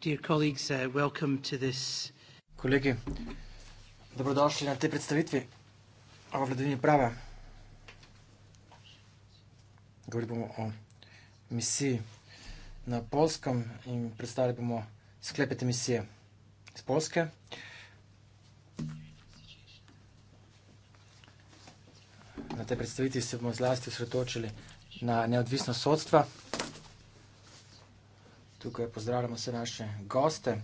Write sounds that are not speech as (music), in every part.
Dear colleagues, uh, welcome to this. Kolegi, dobrodošli na te predstavitvi o vladavini prava. Govorili bomo o misiji na polskem in predstavili bomo sklepe te misije iz Polske. Na te predstavitvi se bomo zlasti osredotočili na neodvisnost sodstva. Tukaj pozdravljamo vse naše goste.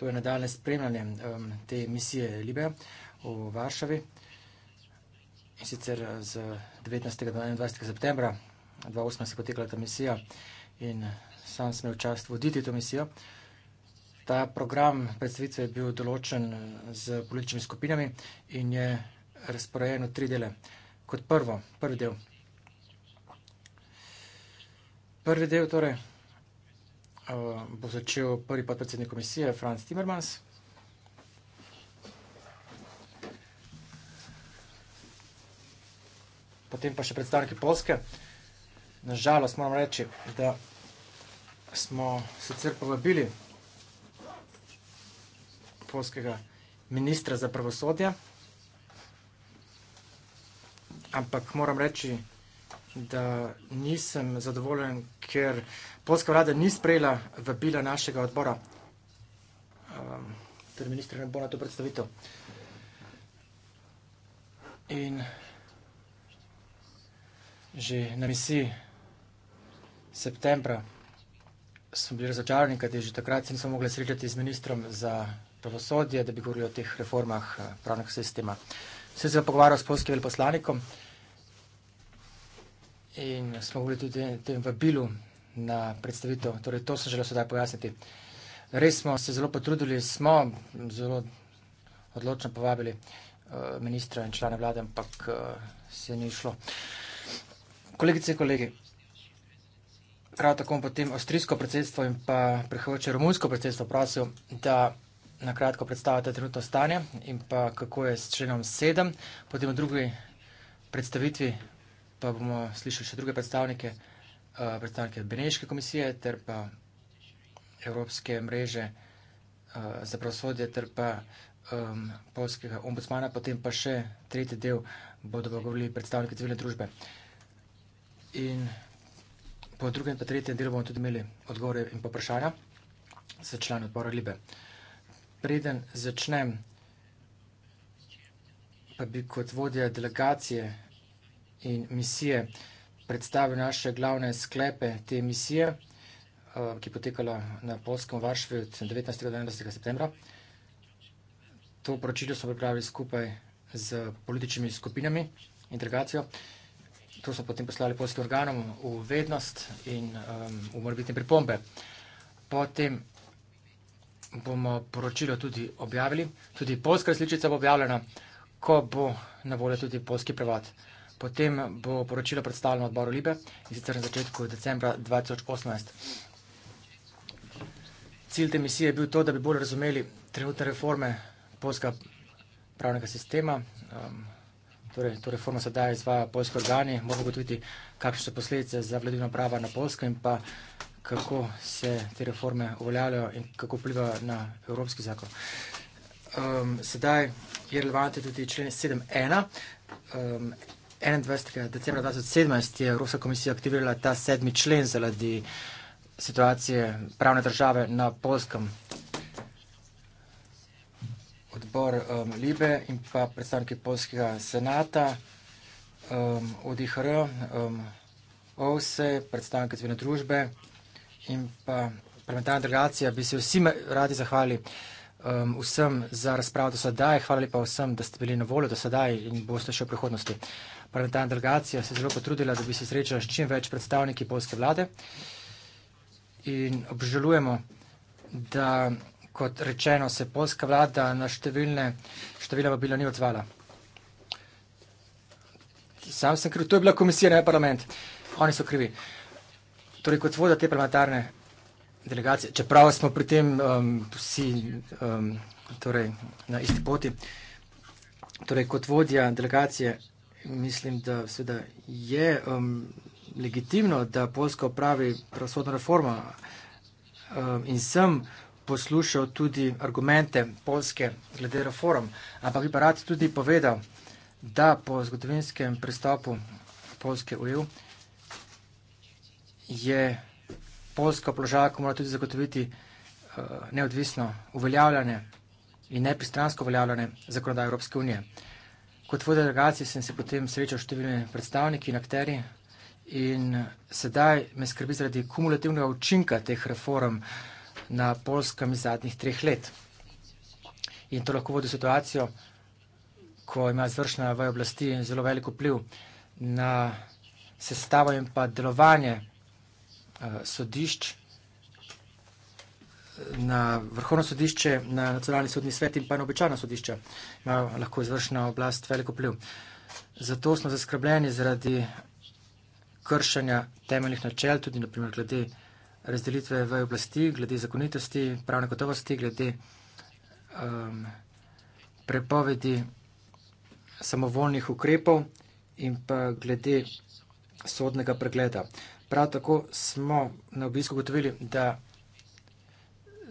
To je nadaljne spremljanje um, te misije Libe v Varšavi in sicer z 19. do 21. septembra 2008 se potekala ta misija in sam smel čast voditi to misijo. Ta program predstavitve je bil določen z političnimi skupinami in je razporejen v tri dele. Kot prvo, prvi del Prvi del torej, eh, bo začel prvi podpredsednik komisije, Franz Timmermans. Potem pa še predstavniki Polske. Nažalost moram reči, da smo sicer povabili polskega ministra za pravosodje, ampak moram reči, da da nisem zadovoljen, ker polska vlada ni sprejela vabila našega odbora. Um, torej, ministr ne bo na to predstavitev. In že na misiji septembra smo bili razočarani, kajti že takrat nismo mogli srečati z ministrom za pravosodje, da bi govorili o teh reformah eh, pravnega sistema. Vse sem pogovarjal s polskim veleposlanikom in smo bili tudi v tem vabilu na predstavitev. Torej, to sem želel sedaj pojasniti. Res smo se zelo potrudili, smo zelo odločno povabili eh, ministra in člane vlade, ampak eh, se ni šlo. Kolegice in kolegi, prav tako bom potem avstrijsko predsedstvo in pa prihajajoče romunsko predsedstvo prosil, da na kratko predstavite trenutno stanje in pa kako je s členom 7, potem v drugi predstavitvi pa bomo slišali še druge predstavnike, eh, predstavnike Beneške komisije ter pa Evropske mreže eh, za pravosodje ter pa um, polskega ombudsmana, potem pa še tretji del bodo pa govorili predstavniki civilne družbe. In po drugem pa tretjem delu bomo tudi imeli odgovore in poprašanja za člani odbora Libe. Preden začnem, pa bi kot vodja delegacije in misije. Predstavil naše glavne sklepe te misije, eh, ki je potekala na Polskem Varšvi od 19. do 11. septembra. To poročilo smo pripravili skupaj z političnimi skupinami in delegacijo. To smo potem poslali polskim organom v vednost in v morbitne pripombe. Potem bomo poročilo tudi objavili. Tudi polska sličica bo objavljena, ko bo na voljo tudi polski prevod. Potem bo poročilo predstavljeno odboru Libe in sicer na začetku decembra 2018. Cilj te misije je bil to, da bi bolj razumeli trenutne reforme polskega pravnega sistema. Um, torej, to reformo sedaj izvaja polski organi, moramo ugotoviti, kakšne so posledice za vladavino prava na Polsko in pa kako se te reforme uveljavljajo in kako vplivajo na evropski zakon. Um, sedaj je relevantno tudi člen 7.1. Um, 21. decembra 2017 je Evropska komisija aktivirala ta sedmi člen zaradi situacije pravne države na Polskem. Odbor um, Libe in pa predstavniki Polskega senata, um, ODHR, um, OVSE, predstavniki civilne družbe in pa parlamentarna delegacija bi se vsi radi zahvali. Um, vsem za razpravo do sedaj, hvala lepa vsem, da ste bili na voljo do sedaj in boste še v prihodnosti parlamentarna delegacija se zelo potrudila, da bi se srečala s čim več predstavniki polske vlade. In obžalujemo, da kot rečeno se polska vlada na številne, številne vabila ni odzvala. Sam sem kriv, to je bila komisija, ne parlament. Oni so krivi. Torej, kot voda te parlamentarne delegacije, čeprav smo pri tem um, vsi um, torej, na isti poti, torej, kot vodja delegacije mislim, da seveda je um, legitimno, da Polska opravi pravosodno reformo um, in sem poslušal tudi argumente Polske glede reform, ampak bi pa rad tudi povedal, da po zgodovinskem pristopu Polske v EU je Polska položajka mora tudi zagotoviti uh, neodvisno uveljavljanje in nepristransko uveljavljanje zakonodaje Evropske unije kot vodja delegacije sem se potem srečal s številnimi predstavniki in akteri. In sedaj me skrbi zaradi kumulativnega učinka teh reform na polskem iz zadnjih treh let. In to lahko vodi situacijo, ko ima zvršna v oblasti zelo veliko pliv na sestavo in pa delovanje uh, eh, sodišča na vrhovno sodišče, na nacionalni sodni svet in pa na običajna sodišča. Ima lahko izvršna oblast veliko pliv. Zato smo zaskrbljeni zaradi kršenja temeljnih načel, tudi naprimer glede razdelitve v oblasti, glede zakonitosti, pravne gotovosti, glede um, prepovedi samovolnih ukrepov in pa glede sodnega pregleda. Prav tako smo na obisku gotovili, da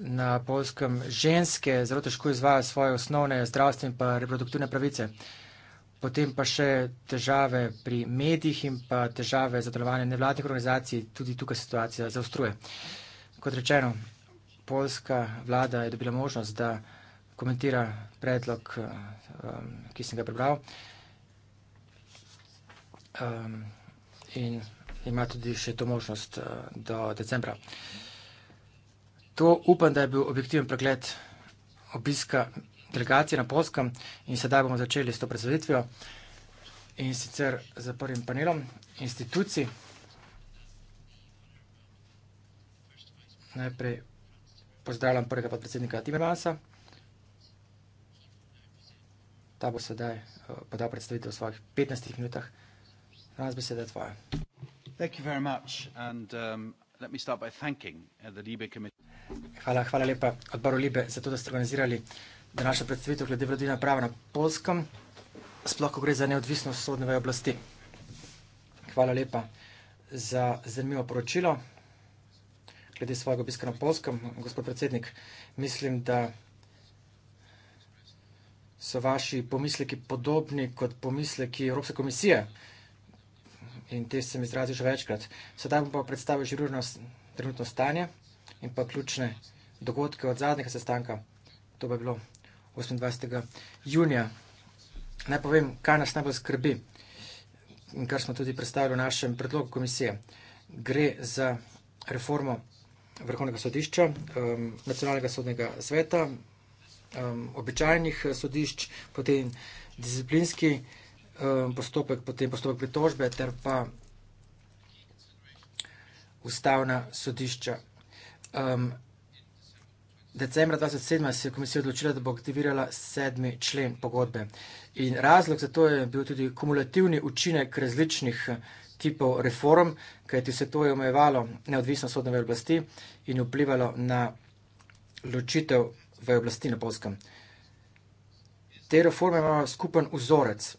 na polskem ženske zelo težko izvajajo svoje osnovne zdravstvene in reproduktivne pravice. Potem pa še težave pri medijih in pa težave za delovanje nevladnih organizacij, tudi tukaj situacija zaostruje. Kot rečeno, polska vlada je dobila možnost, da komentira predlog, um, ki sem ga prebral. Um, in ima tudi še to možnost uh, do decembra. To upam, da je bil objektiven pregled obiska delegacije na Polskem in sedaj bomo začeli s to predstavitvijo in sicer z prvim panelom institucij. Najprej pozdravljam prvega podpredsednika Timmermansa. Ta bo sedaj eh, podal predstavitev v svojih 15 minutah. Danes beseda je tvoja. Thank you very much and um, let me start by thanking uh, the Libe committee. Hvala, hvala lepa odboru Libe za to, da ste organizirali današnjo predstavitev glede vladina prava na Polskem, sploh ko gre za neodvisnost sodne veje oblasti. Hvala lepa za zanimivo poročilo glede svojega obiska na Polskem. Gospod predsednik, mislim, da so vaši pomisleki podobni kot pomisleki Evropske komisije in te sem izrazil že večkrat. Sedaj bom pa predstavil žirurno trenutno stanje in pa ključne dogodke od zadnjega sestanka. To pa je bilo 28. junija. Naj povem, kaj nas najbolj skrbi in kar smo tudi predstavili v našem predlogu komisije. Gre za reformo vrhovnega sodišča, um, nacionalnega sodnega sveta, um, običajnih sodišč, potem disciplinski um, postopek, potem postopek pritožbe ter pa ustavna sodišča um, decembra 2017 se je komisija odločila, da bo aktivirala sedmi člen pogodbe. In razlog za to je bil tudi kumulativni učinek različnih eh, tipov reform, kajti se to je omejevalo neodvisno sodne oblasti in vplivalo na ločitev v oblasti na polskem. Te reforme imajo skupen vzorec,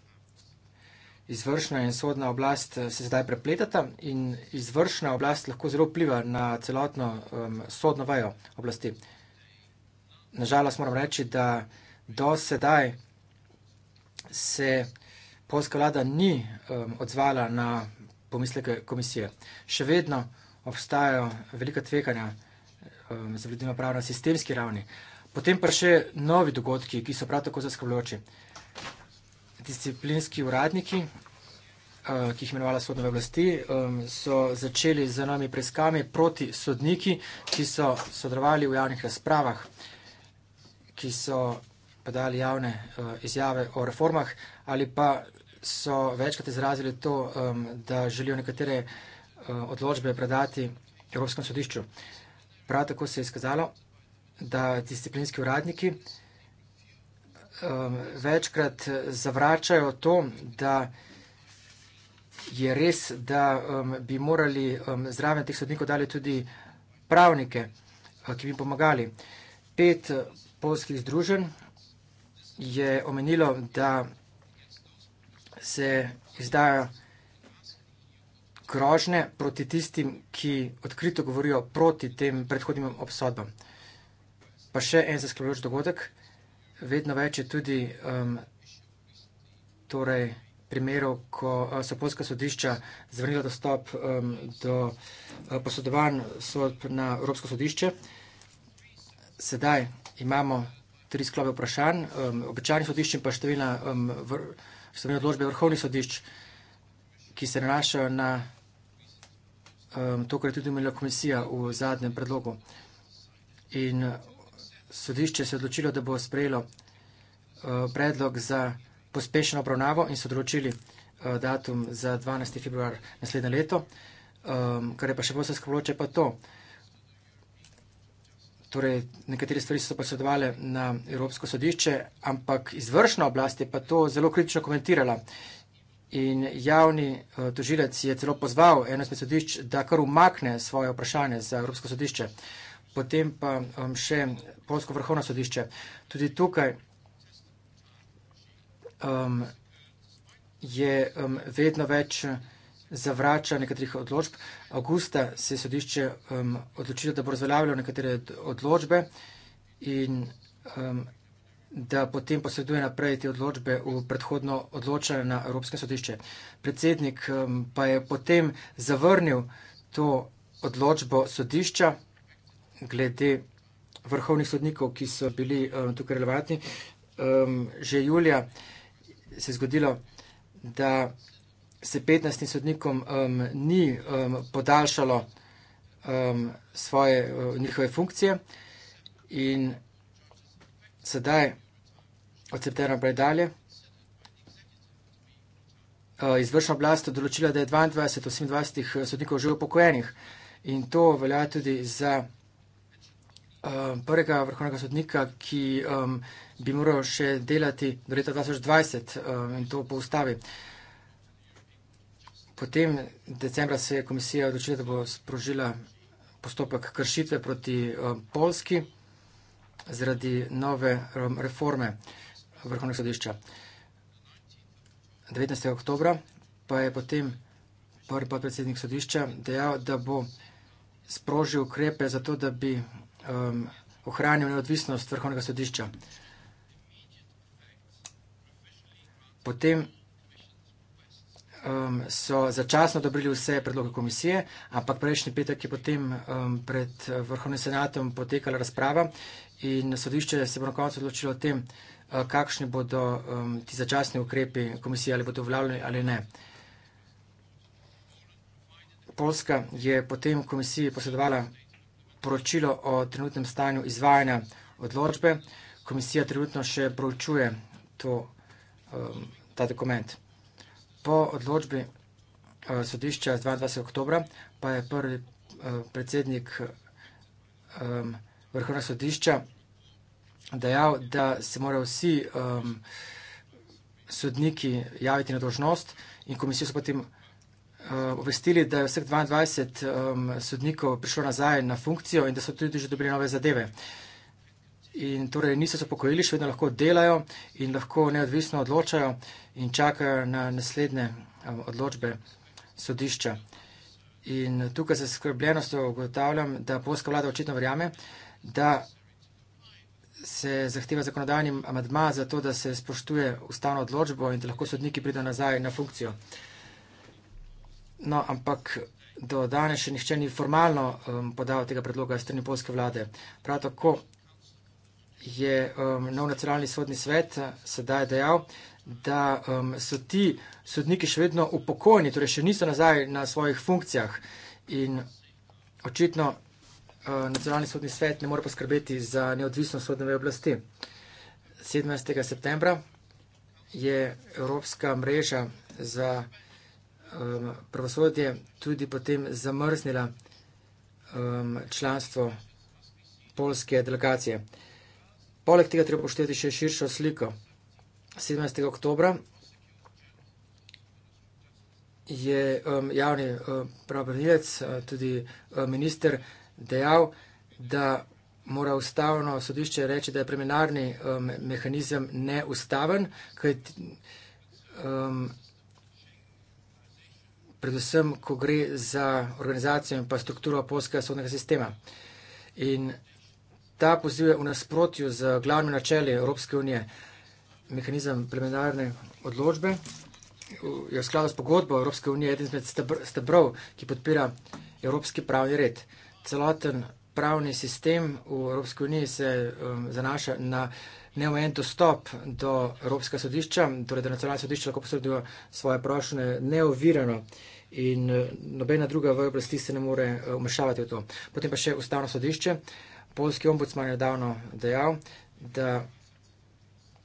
izvršna in sodna oblast eh, se zdaj prepletata in izvršna oblast lahko zelo vpliva na celotno um, sodno vajo oblasti. Nažalost moram reči, da do sedaj se polska vlada ni um, odzvala na pomisleke komisije. Še vedno obstajajo velika tveganja um, za ljudi na pravno sistemski ravni. Potem pa še novi dogodki, ki so prav tako zaskrbljujoči disciplinski uradniki, eh, ki jih imenovala sodne oblasti, so začeli z nami preiskami proti sodniki, ki so sodelovali v javnih razpravah, ki so podali javne eh, izjave o reformah ali pa so večkrat izrazili to, da želijo nekatere eh, odločbe predati Evropskem sodišču. Prav tako se je izkazalo, da disciplinski uradniki, um, večkrat zavračajo to, da je res, da um, bi morali um, zraven teh sodnikov dali tudi pravnike, uh, ki bi pomagali. Pet polskih združenj je omenilo, da se izdajo grožne proti tistim, ki odkrito govorijo proti tem predhodnim obsodbam. Pa še en zaskrbljujoč dogodek vedno več je tudi um, torej primerov, ko uh, so polska sodišča zvrnila dostop um, do uh, posodovanj sodb na Evropsko sodišče. Sedaj imamo tri sklope vprašanj, um, običajni sodišči in pa številna um, vr, številne odložbe vrhovnih sodišč, ki se nanašajo na um, to, kar je tudi imela komisija v zadnjem predlogu. In sodišče se odločilo, da bo sprejelo eh, predlog za pospešeno obravnavo in so določili eh, datum za 12. februar naslednje leto. Ehm, kar je pa še posebej skrbloče pa to. Torej, nekatere stvari so posredovale na Evropsko sodišče, ampak izvršna oblast je pa to zelo kritično komentirala. In javni eh, tožilec je celo pozval eno smer sodišč, da kar umakne svoje vprašanje za Evropsko sodišče potem pa um, še Polsko vrhovno sodišče. Tudi tukaj um, je um, vedno več zavrača nekaterih odločb. Augusta se je sodišče um, odločilo, da bo razveljavljalo nekatere odločbe in um, da potem posreduje naprej te odločbe v predhodno odločanje na Evropskem sodišče. Predsednik um, pa je potem zavrnil to odločbo sodišča glede vrhovnih sodnikov, ki so bili um, tukaj relevantni. Um, že julija se je zgodilo, da se 15 sodnikom um, ni um, podaljšalo um, svoje uh, njihove funkcije in sedaj od septembra naprej dalje. Uh, izvršna oblast določila, da je 22 od 28 uh, sodnikov že upokojenih in to velja tudi za Um, prvega vrhovnega sodnika, ki um, bi moral še delati do leta 2020 um, in to po ustavi. Potem decembra se je komisija odločila, da bo sprožila postopek kršitve proti um, Polski zaradi nove um, reforme vrhovnega sodišča. 19. oktober pa je potem prvi podpredsednik sodišča dejal, da bo sprožil ukrepe za to, da bi um, ohranil neodvisnost vrhovnega sodišča. Potem um, so začasno dobili vse predloge komisije, ampak prejšnji petek je potem um, pred uh, vrhovnim senatom potekala razprava in sodišče se bo na koncu odločilo o tem, uh, kakšni bodo um, ti začasni ukrepi komisije, ali bodo uveljavljeni ali ne. Polska je potem komisiji posredovala poročilo o trenutnem stanju izvajanja odločbe. Komisija trenutno še proučuje to, um, ta dokument. Po odločbi uh, sodišča z 22. oktobra pa je prvi uh, predsednik um, vrhovnega sodišča dejal, da se morajo vsi um, sodniki javiti na dožnost in komisijo so potem. Eh, obvestili, da je vseh 22 um, sodnikov prišlo nazaj na funkcijo in da so tudi že dobili nove zadeve. In torej niso se pokojili, še vedno lahko delajo in lahko neodvisno odločajo in čakajo na naslednje um, odločbe sodišča. In tukaj se skrbljenostjo ugotavljam, da polska vlada očitno verjame, da se zahteva zakonodajni amadma za to, da se spoštuje ustavno odločbo in da lahko sodniki pridejo nazaj na funkcijo. Uh, No, ampak do danes še nihče ni formalno um, podal tega predloga strani polske vlade. Prav tako je um, nov nacionalni sodni svet uh, sedaj dejal, da um, so ti sodniki še vedno upokojeni, torej še niso nazaj na svojih funkcijah. In očitno um, nacionalni sodni svet ne more poskrbeti za neodvisno sodne oblasti. 17. septembra je Evropska mreža za um, pravosodje tudi potem zamrznila um, članstvo polske delegacije. Poleg tega treba poštevati še širšo sliko. 17. oktobra je um, javni um, pravobranilec, uh, tudi um, minister, dejal, da mora ustavno sodišče reči, da je preminarni um, mehanizem neustaven, kaj um, predvsem, ko gre za organizacijo in pa strukturo polskega sodnega sistema. In ta poziv je v nasprotju z glavnimi načeli Evropske unije, mehanizem preliminarne odločbe, je v skladu s pogodbo Evropske unije eden izmed stebrov, ki podpira evropski pravni red. Celoten pravni sistem v Evropske unije se um, zanaša na neomejen dostop do Evropska sodišča, torej da nacionalna sodišča lahko posredujo svoje prošlje neovirano. Uh, in eh, nobena druga v oblasti se ne more eh, vmešavati v to. Potem pa še ustavno sodišče. Polski ombudsman je davno dejal, da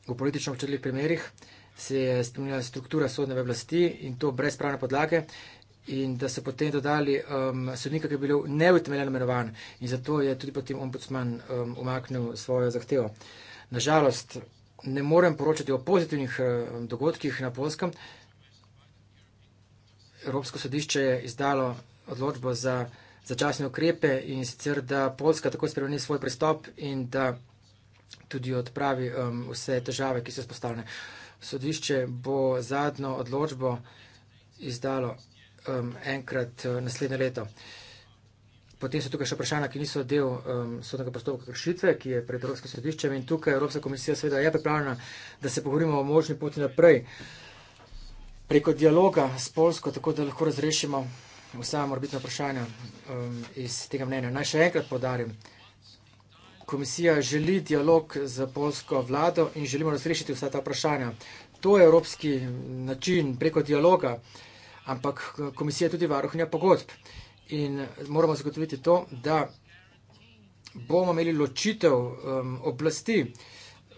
v politično občutljivih primerjih se je spremenila struktura sodne v oblasti in to brez pravne podlage in da so potem dodali um, sodnika, ki je bil neutemeljeno imenovan in zato je tudi potem ombudsman um, umaknil svojo zahtevo. Nažalost, ne morem poročati o pozitivnih uh, dogodkih na polskem, uh, Evropsko sodišče je izdalo odločbo za začasne ukrepe in sicer, da Poljska tako spremeni svoj pristop in da tudi odpravi um, vse težave, ki so spostavljene. Sodišče bo zadnjo odločbo izdalo um, enkrat uh, naslednje leto. Potem so tukaj še vprašanja, ki niso del um, sodnega postopka kršitve, ki je pred Evropskim sodiščem in tukaj Evropska komisija seveda je pripravljena, da se pogovorimo o možni poti naprej. Uh, preko dialoga s Polsko, tako da lahko razrešimo vsa morbitna vprašanja um, iz tega mnenja. Naj še enkrat podarim. Komisija želi dialog z polsko vlado in želimo razrešiti vsa ta vprašanja. To je evropski način preko dialoga, ampak komisija je tudi varohnja pogodb. In moramo zagotoviti to, da bomo imeli ločitev um, oblasti,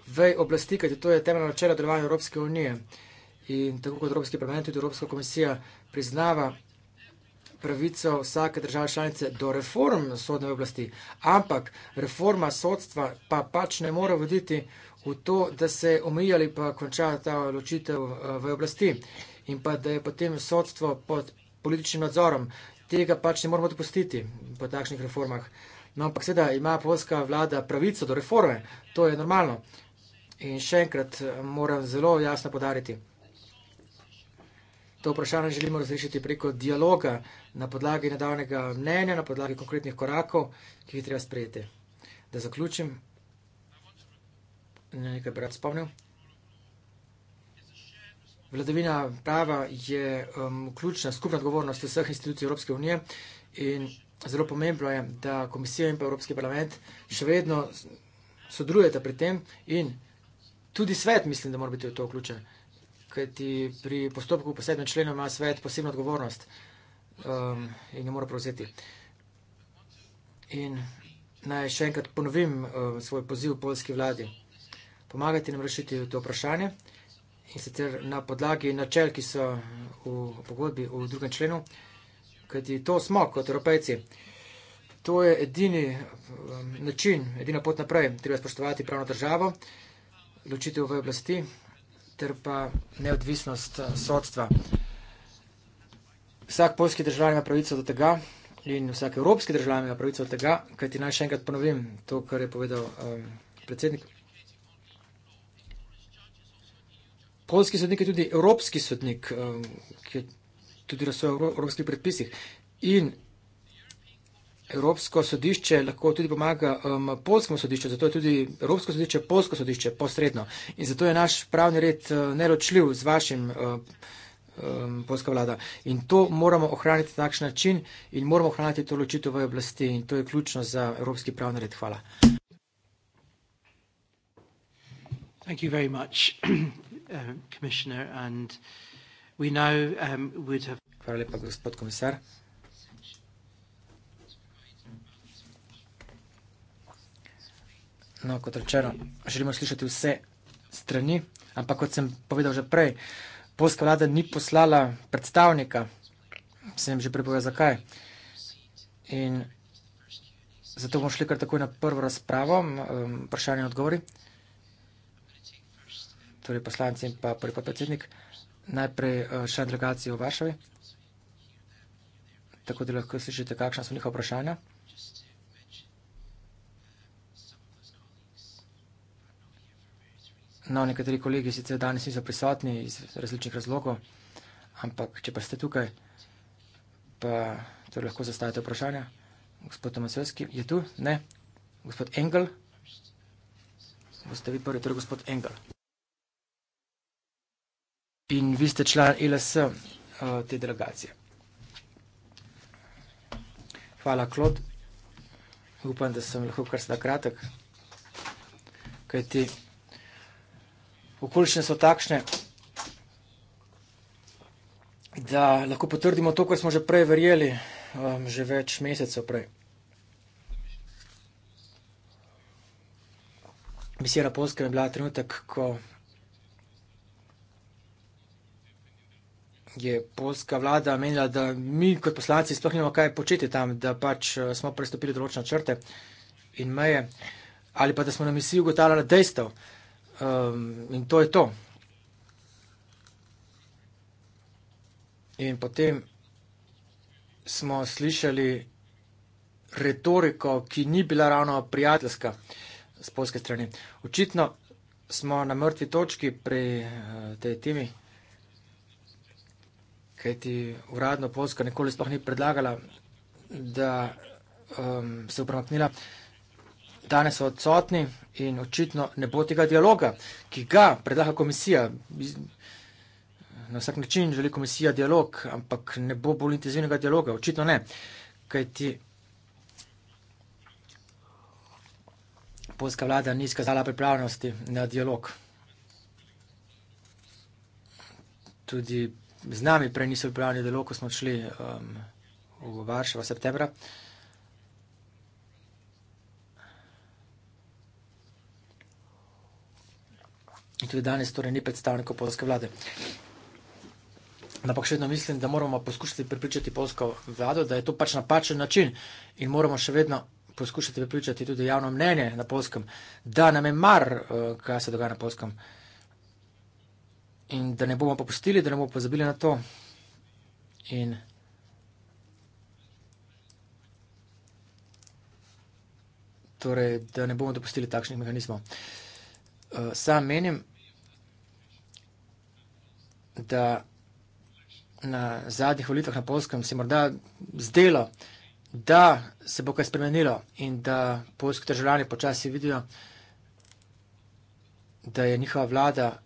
vej oblasti, kajti to je temeljno načelo delovanja Evropske unije. Uh, In tako kot Evropski parlament, tudi Evropska komisija priznava pravico vsake države članice do reform sodne oblasti. Ampak reforma sodstva pa pač ne more voditi v to, da se omeji ali pa konča ta ločitev eh, v oblasti in pa da je potem sodstvo pod političnim nadzorom. Tega pač ne moramo dopustiti po takšnih reformah. No, ampak seveda ima polska vlada pravico do reforme, to je normalno. In še enkrat eh, moram zelo jasno podariti. To vprašanje želimo razrešiti preko dialoga na podlagi nedavnega mnenja, na podlagi konkretnih korakov, ki jih treba sprejeti. Da zaključim, ne nekaj bi rad spomnil. Vladavina prava je um, ključna skupna odgovornost vseh institucij Evropske unije in zelo pomembno je, da komisija in pa Evropski parlament še vedno sodelujeta pri tem in tudi svet mislim, da mora biti v to vključen kajti pri postopku posebnem členu ima svet posebno odgovornost um, in jo mora prevzeti. In naj še enkrat ponovim um, svoj poziv polski vladi. Pomagajte nam rešiti to vprašanje in sicer na podlagi načel, ki so v pogodbi v drugem členu, kajti to smo kot evropejci. To je edini um, način, edina pot naprej. Treba spoštovati pravno državo, ločitev v oblasti ter pa neodvisnost eh, sodstva. Vsak polski državljan ima pravico do tega in vsak evropski državljan ima pravico do tega, kajti naj še enkrat ponovim to, kar je povedal um, predsednik. Polski sodnik je tudi evropski sodnik, um, ki je tudi razsojal v evropskih predpisih. In Evropsko sodišče lahko tudi pomaga um, polskemu sodišču, zato je tudi Evropsko sodišče polsko sodišče posredno. In zato je naš pravni red uh, neločljiv z vašim uh, um, polska vlada. In to moramo ohraniti na takšen način in moramo ohraniti to ločitev v oblasti. In to je ključno za Evropski pravni red. Hvala. Thank you very much, (clears throat) uh, Commissioner. And we now um, would have. Hvala lepa, gospod komisar. No, kot rečeno, želimo slišati vse strani, ampak kot sem povedal že prej, polska vlada ni poslala predstavnika, sem že prepovedal zakaj. In zato bomo šli kar takoj na prvo razpravo, vprašanje in odgovori. Torej poslanci in pa prvi podpredsednik, najprej še eh, delegacijo v Varšavi, tako da lahko slišite, kakšna so njihova vprašanja. No, nekateri kolegi sicer danes niso prisotni iz različnih razlogov, ampak če pa ste tukaj, pa torej lahko zastavite vprašanja. Gospod Tomasevski je tu, ne? Gospod Engel? Boste vi prvi, torej gospod Engel. In vi ste član ILS eh, te delegacije. Hvala, Klod. Upam, da sem lahko kar sedaj kratek, kajti okoliščine so takšne, da lahko potrdimo to, kar smo že prej verjeli, um, že več mesecev prej. Misija na Polskem je bila trenutek, ko je polska vlada menila, da mi kot poslanci sploh nimamo kaj početi tam, da pač uh, smo prestopili določene črte in meje ali pa da smo na misiji ugotavljali dejstvo. Um, in to je to. In potem smo slišali retoriko, ki ni bila ravno prijateljska z polske strani. Očitno smo na mrtvi točki pri uh, tej temi, kajti uradno Polska nikoli sploh ni predlagala, da um, se upravnila. Uh, danes so odsotni in očitno ne bo tega dialoga, ki ga predlaga komisija. Na vsak način želi komisija dialog, ampak ne bo bolj intenzivnega dialoga, očitno ne. Kajti polska vlada ni izkazala pripravljenosti na dialog. Tudi z nami prej niso pripravljeni dialog, ko smo šli um, v Varšavo v septembra. Tudi danes torej ni predstavnikov polske vlade. Ampak še vedno mislim, da moramo poskušati pripričati polsko vlado, da je to pač napačen način in moramo še vedno poskušati pripričati tudi javno mnenje na polskem, da nam je mar, eh, kaj se dogaja na polskem. In da ne bomo popustili, da ne bomo pozabili na to. In torej, da ne bomo dopustili takšnih mehanizmov. Eh, sam menim, da na zadnjih volitvah na Polskem se morda zdelo, da se bo kaj spremenilo in da polski državljani počasi vidijo, da je njihova vlada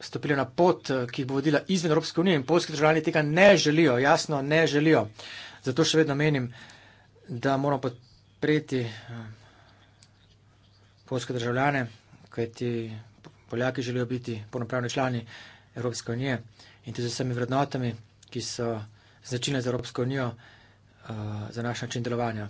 stopila na pot, eh, ki jih bo vodila izven Evropske unije in polski državljani tega ne želijo, jasno ne želijo. Zato še vedno menim, da moramo podpreti eh, polske državljane kajti Poljaki želijo biti ponopravni člani Evropske unije in tudi z vsemi vrednotami, ki so značilne za Evropsko unijo, eh, za naš način delovanja.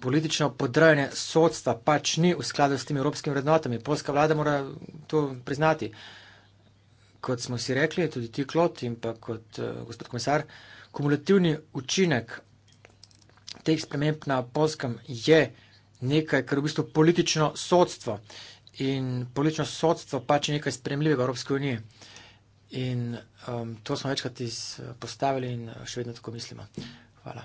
Politično podrajanje sodstva pač ni v skladu s temi evropskimi vrednotami. Polska vlada mora to priznati. Kot smo si rekli, tudi ti klot in pa kot uh, gospod komisar, kumulativni učinek teh sprememb na polskem je uh, nekaj, kar je v bistvu politično sodstvo. In politično sodstvo pač je nekaj spremljivega v Evropski uniji. In um, to smo večkrat izpostavili in še vedno tako mislimo. Hvala.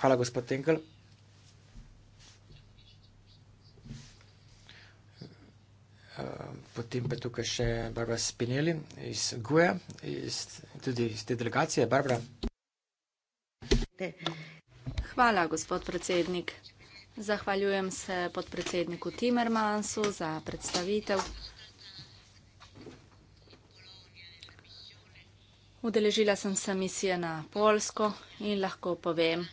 Hvala, gospod Tenkel. Um, potem pa je tukaj še Barbara Spinelli iz Gue, iz, tudi iz te delegacije. Barbara. Hvala, gospod predsednik. Zahvaljujem se podpredsedniku Timermansu za predstavitev. Udeležila sem se misije na Polsko in lahko povem,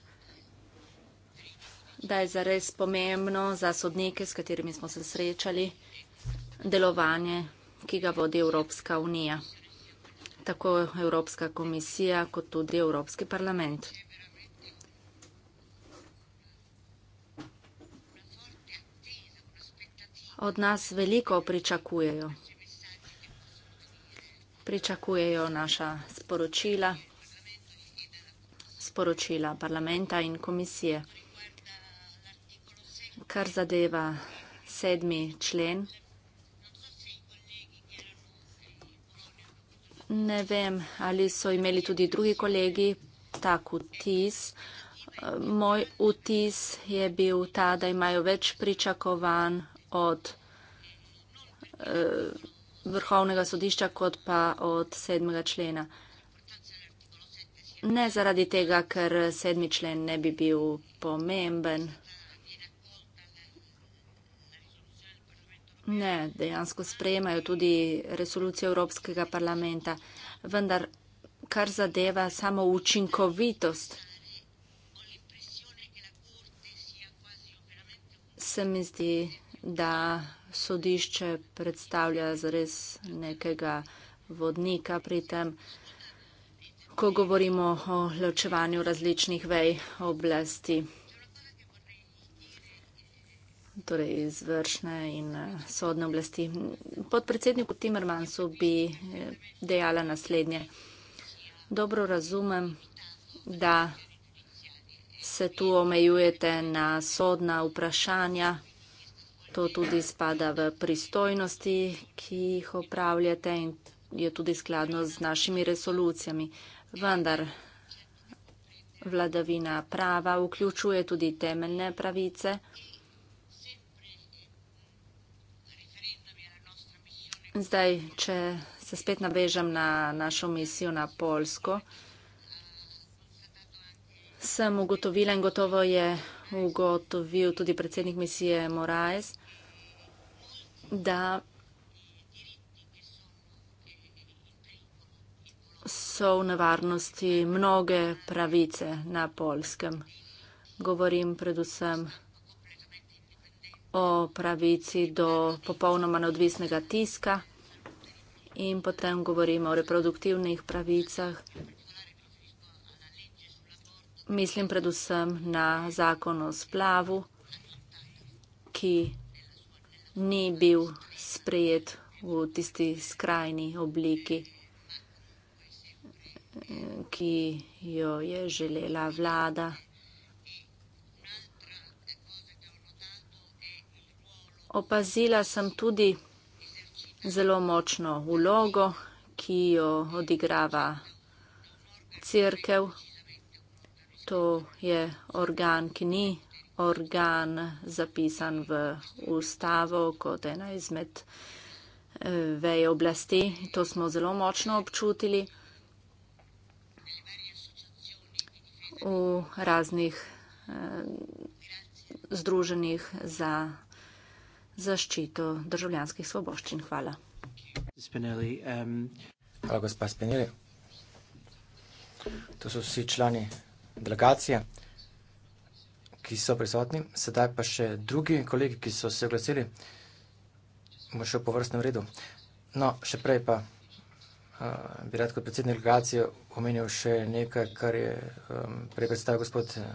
da je zares pomembno za sodnike, s katerimi smo se srečali, delovanje, ki ga vodi Evropska unija, tako Evropska komisija kot tudi Evropski parlament. od nas veliko pričakujejo. Pričakujejo naša sporočila, sporočila parlamenta in komisije. Kar zadeva sedmi člen, ne vem, ali so imeli tudi drugi kolegi tak vtis. Moj vtis je bil ta, da imajo več pričakovanj od eh, vrhovnega sodišča kot pa od sedmega člena. Ne zaradi tega, ker sedmi člen ne bi bil pomemben. Ne, dejansko sprejemajo tudi resolucijo Evropskega parlamenta, vendar kar zadeva samo učinkovitost, se mi zdi, da je da sodišče predstavlja zares nekega vodnika pri tem, ko govorimo o ločevanju različnih vej oblasti, torej izvršne in eh, sodne oblasti. Podpredsedniku Timmermansu bi eh, dejala naslednje. Dobro razumem, da se tu omejujete na sodna vprašanja, To tudi spada v pristojnosti, ki jih opravljate in je tudi skladno z našimi resolucijami. Vendar vladavina prava vključuje tudi temeljne pravice. Zdaj, če se spet navežem na našo misijo na Polsko, sem ugotovila in gotovo je ugotovil tudi predsednik misije Moraes, da so v nevarnosti mnoge pravice na polskem. Govorim predvsem o pravici do popolnoma neodvisnega tiska in potem govorimo o reproduktivnih pravicah. Mislim predvsem na zakon o splavu, ki ni bil sprejet v tisti skrajni obliki, ki jo je želela vlada. Opazila sem tudi zelo močno vlogo, ki jo odigrava crkev. To je organ, ki ni organ zapisan v ustavo kot ena izmed eh, vej oblasti. To smo zelo močno občutili v raznih eh, združenih za zaščito državljanskih svoboščin. Hvala. Hvala, gospa Spinelli. To so vsi člani delegacije ki so prisotni, sedaj pa še drugi kolegi, ki so se oglasili. Bomo šel po vrstnem redu. No, še prej pa uh, bi rad kot predsednik delegacije omenil še nekaj, kar je um, prej predstavil gospod eh,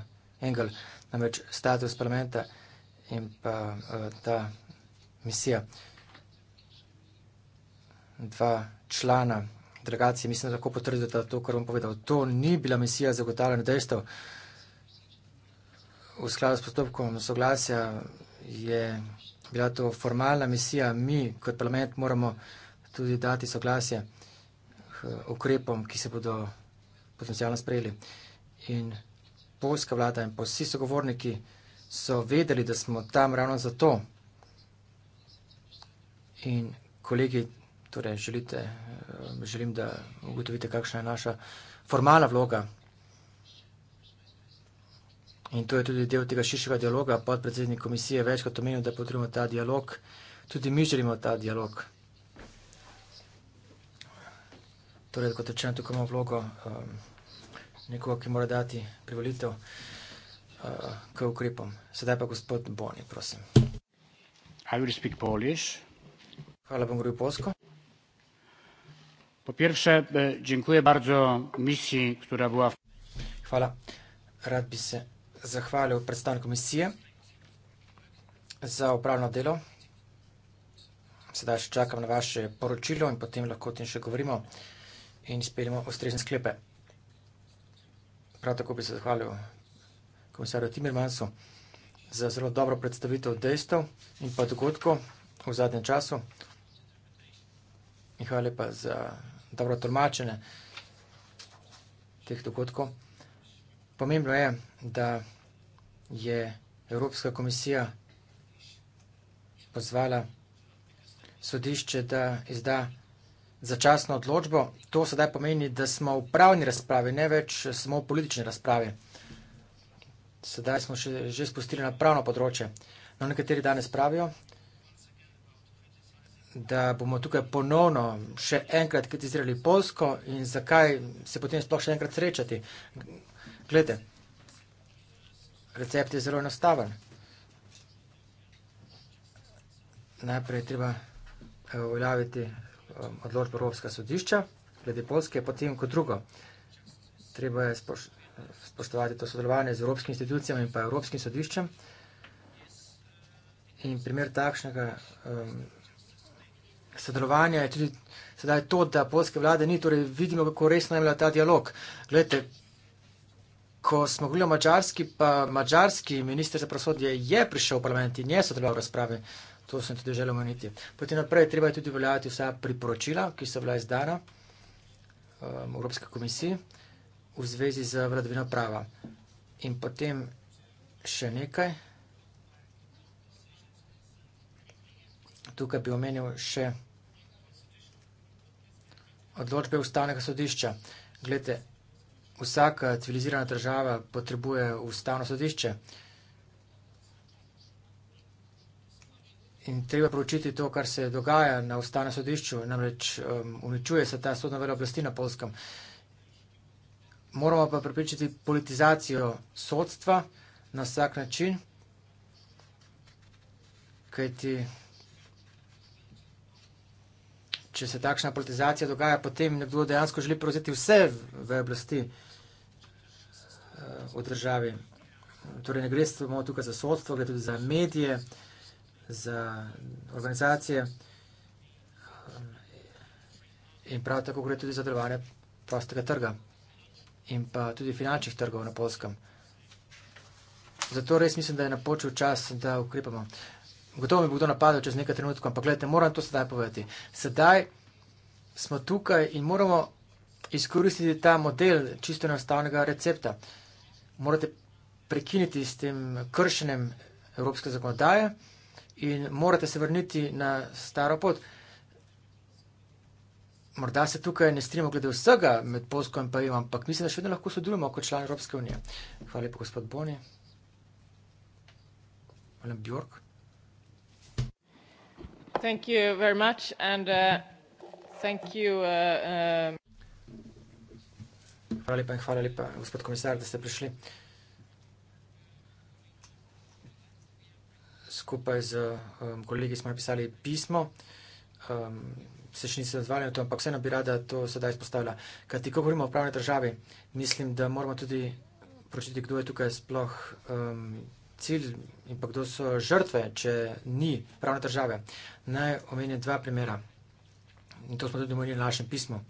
Engel, namreč status parlamenta in pa uh, ta misija. Dva člana delegacije, mislim, da lahko potrdite to, kar bom povedal. To ni bila misija zagotavljanja dejstev. Uh, v skladu s postopkom soglasja je bila to formalna misija. Mi kot parlament moramo tudi dati soglasje ukrepom, ki se bodo potencialno sprejeli. In polska vlada in pa vsi sogovorniki so vedeli, da smo tam ravno zato. In kolegi, torej želite, eh, želim, da ugotovite, kakšna je naša formalna vloga In to je tudi del tega širšega dialoga. Podpredsednik komisije večkrat omenil, da potrebujemo ta dialog. Tudi mi želimo ta dialog. Torej, kot rečeno, tukaj imamo vlogo um, nekoga, ki mora dati privolitev uh, k ukrepom. Sedaj pa gospod Boni, prosim. Hvala, bom govoril polsko. Po prvše, e, dziękuję bardzo misiji, ktora bila. Hvala. Rad bi se zahvalil predstavnik komisije za upravno delo. Sedaj še čakam na vaše poročilo in potem lahko o tem še govorimo in izpeljamo ustrezne sklepe. Prav tako bi se zahvalil komisarju Timirmansu za zelo dobro predstavitev dejstev in pa dogodkov v zadnjem času. In hvala lepa za dobro tolmačenje teh dogodkov. Pomembno je, da je Evropska komisija pozvala sodišče, da izda začasno odločbo. To sedaj pomeni, da smo v pravni razpravi, ne več samo v politični razpravi. Sedaj smo še, že spustili na pravno področje. No, nekateri danes pravijo, da bomo tukaj ponovno še enkrat kritizirali Polsko in zakaj se potem sploh še enkrat srečati. Gledajte, Recept je zelo enostaven. Najprej treba eh, uveljaviti eh, odločbo Evropska sodišča, glede Polske, potem kot drugo. Treba je spoštovati to sodelovanje z Evropskim institucijami in pa Evropskim sodiščem. In primer takšnega um, sodelovanja je tudi sedaj to, da polske vlade ni, torej vidimo, kako resno je bila ta dialog. Gledajte, ko smo govorili o mačarski, pa mačarski minister za pravosodje je prišel v parlament in je sodeloval v razpravi. To sem tudi želel omeniti. Potem naprej treba je tudi uveljaviti vsa priporočila, ki so bila izdana um, Evropske komisiji v zvezi z vladavino prava. In potem še nekaj. Tukaj bi omenil še odločbe ustavnega sodišča. Glede, vsaka civilizirana država potrebuje ustavno sodišče. In treba proučiti to, kar se dogaja na ustavnem sodišču, namreč um, uničuje se ta sodna vela oblasti na Polskem. Moramo pa prepričati politizacijo sodstva na vsak način, kajti če se takšna politizacija dogaja, potem nekdo dejansko želi prevzeti vse v oblasti v državi. Torej, ne gre samo tukaj za sodstvo, gre tudi za medije, za organizacije in prav tako gre tudi za delovanje prostega trga in pa tudi finančnih trgov na Polskem. Zato res mislim, da je napočil čas, da ukrepamo. Gotovo mi bo kdo napadel čez nekaj trenutkov, ampak gledajte, moram to sedaj povedati. Sedaj smo tukaj in moramo izkoristiti ta model čisto enostavnega recepta. Uh, morate prekiniti s tem kršenjem evropske zakonodaje in morate se vrniti na staro pot. Morda se tukaj ne strinjamo glede vsega med Polsko in Pavijo, ampak mislim, da še vedno lahko sodelujemo kot član Evropske unije. Hvala lepa, gospod Boni. Malem Bjork. Thank you very much and uh, thank you. Uh, um Hvala lepa in hvala lepa, gospod komisar, da ste prišli. Skupaj z um, kolegi smo napisali pismo, um, se še niste odzvali na to, ampak vseeno bi rada to sedaj izpostavila. Kaj ti, ko govorimo o pravni državi, mislim, da moramo tudi pročiti, kdo je tukaj sploh um, cilj in pa kdo so žrtve, če ni pravne države. Naj omenim dva primera. In to smo tudi omenili na našem pismu.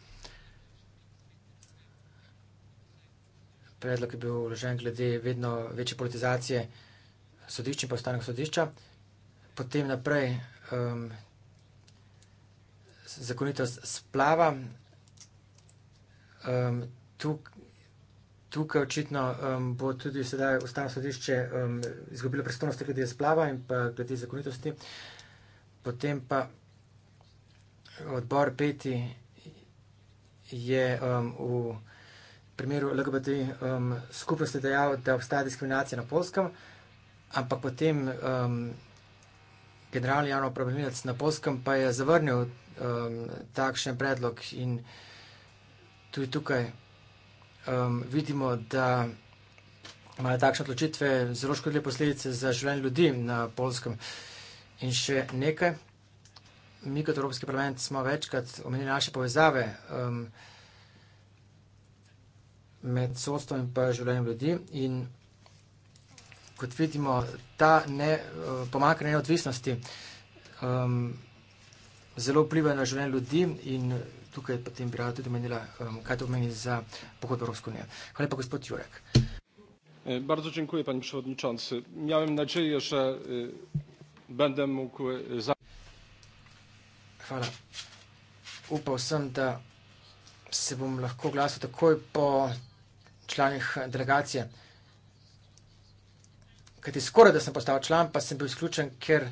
predlog je bil vložen glede vedno večje politizacije sodišča in postanek sodišča. Potem naprej um, zakonitost splava. Um, tuk, tukaj očitno um, bo tudi sedaj ustavno sodišče um, izgubilo pristojnosti glede splava in pa glede zakonitosti. Potem pa odbor peti je um, v primeru LGBT um, skupnosti dejal, da obstaja diskriminacija na polskem, ampak potem um, generalni javno upravljalec na polskem pa je zavrnil um, takšen predlog in tudi tukaj um, vidimo, da imajo takšne odločitve zelo škodljive posledice za življenje ljudi na polskem. In še nekaj, mi kot Evropski parlament smo večkrat omenili naše povezave. Um, med sodstvom in pa življenjem ljudi. In kot vidimo, ta ne, eh, pomakanje neodvisnosti um, zelo vpliva na življenje ljudi in tukaj potem bi rada tudi omenila, um, kaj to pomeni za pohod Evropsko unijo. Hvala lepa, gospod Jurek. E, bardzo dziękuję, panie przewodniczący. Miałem nadzieję, że e, będę mógł. E, za... Chwala. Upał sam, że się bym lekko głosował tak po članih eh, delegacije. Kajti skoraj, da sem postal član, pa sem bil izključen, ker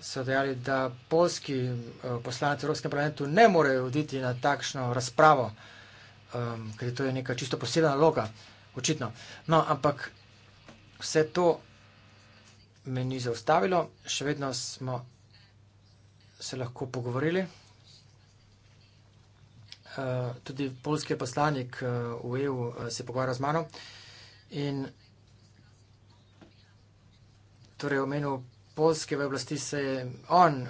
so dejali, da polski eh, poslanci v Evropskem parlamentu ne morejo oditi na takšno razpravo, um, kajti to je neka čisto posebna loga, očitno. No, ampak vse to me ni zaustavilo, še vedno smo se lahko pogovorili. Eh, tudi polski poslanik eh, v EU eh, se pogovarja z mano in torej omenil polske oblasti se je on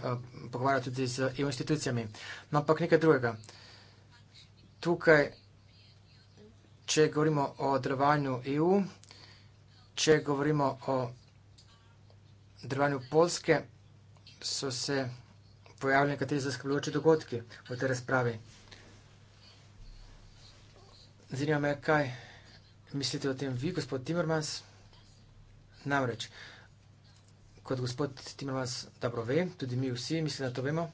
pogovarjal tudi z EU institucijami. No, ampak nekaj drugega. Tukaj, če govorimo o delovanju EU, če govorimo o delovanju Polske, so se pojavili nekateri zaskrbljujoči dogodki v tej razpravi. Zanima me, kaj mislite o tem vi, gospod Timmermans? Namreč, kot gospod Timmermans dobro ve, tudi mi vsi mislim, da to vemo,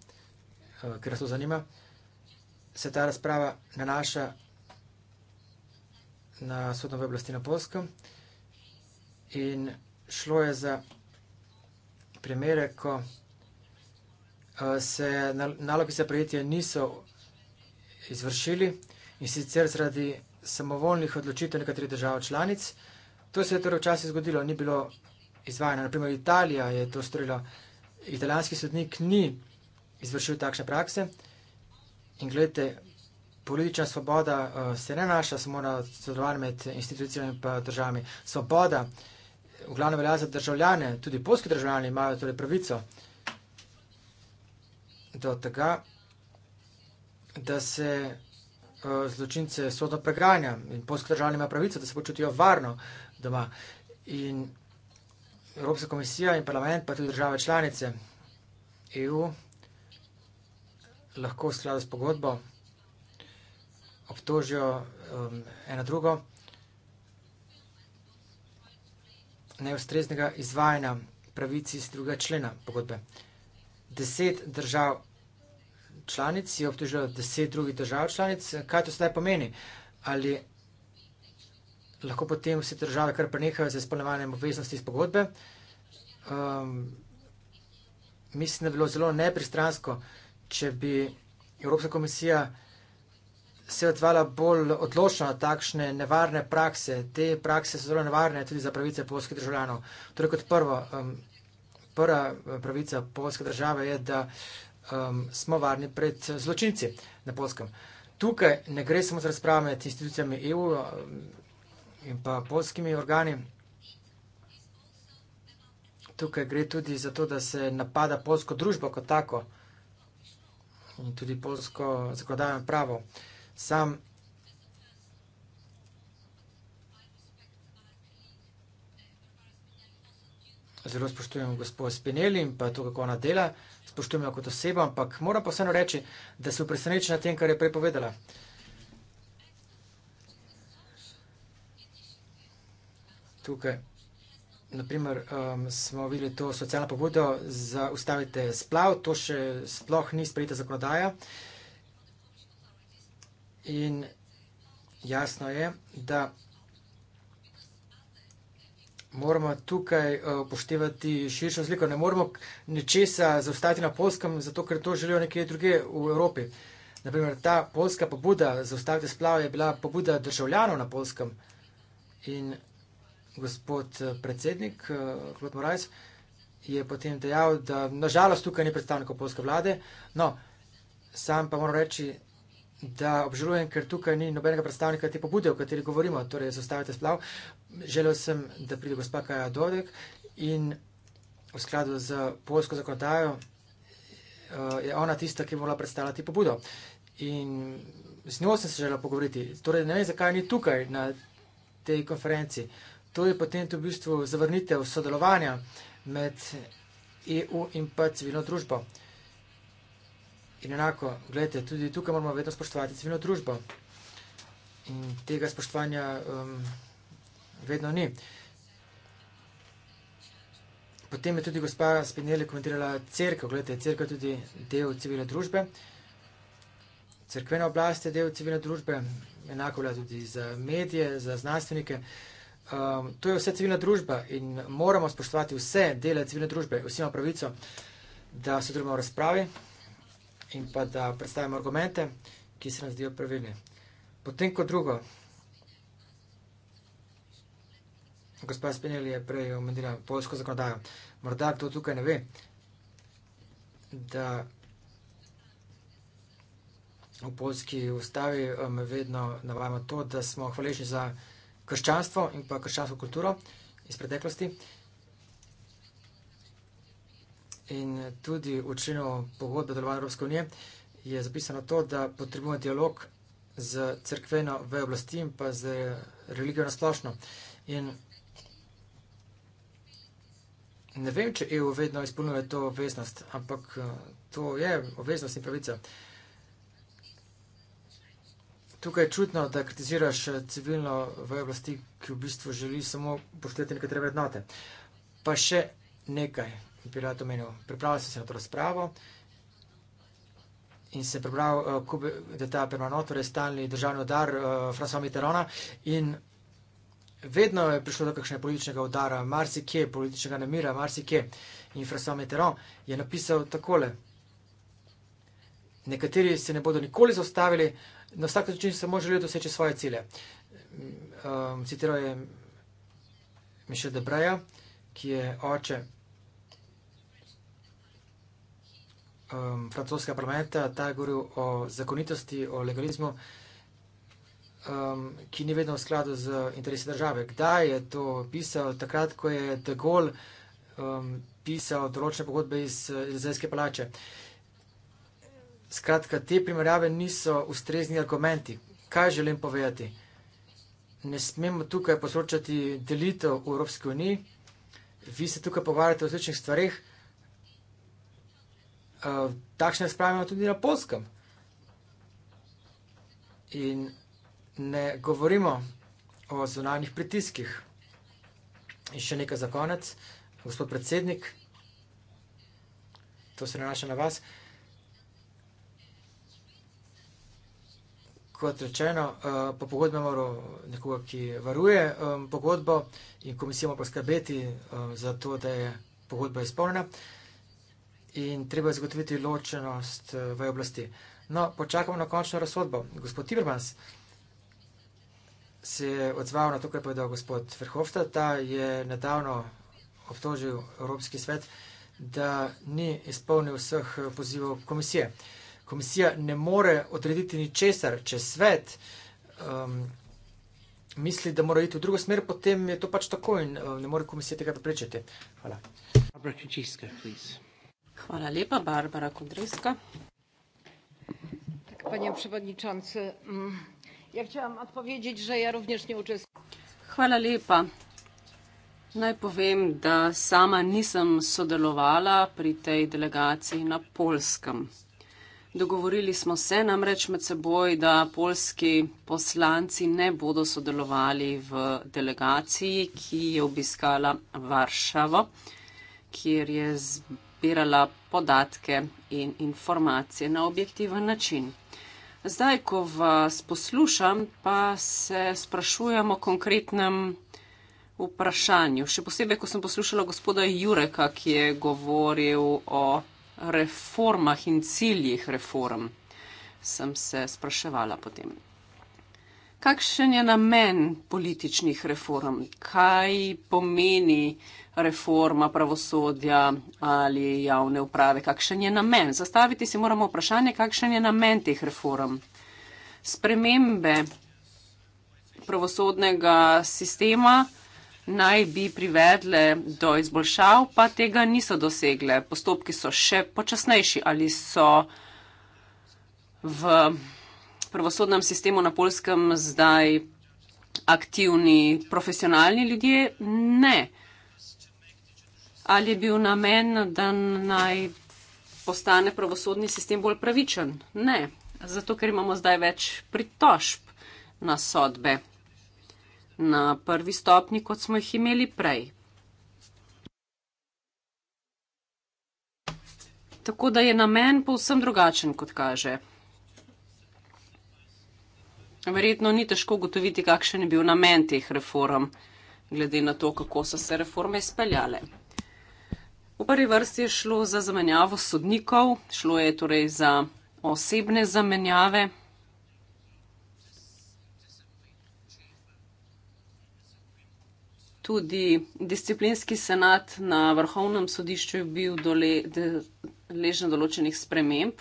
eh, ker nas to zanima, se ta razprava nanaša na sodno veblasti na Polsko in šlo je za primere, ko eh, se naloge za prejetje niso izvršili in sicer zradi vsega, samovoljnih odločitev nekaterih držav članic. To se je torej včasih zgodilo, ni bilo izvajano. Naprimer, Italija je to storila, italijanski sodnik ni izvršil takšne prakse. In gledajte, politična svoboda eh, se ne naša samo na sodelovanju med institucijami in državami. Svoboda v glavnem velja za državljane, tudi polski državljani imajo torej pravico do tega, da se Eh, zločince sodno preganja in polske države imajo pravico, da se počutijo varno doma. In Evropska komisija in parlament, pa tudi države članice EU, lahko v skladu s pogodbo obtožijo um, eno drugo neustreznega izvajanja pravici iz druga člena pogodbe. Deset držav članic, je obtožila deset drugih držav članic. Kaj to zdaj pomeni? Ali lahko potem vse države kar prenehajo z izpolnjevanjem obveznosti iz pogodbe? Um, mislim, da bi bilo zelo nepristransko, če bi Evropska komisija se odvala bolj odločno na takšne nevarne prakse. Te prakse so zelo nevarne tudi za pravice polskih državljanov. Torej, kot prvo, um, prva eh, pravica polske države je, da uh, um, smo varni pred zločinci na polskem. Tukaj ne gre samo za razprave med institucijami EU um, in pa polskimi organi. Tukaj gre tudi za to, da se napada polsko družbo kot tako in tudi polsko zakladajno pravo. Sam zelo spoštujem gospod Spinelli in pa to, kako ona dela spoštujem jo kot osebo, ampak moram pa vseeno reči, da sem presenečen na tem, kar je prepovedala. Tukaj, naprimer, um, smo videli to socialno pobudo za ustavite splav, to še sploh ni sprejeta zakonodaja. In jasno je, da moramo tukaj eh, upoštevati širšo sliko. Ne moramo nečesa zaustaviti na polskem, zato ker to želijo nekje druge v Evropi. Naprimer, ta polska pobuda za ustavitev splava je bila pobuda državljanov na polskem. In gospod eh, predsednik Klot eh, Morajs je potem dejal, da nažalost tukaj ni predstavnikov polske vlade. No, sam pa moram reči, da obžalujem, ker tukaj ni nobenega predstavnika te pobude, o kateri govorimo, torej zastavite splav. Želel sem, da pride gospa Kaja Dodek in v skladu z polsko zakonodajo eh, je ona tista, ki je morala predstavljati pobudo. In z njo sem se želel pogovoriti. Torej ne vem, zakaj ni tukaj na tej konferenci. To je potem tudi v bistvu zavrnitev sodelovanja med EU in pa civilno družbo. In enako, gledajte, tudi tukaj moramo vedno spoštovati civilno družbo. In tega spoštovanja um, vedno ni. Potem je tudi gospa Spinelli komentirala crkva. Gledajte, crkva je tudi del civilne družbe. Crkvena oblast je del civilne družbe, enako velja tudi za medije, za znanstvenike. Um, to je vse civilna družba in moramo spoštovati vse dele civilne družbe. Vsi imamo pravico, da se družimo v razpravi in pa da predstavimo argumente, ki se nam zdijo pravilni. Potem kot drugo, gospod Spinelli je prej omenila polsko zakonodajo. Morda kdo tukaj ne ve, da v polski ustavi me um, vedno navajamo to, da smo hvaležni za krščanstvo in pa krščansko kulturo iz preteklosti in tudi v učinu pogodbe delovanja Evropske unije je zapisano to, da potrebujemo dialog z crkveno v oblasti in pa z religijo nasplošno. In ne vem, če EU vedno izpolnjuje to obveznost, ampak eh, to je obveznost in pravica. Tukaj je čutno, da kritiziraš eh, civilno v oblasti, ki v bistvu želi samo poštiti nekatere vrednote. Pa še nekaj je bil rad omenil. Pripravil sem se na to razpravo in sem prebral, eh, da ta permanent, torej stalni državni udar eh, François Mitterona in vedno je prišlo do kakšnega političnega udara, marsikje, političnega nemira, marsikje. In François Mitterrand je napisal takole. Nekateri se ne bodo nikoli zaustavili, na vsak način samo želijo doseči svoje cilje. Um, citiral je Mišel Debreja, ki je oče um, francoskega parlamenta, ta je govoril o zakonitosti, o legalizmu, um, ki ni vedno v skladu z interesi države. Kdaj je to pisal? Takrat, ko je De Gaulle um, pisal določene pogodbe iz Zajske palače. Skratka, te primerjave niso ustrezni argumenti. Kaj želim povedati? Ne smemo tukaj posločati delitev v Evropski uniji. Vi se tukaj pogovarjate o različnih stvarih uh, takšne spravimo tudi na polskem. In ne govorimo o zunanjih pritiskih. In še nekaj za konec, gospod predsednik, to se nanaša na vas. Kot rečeno, eh, po pogodbi imamo nekoga, ki varuje eh, pogodbo, in komisija mora poskrbeti za to, da je pogodba izpolnjena in treba je zagotoviti ločenost eh, v oblasti. No, počakamo na končno razsodbo. Gospod Tibermans se je odzval na to, kar je povedal gospod Verhofta. Ta je nedavno obtožil Evropski svet, da ni izpolnil vseh eh, pozivov komisije. Komisija ne more odrediti ničesar, če svet um, misli, da mora iti v drugo smer, potem je to pač tako in uh, ne more komisija tega preprečiti. Hvala. Abra, Hvala lepa. Barbara Kondreska. Tak, panie przewodniczący, mm, ja chciałam odpowiedzieć, że ja również nie uczestniczę. Hvala lepa. Naj povem, da sama nisem sodelovala pri tej delegaciji na polskem. Dogovorili smo se namreč med seboj, da polski poslanci ne bodo sodelovali v delegaciji, ki je obiskala Varšavo, kjer je zbrala zbirala podatke in informacije na objektiven način. Zdaj, ko vas poslušam, pa se sprašujem o konkretnem vprašanju. Še posebej, ko sem poslušala gospoda Jureka, ki je govoril o reformah in ciljih reform, sem se spraševala potem. Kakšen je namen političnih reform? Kaj pomeni reforma pravosodja ali javne uprave, kakšen je namen. Zastaviti si moramo vprašanje, kakšen je namen teh reform. Spremembe pravosodnega sistema naj bi privedle do izboljšav, pa tega niso dosegle. Postopki so še počasnejši ali so v pravosodnem sistemu na polskem zdaj aktivni profesionalni ljudje? Ne ali je bil namen, da naj postane pravosodni sistem bolj pravičen? Ne, zato ker imamo zdaj več pritožb na sodbe na prvi stopni, kot smo jih imeli prej. Tako da je namen povsem drugačen, kot kaže. Verjetno ni težko ugotoviti, kakšen je bil namen teh reform, glede na to, kako so se reforme izpeljale. V prvi vrsti je šlo za zamenjavo sodnikov, šlo je torej za osebne zamenjave. Tudi disciplinski senat na vrhovnem sodišču je bil deležen določenih sprememb.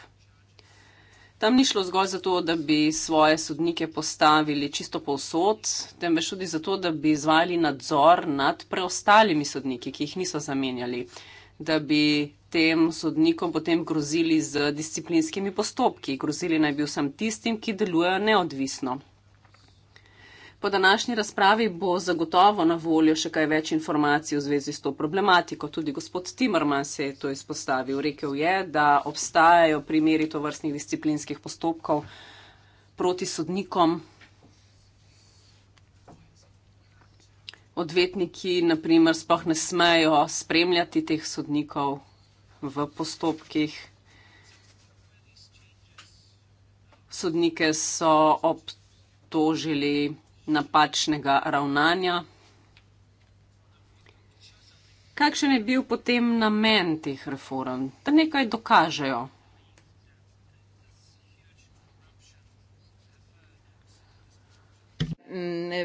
Tam ni šlo zgolj zato, da bi svoje sodnike postavili čisto povsod, temveč tudi zato, da bi izvali nadzor nad preostalimi sodniki, ki jih niso zamenjali da bi tem sodnikom potem grozili z disciplinskimi postopki. Grozili naj bi vsem tistim, ki delujejo neodvisno. Po današnji razpravi bo zagotovo na voljo še kaj več informacij v zvezi s to problematiko. Tudi gospod Timerman se je to izpostavil. Rekel je, da obstajajo primeri tovrstnih disciplinskih postopkov proti sodnikom odvetniki naprimer sploh ne smejo spremljati teh sodnikov v postopkih. Sodnike so obtožili napačnega ravnanja. Kakšen je bil potem namen teh reform? Da nekaj dokažejo.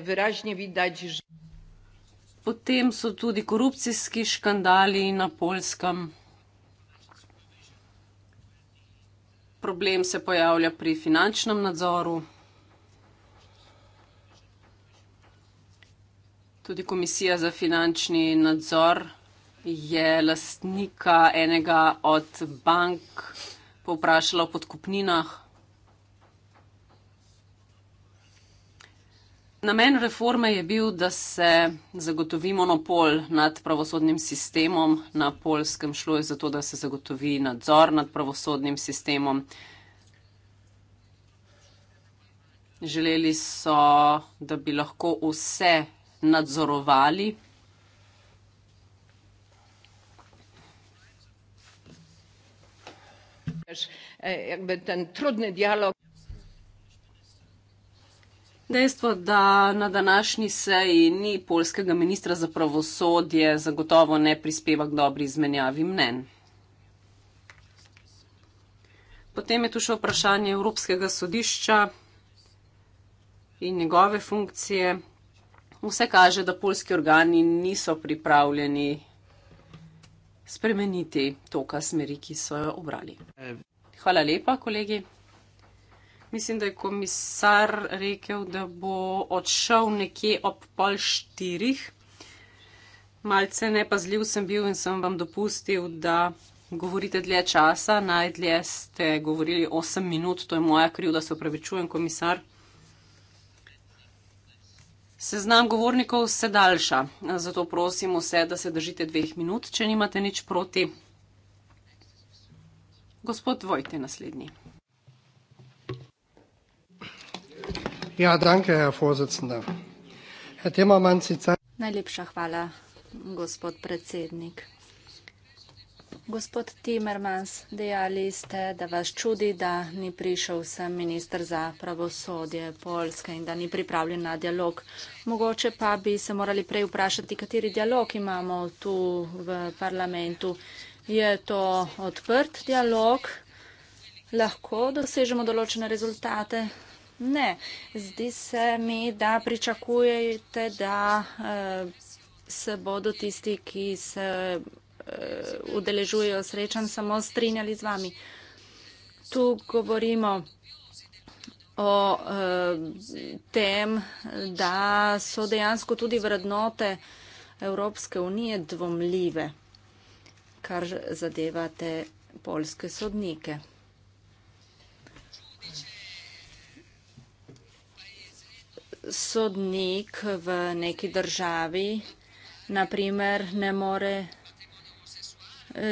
Wyraźnie widać, że potem so tudi korupcijski škandali na polskem. Problem se pojavlja pri finančnem nadzoru. Tudi komisija za finančni nadzor je lastnika enega od bank povprašala o podkupninah. Namen reforme je bil, da se zagotovi monopol nad pravosodnim sistemom na polskem šlo in zato, da se zagotovi nadzor nad pravosodnim sistemom. Želeli so, da bi lahko vse nadzorovali. Eh, jakby ten trudny dialog. Dejstvo, da na današnji seji ni polskega ministra za pravosodje, zagotovo ne prispeva k dobri izmenjavi mnen. Potem je tu še vprašanje Evropskega sodišča in njegove funkcije. Vse kaže, da polski organi niso pripravljeni spremeniti toka smeri, ki so jo obrali. Hvala lepa, kolegi mislim, da je komisar rekel, da bo odšel nekje ob pol štirih. Malce nepazljiv sem bil in sem vam dopustil, da govorite dlje časa. Najdlje ste govorili 8 minut, to je moja krivda, se upravičujem, komisar. Seznam govornikov se daljša, zato prosim vse, da se držite dveh minut, če nimate nič proti. Gospod Vojte, naslednji. Ja, danke, Herr Vorsitzender. Herr Timmermans, Sie zeigen. Najlepša hvala, gospod predsednik. Gospod Timmermans, dejali ste, da vas čudi, da ni prišel sem minister za pravosodje Polske in da ni pripravljen na dialog. Mogoče pa bi se morali prej vprašati, kateri dialog imamo tu v parlamentu. Je to odprt dialog? Lahko dosežemo določene rezultate Ne, zdi se mi, da pričakujete, da uh, se bodo tisti, ki se uh, udeležujejo srečan, samo strinjali z vami. Tu govorimo o uh, tem, da so dejansko tudi vrednote Evropske unije dvomljive, kar zadevate polske sodnike. sodnik v neki državi naprimer ne more eh,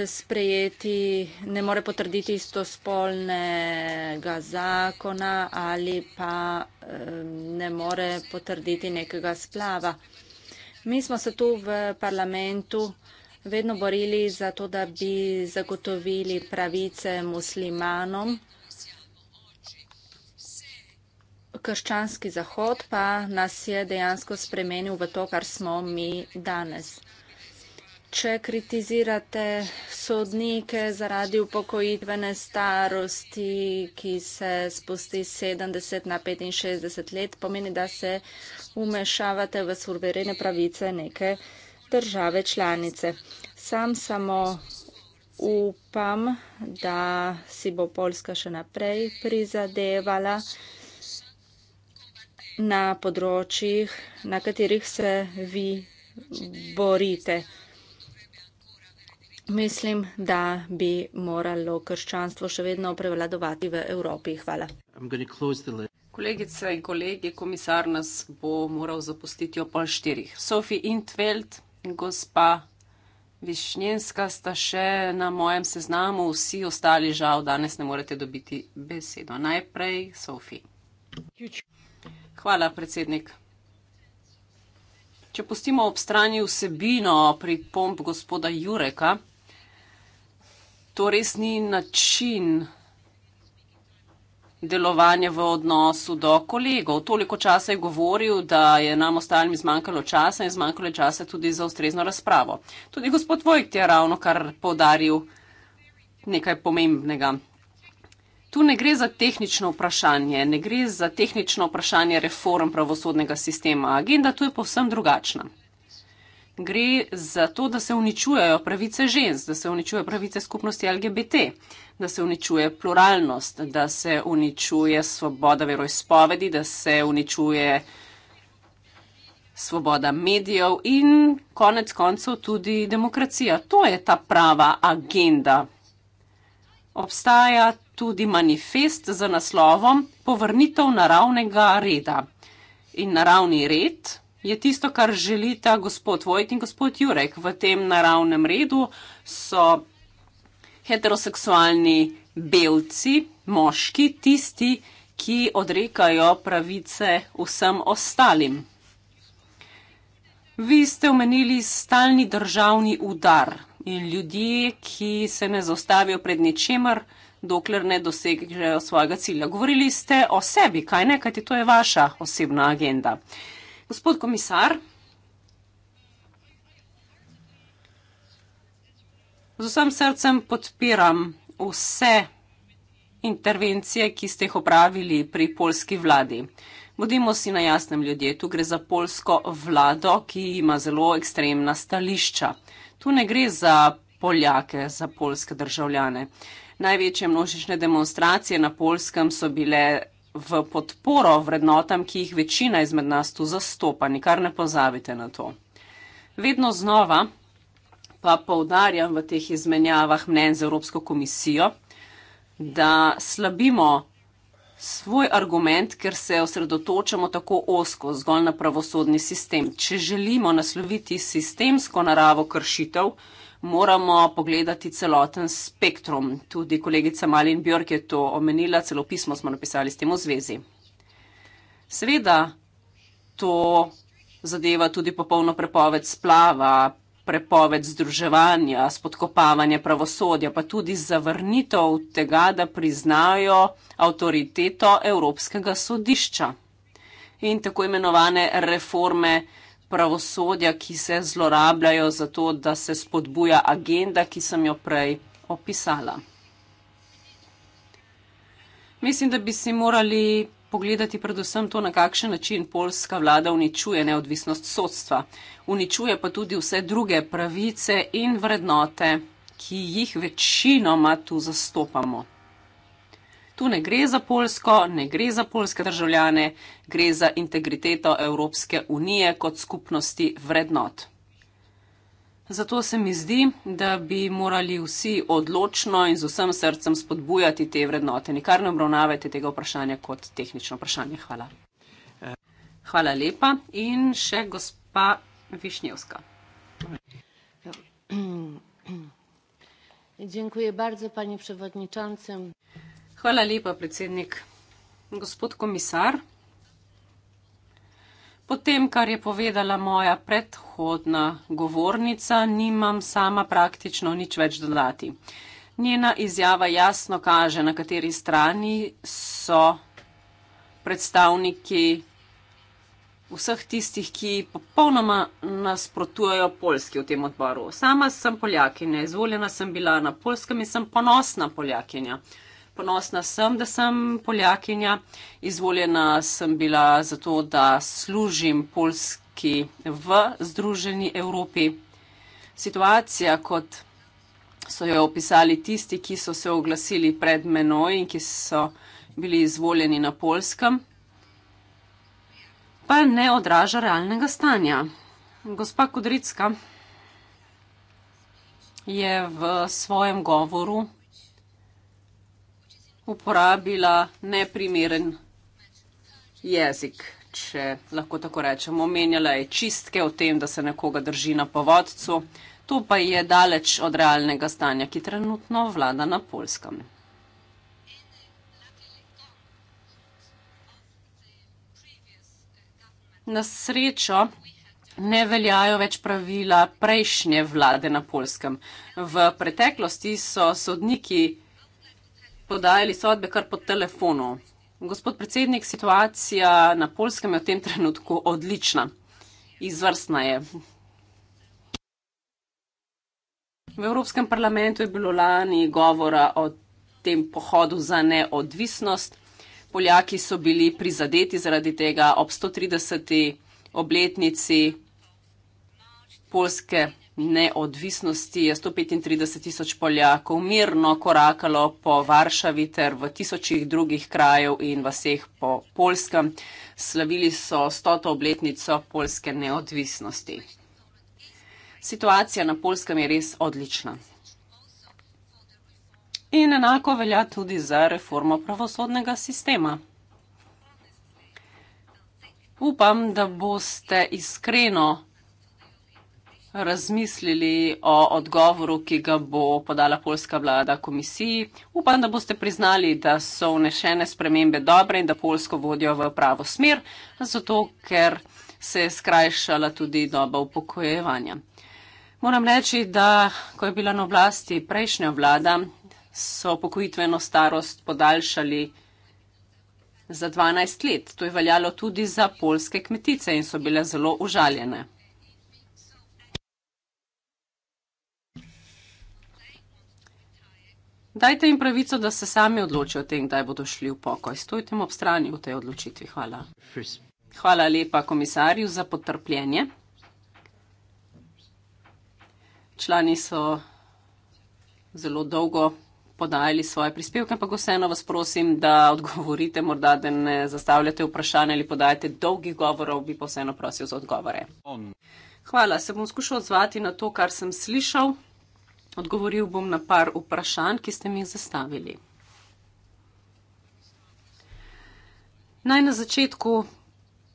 sprejeti, ne more potrditi istospolnega zakona ali pa eh, ne more potrditi nekega splava. Mi smo se tu v parlamentu vedno borili za to, da bi zagotovili pravice muslimanom, krščanski zahod pa nas je dejansko spremenil v to, kar smo mi danes. Če kritizirate sodnike zaradi upokojitvene starosti, ki se spusti 70 na 65 let, pomeni, da se umešavate v suverene pravice neke države članice. Sam samo upam, da si bo Poljska še naprej prizadevala na področjih, na katerih se vi borite. Mislim, da bi moralo krščanstvo še vedno prevladovati v Evropi. Hvala. Kolegice in kolegi, komisar nas bo moral zapustiti o pol štirih. Sophie Intveld in gospa Višnjenska sta še na mojem seznamu, vsi ostali žal danes ne morete dobiti besedo. Najprej Sophie. Huge. Hvala, predsednik. Če pustimo ob strani vsebino pri pomp gospoda Jureka, to res ni način delovanja v odnosu do kolegov. Toliko časa je govoril, da je nam ostalim izmanjkalo časa in izmanjkalo je časa tudi za ustrezno razpravo. Tudi gospod Vojt je ravno kar povdaril nekaj pomembnega tu ne gre za tehnično vprašanje, ne gre za tehnično vprašanje reform pravosodnega sistema. Agenda tu je povsem drugačna. Gre za to, da se uničujejo pravice žensk, da se uničuje pravice skupnosti LGBT, da se uničuje pluralnost, da se uničuje svoboda veroizpovedi, da se uničuje svoboda medijev in konec koncev tudi demokracija. To je ta prava agenda. Obstaja tudi manifest z naslovom Povrnitev naravnega reda. In naravni red je tisto, kar želita gospod Vojt in gospod Jurek. V tem naravnem redu so heteroseksualni belci, moški, tisti, ki odrekajo pravice vsem ostalim. Vi ste omenili stalni državni udar in ljudje, ki se ne zaustavijo pred ničemer, dokler ne dosegrejo svojega cilja. Govorili ste o sebi, kaj ne, kajti to je vaša osebna agenda. Gospod komisar. Z vsem srcem podpiram vse intervencije, ki ste jih opravili pri polski vladi. Bodimo si na jasnem ljudje, tu gre za polsko vlado, ki ima zelo ekstremna stališča. Tu ne gre za Poljake, za polske državljane. Največje množične demonstracije na polskem so bile v podporo vrednotam, ki jih večina izmed nas tu zastopa, nikar ne pozabite na to. Vedno znova pa poudarjam v teh izmenjavah mnen z Evropsko komisijo, da slabimo svoj argument, ker se osredotočamo tako osko zgolj na pravosodni sistem. Če želimo nasloviti sistemsko naravo kršitev, moramo pogledati celoten spektrum. Tudi kolegica Malin Björk je to omenila, celo pismo smo napisali s tem v zvezi. Seveda to zadeva tudi popolno prepoved splava, prepoved združevanja, spodkopavanje pravosodja, pa tudi zavrnitev tega, da priznajo avtoriteto Evropskega sodišča in tako imenovane reforme pravosodja, ki se zlorabljajo za to, da se spodbuja agenda, ki sem jo prej opisala. Mislim, da bi si morali pogledati predvsem to, na kakšen način polska vlada uničuje neodvisnost sodstva, uničuje pa tudi vse druge pravice in vrednote, ki jih večinoma tu zastopamo. Tu ne gre za Polsko, ne gre za polske državljane, gre za integriteto Evropske unije kot skupnosti vrednot. Zato se mi zdi, da bi morali vsi odločno in z vsem srcem spodbujati te vrednote. Nikar ne obravnavajte tega vprašanja kot tehnično vprašanje. Hvala. Hvala lepa. In še gospa Višnjevska. Dziękuję bardzo, panie przewodniczący. Hvala lepa, predsednik. Gospod komisar, potem, kar je povedala moja predhodna govornica, nimam sama praktično nič več dodati. Njena izjava jasno kaže, na kateri strani so predstavniki vseh tistih, ki popolnoma nasprotujejo polski v tem odboru. Sama sem poljakinja, izvoljena sem bila na polskem in sem ponosna poljakinja ponosna sem, da sem poljakinja. Izvoljena sem bila zato, da služim polski v Združeni Evropi. Situacija, kot so jo opisali tisti, ki so se oglasili pred menoj in ki so bili izvoljeni na polskem, pa ne odraža realnega stanja. Gospa Kudricka je v svojem govoru uporabila neprimeren jezik, če lahko tako rečem. Omenjala je čistke o tem, da se nekoga drži na povodcu. To pa je daleč od realnega stanja, ki trenutno vlada na polskem. Na srečo ne veljajo več pravila prejšnje vlade na polskem. V preteklosti so sodniki podajali sodbe kar po telefonu. Gospod predsednik, situacija na Polskem je v tem trenutku odlična. Izvrstna je. V Evropskem parlamentu je bilo lani govora o tem pohodu za neodvisnost. Poljaki so bili prizadeti zaradi tega ob 130. obletnici Polske neodvisnosti je 135 tisoč Poljakov mirno korakalo po Varšavi ter v tisočih drugih krajev in vseh po Polskem. Slavili so stoto obletnico polske neodvisnosti. Situacija na Polskem je res odlična. In enako velja tudi za reformo pravosodnega sistema. Upam, da boste iskreno razmislili o odgovoru, ki ga bo podala polska vlada komisiji. Upam, da boste priznali, da so vnešene spremembe dobre in da Polsko vodijo v pravo smer, zato ker se je skrajšala tudi doba upokojevanja. Moram reči, da ko je bila na oblasti prejšnja vlada, so pokojitveno starost podaljšali za 12 let. To je veljalo tudi za polske kmetice in so bile zelo užaljene. Dajte jim pravico, da se sami odločijo o tem, kdaj bodo šli v pokoj. Stojite jim ob strani v tej odločitvi. Hvala. Hvala lepa komisarju za potrpljenje. Člani so zelo dolgo podajali svoje prispevke, ampak vseeno vas prosim, da odgovorite, morda da ne zastavljate vprašanje ali podajate dolgih govorov, bi pa vseeno prosil za odgovore. Hvala, se bom skušal odzvati na to, kar sem slišal. Odgovoril bom na par vprašanj, ki ste mi jih zastavili. Naj na začetku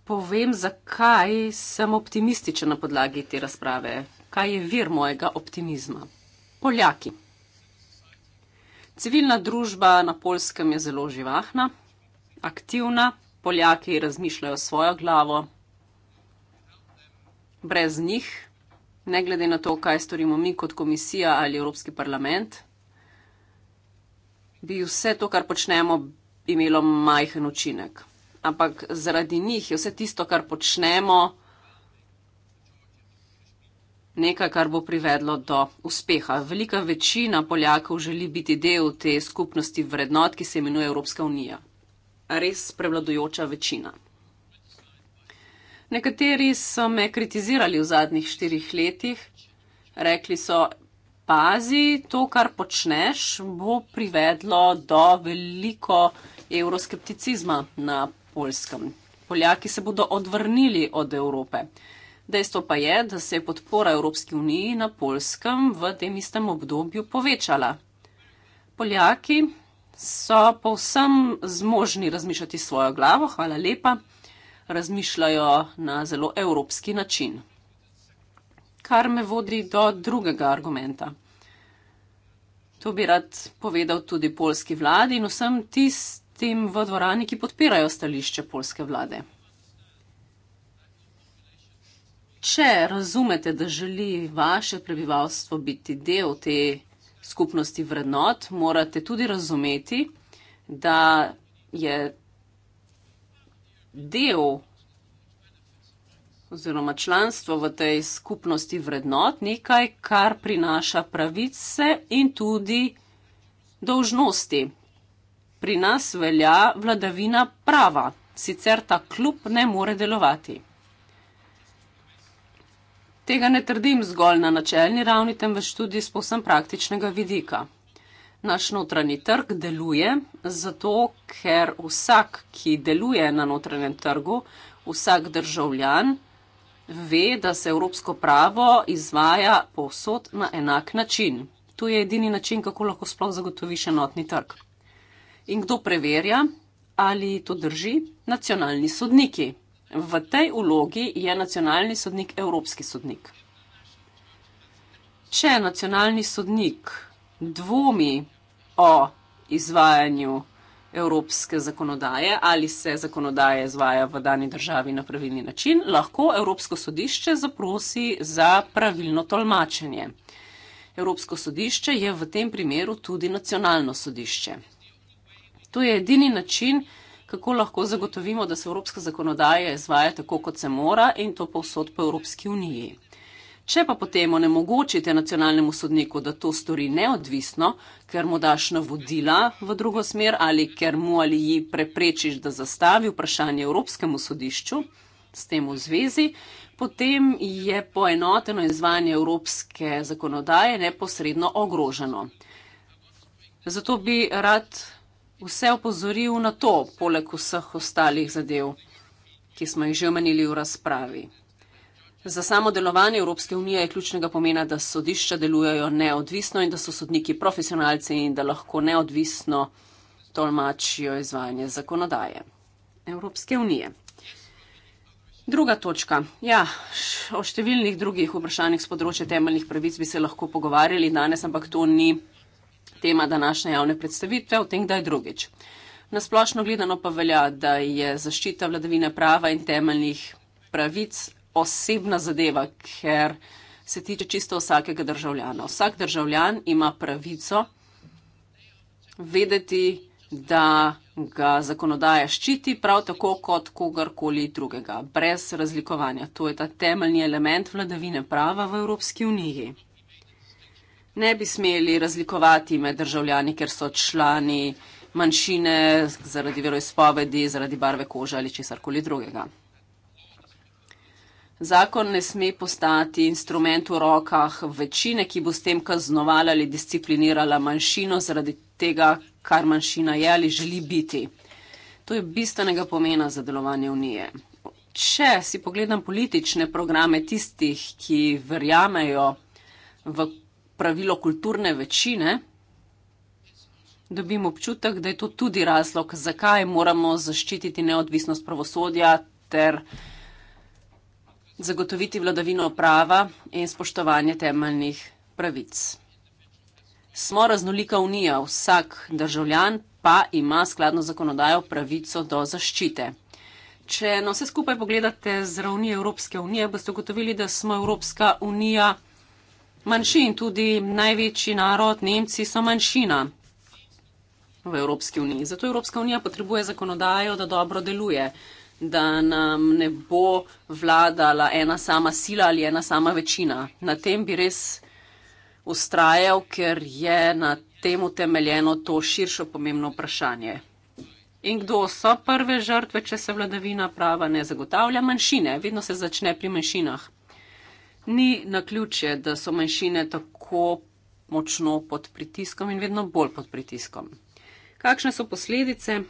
povem, zakaj sem optimističen na podlagi te razprave. Kaj je vir mojega optimizma? Poljaki. Civilna družba na polskem je zelo živahna, aktivna, Poljaki razmišljajo svojo glavo. Brez njih ne glede na to, kaj storimo mi kot komisija ali Evropski parlament, bi vse to, kar počnemo, imelo majhen učinek. Ampak zaradi njih je vse tisto, kar počnemo, nekaj, kar bo privedlo do uspeha. Velika večina Poljakov želi biti del te skupnosti vrednot, ki se imenuje Evropska unija. Res prevladujoča večina. Nekateri so me kritizirali v zadnjih štirih letih. Rekli so, pazi, to, kar počneš, bo privedlo do veliko euroskepticizma na Poljskem. Poljaki se bodo odvrnili od Evrope. Dejstvo pa je, da se je podpora Evropski uniji na Poljskem v tem istem obdobju povečala. Poljaki so povsem zmožni razmišljati svojo glavo, hvala lepa razmišljajo na zelo evropski način. Kar me vodi do drugega argumenta. To bi rad povedal tudi polski vladi in vsem tistim v dvorani, ki podpirajo stališče polske vlade. Če razumete, da želi vaše prebivalstvo biti del te skupnosti vrednot, morate tudi razumeti, da je del oziroma članstvo v tej skupnosti vrednot nekaj, kar prinaša pravice in tudi dolžnosti. Pri nas velja vladavina prava, sicer ta klub ne more delovati. Tega ne trdim zgolj na načelni ravni, temveč tudi z povsem praktičnega vidika naš notranji trg deluje, zato ker vsak, ki deluje na notranjem trgu, vsak državljan ve, da se evropsko pravo izvaja povsod na enak način. To je edini način, kako lahko sploh zagotoviš enotni trg. In kdo preverja, ali to drži? Nacionalni sodniki. V tej ulogi je nacionalni sodnik evropski sodnik. Če nacionalni sodnik dvomi o izvajanju evropske zakonodaje ali se zakonodaje izvaja v dani državi na pravilni način, lahko Evropsko sodišče zaprosi za pravilno tolmačenje. Evropsko sodišče je v tem primeru tudi nacionalno sodišče. To je edini način, kako lahko zagotovimo, da se evropska zakonodaja izvaja tako, kot se mora in to povsod po Evropski uniji. Če pa potem onemogočite nacionalnemu sodniku, da to stori neodvisno, ker mu daš navodila v drugo smer ali ker mu ali ji preprečiš, da zastavi vprašanje Evropskemu sodišču s tem v zvezi, potem je poenoteno izvanje evropske zakonodaje neposredno ogroženo. Zato bi rad vse opozoril na to, poleg vseh ostalih zadev, ki smo jih že omenili v razpravi. Za samo delovanje Evropske unije je ključnega pomena, da sodišča delujejo neodvisno in da so sodniki profesionalci in da lahko neodvisno tolmačijo izvajanje zakonodaje Evropske unije. Druga točka. Ja, o številnih drugih vprašanjih z področja temeljnih pravic bi se lahko pogovarjali danes, ampak to ni tema današnje javne predstavitve, o tem, da je drugič. Nasplošno gledano pa velja, da je zaščita vladavine prava in temeljnih pravic osebna zadeva, ker se tiče čisto vsakega državljana. Vsak državljan ima pravico vedeti, da ga zakonodaja ščiti prav tako kot kogarkoli drugega, brez razlikovanja. To je ta temeljni element vladavine prava v Evropski uniji. Ne bi smeli razlikovati med državljani, ker so člani manjšine zaradi veroizpovedi, zaradi barve kože ali česarkoli drugega. Zakon ne sme postati instrument v rokah večine, ki bo s tem kaznovala ali disciplinirala manjšino zaradi tega, kar manjšina je ali želi biti. To je bistvenega pomena za delovanje unije. Če si pogledam politične programe tistih, ki verjamejo v pravilo kulturne večine, dobim občutek, da je to tudi razlog, zakaj moramo zaščititi neodvisnost pravosodja ter zagotoviti vladavino prava in spoštovanje temeljnih pravic. Smo raznolika unija, vsak državljan pa ima skladno zakonodajo pravico do zaščite. Če no, vse skupaj pogledate z ravni Evropske unije, boste ugotovili, da smo Evropska unija manjšin, tudi največji narod, Nemci so manjšina v Evropski uniji. Zato Evropska unija potrebuje zakonodajo, da dobro deluje da nam ne bo vladala ena sama sila ali ena sama večina. Na tem bi res ustrajal, ker je na tem utemeljeno to širšo pomembno vprašanje. In kdo so prve žrtve, če se vladavina prava ne zagotavlja? Manjšine, vedno se začne pri manjšinah. Ni na ključje, da so manjšine tako močno pod pritiskom in vedno bolj pod pritiskom. Kakšne so posledice?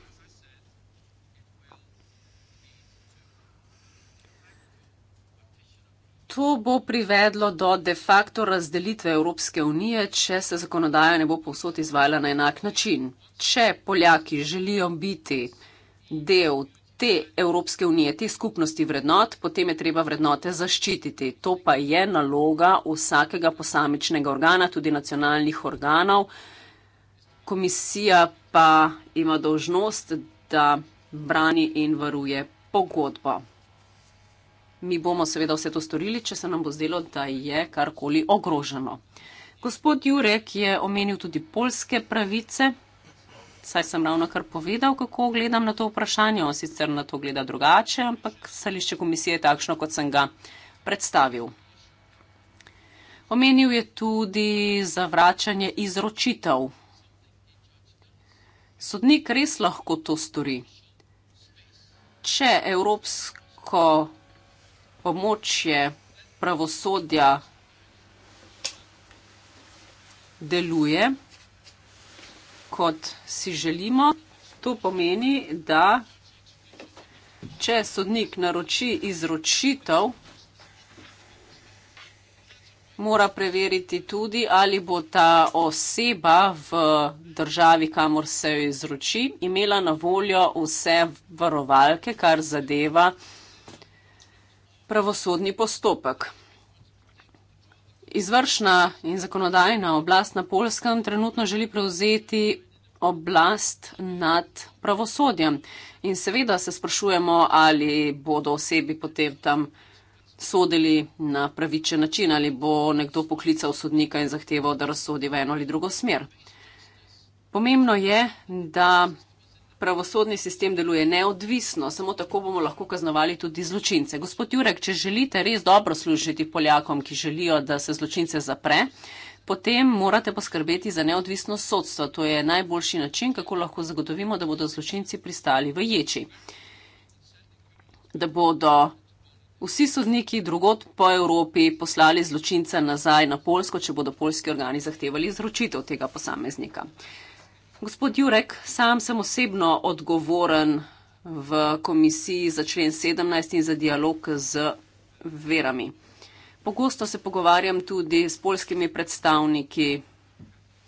to bo privedlo do de facto razdelitve Evropske unije, če se zakonodaja ne bo povsod izvajala na enak način. Če Poljaki želijo biti del te Evropske unije, te skupnosti vrednot, potem je treba vrednote zaščititi. To pa je naloga vsakega posamičnega organa, tudi nacionalnih organov. Komisija pa ima dožnost, da brani in varuje pogodbo. Mi bomo seveda vse to storili, če se nam bo zdelo, da je karkoli ogroženo. Gospod Jurek je omenil tudi polske pravice. Saj sem ravno kar povedal, kako gledam na to vprašanje. On sicer na to gleda drugače, ampak stališče komisije je takšno, kot sem ga predstavil. Omenil je tudi zavračanje izročitev. Sodnik res lahko to stori. Če Evropsko pomočje pravosodja deluje, kot si želimo. To pomeni, da če sodnik naroči izročitev, mora preveriti tudi, ali bo ta oseba v državi, kamor se jo izroči, imela na voljo vse varovalke, kar zadeva pravosodni postopek. Izvršna in zakonodajna oblast na Polskem trenutno želi prevzeti oblast nad pravosodjem. In seveda se sprašujemo, ali bodo osebi potem tam sodili na pravičen način, ali bo nekdo poklical sodnika in zahteval, da razsodi v eno ali drugo smer. Pomembno je, da pravosodni sistem deluje neodvisno, samo tako bomo lahko kaznovali tudi zločince. Gospod Jurek, če želite res dobro služiti Poljakom, ki želijo, da se zločince zapre, potem morate poskrbeti za neodvisnost sodstva. To je najboljši način, kako lahko zagotovimo, da bodo zločinci pristali v ječi. Da bodo vsi sodniki drugot po Evropi poslali zločinca nazaj na Polsko, če bodo polski organi zahtevali izročitev tega posameznika. Gospod Jurek, sam sem osebno odgovoren v komisiji za člen 17 in za dialog z verami. Pogosto se pogovarjam tudi s polskimi predstavniki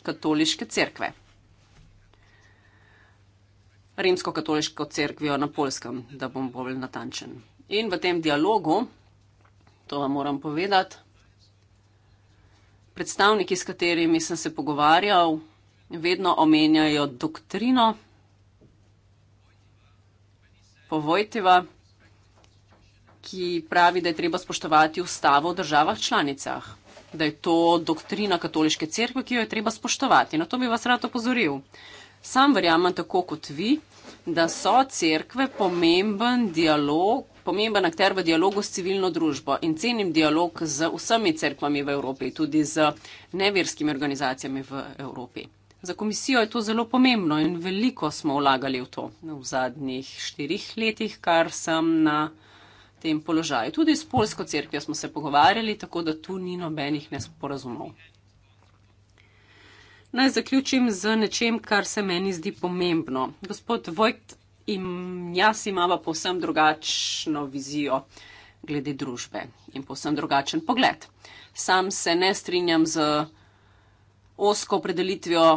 katoliške cerkve. Rimsko-katoliško cerkvijo na polskem, da bom bolj natančen. In v tem dialogu, to vam moram povedati, predstavniki, s katerimi sem se pogovarjal, vedno omenjajo doktrino Povojtiva, ki pravi, da je treba spoštovati ustavo v državah članicah, da je to doktrina katoliške cerkve, ki jo je treba spoštovati. Na to bi vas rad opozoril. Sam verjamem tako kot vi, da so cerkve pomemben dialog pomemben akter v dialogu s civilno družbo in cenim dialog z vsemi cerkvami v Evropi, tudi z neverskimi organizacijami v Evropi. Za komisijo je to zelo pomembno in veliko smo vlagali v to v zadnjih štirih letih, kar sem na tem položaju. Tudi s polsko crkvijo smo se pogovarjali, tako da tu ni nobenih nesporazumov. Naj zaključim z nečem, kar se meni zdi pomembno. Gospod Vojt in jaz imamo povsem drugačno vizijo glede družbe in povsem drugačen pogled. Sam se ne strinjam z osko opredelitvijo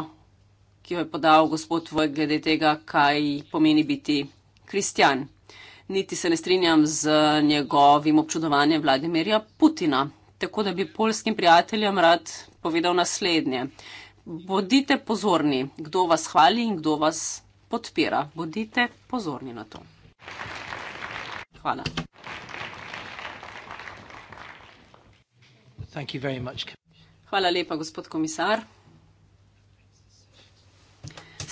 ki jo je podal gospod V glede tega, kaj pomeni biti kristjan. Niti se ne strinjam z njegovim občudovanjem Vladimirja Putina. Tako da bi polskim prijateljem rad povedal naslednje. Bodite pozorni, kdo vas hvali in kdo vas podpira. Bodite pozorni na to. Hvala. Hvala lepa, gospod komisar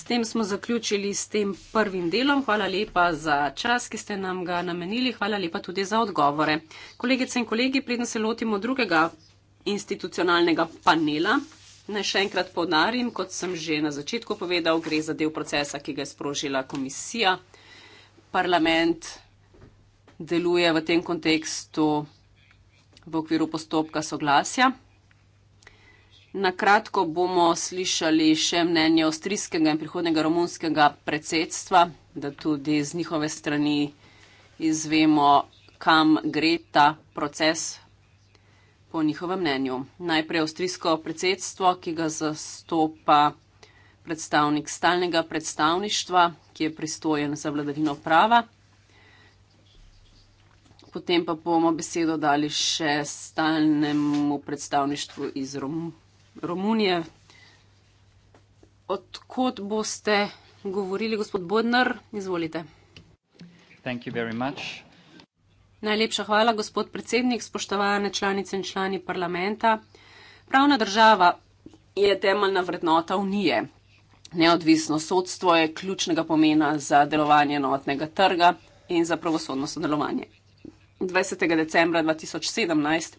tem smo zaključili s tem prvim delom. Hvala lepa za čas, ki ste nam ga namenili. Hvala lepa tudi za odgovore. Kolegice in kolegi, predno se lotimo drugega institucionalnega panela. Naj še enkrat podarim, kot sem že na začetku povedal, gre za del procesa, ki ga je sprožila komisija. Parlament deluje v tem kontekstu v okviru postopka soglasja. Na kratko bomo slišali še mnenje avstrijskega in prihodnega romunskega predsedstva, da tudi z njihove strani izvemo, kam gre ta proces po njihovem mnenju. Najprej avstrijsko predsedstvo, ki ga zastopa predstavnik stalnega predstavništva, ki je pristojen za vladavino prava. Potem pa bomo besedo dali še stalnemu predstavništvu iz Romunije. Romunije. Odkot boste govorili, gospod Bodnar, izvolite. Najlepša hvala, gospod predsednik, spoštovane članice in člani parlamenta. Pravna država je temeljna vrednota unije. Neodvisno sodstvo je ključnega pomena za delovanje enotnega trga in za pravosodno sodelovanje. 20. decembra 2017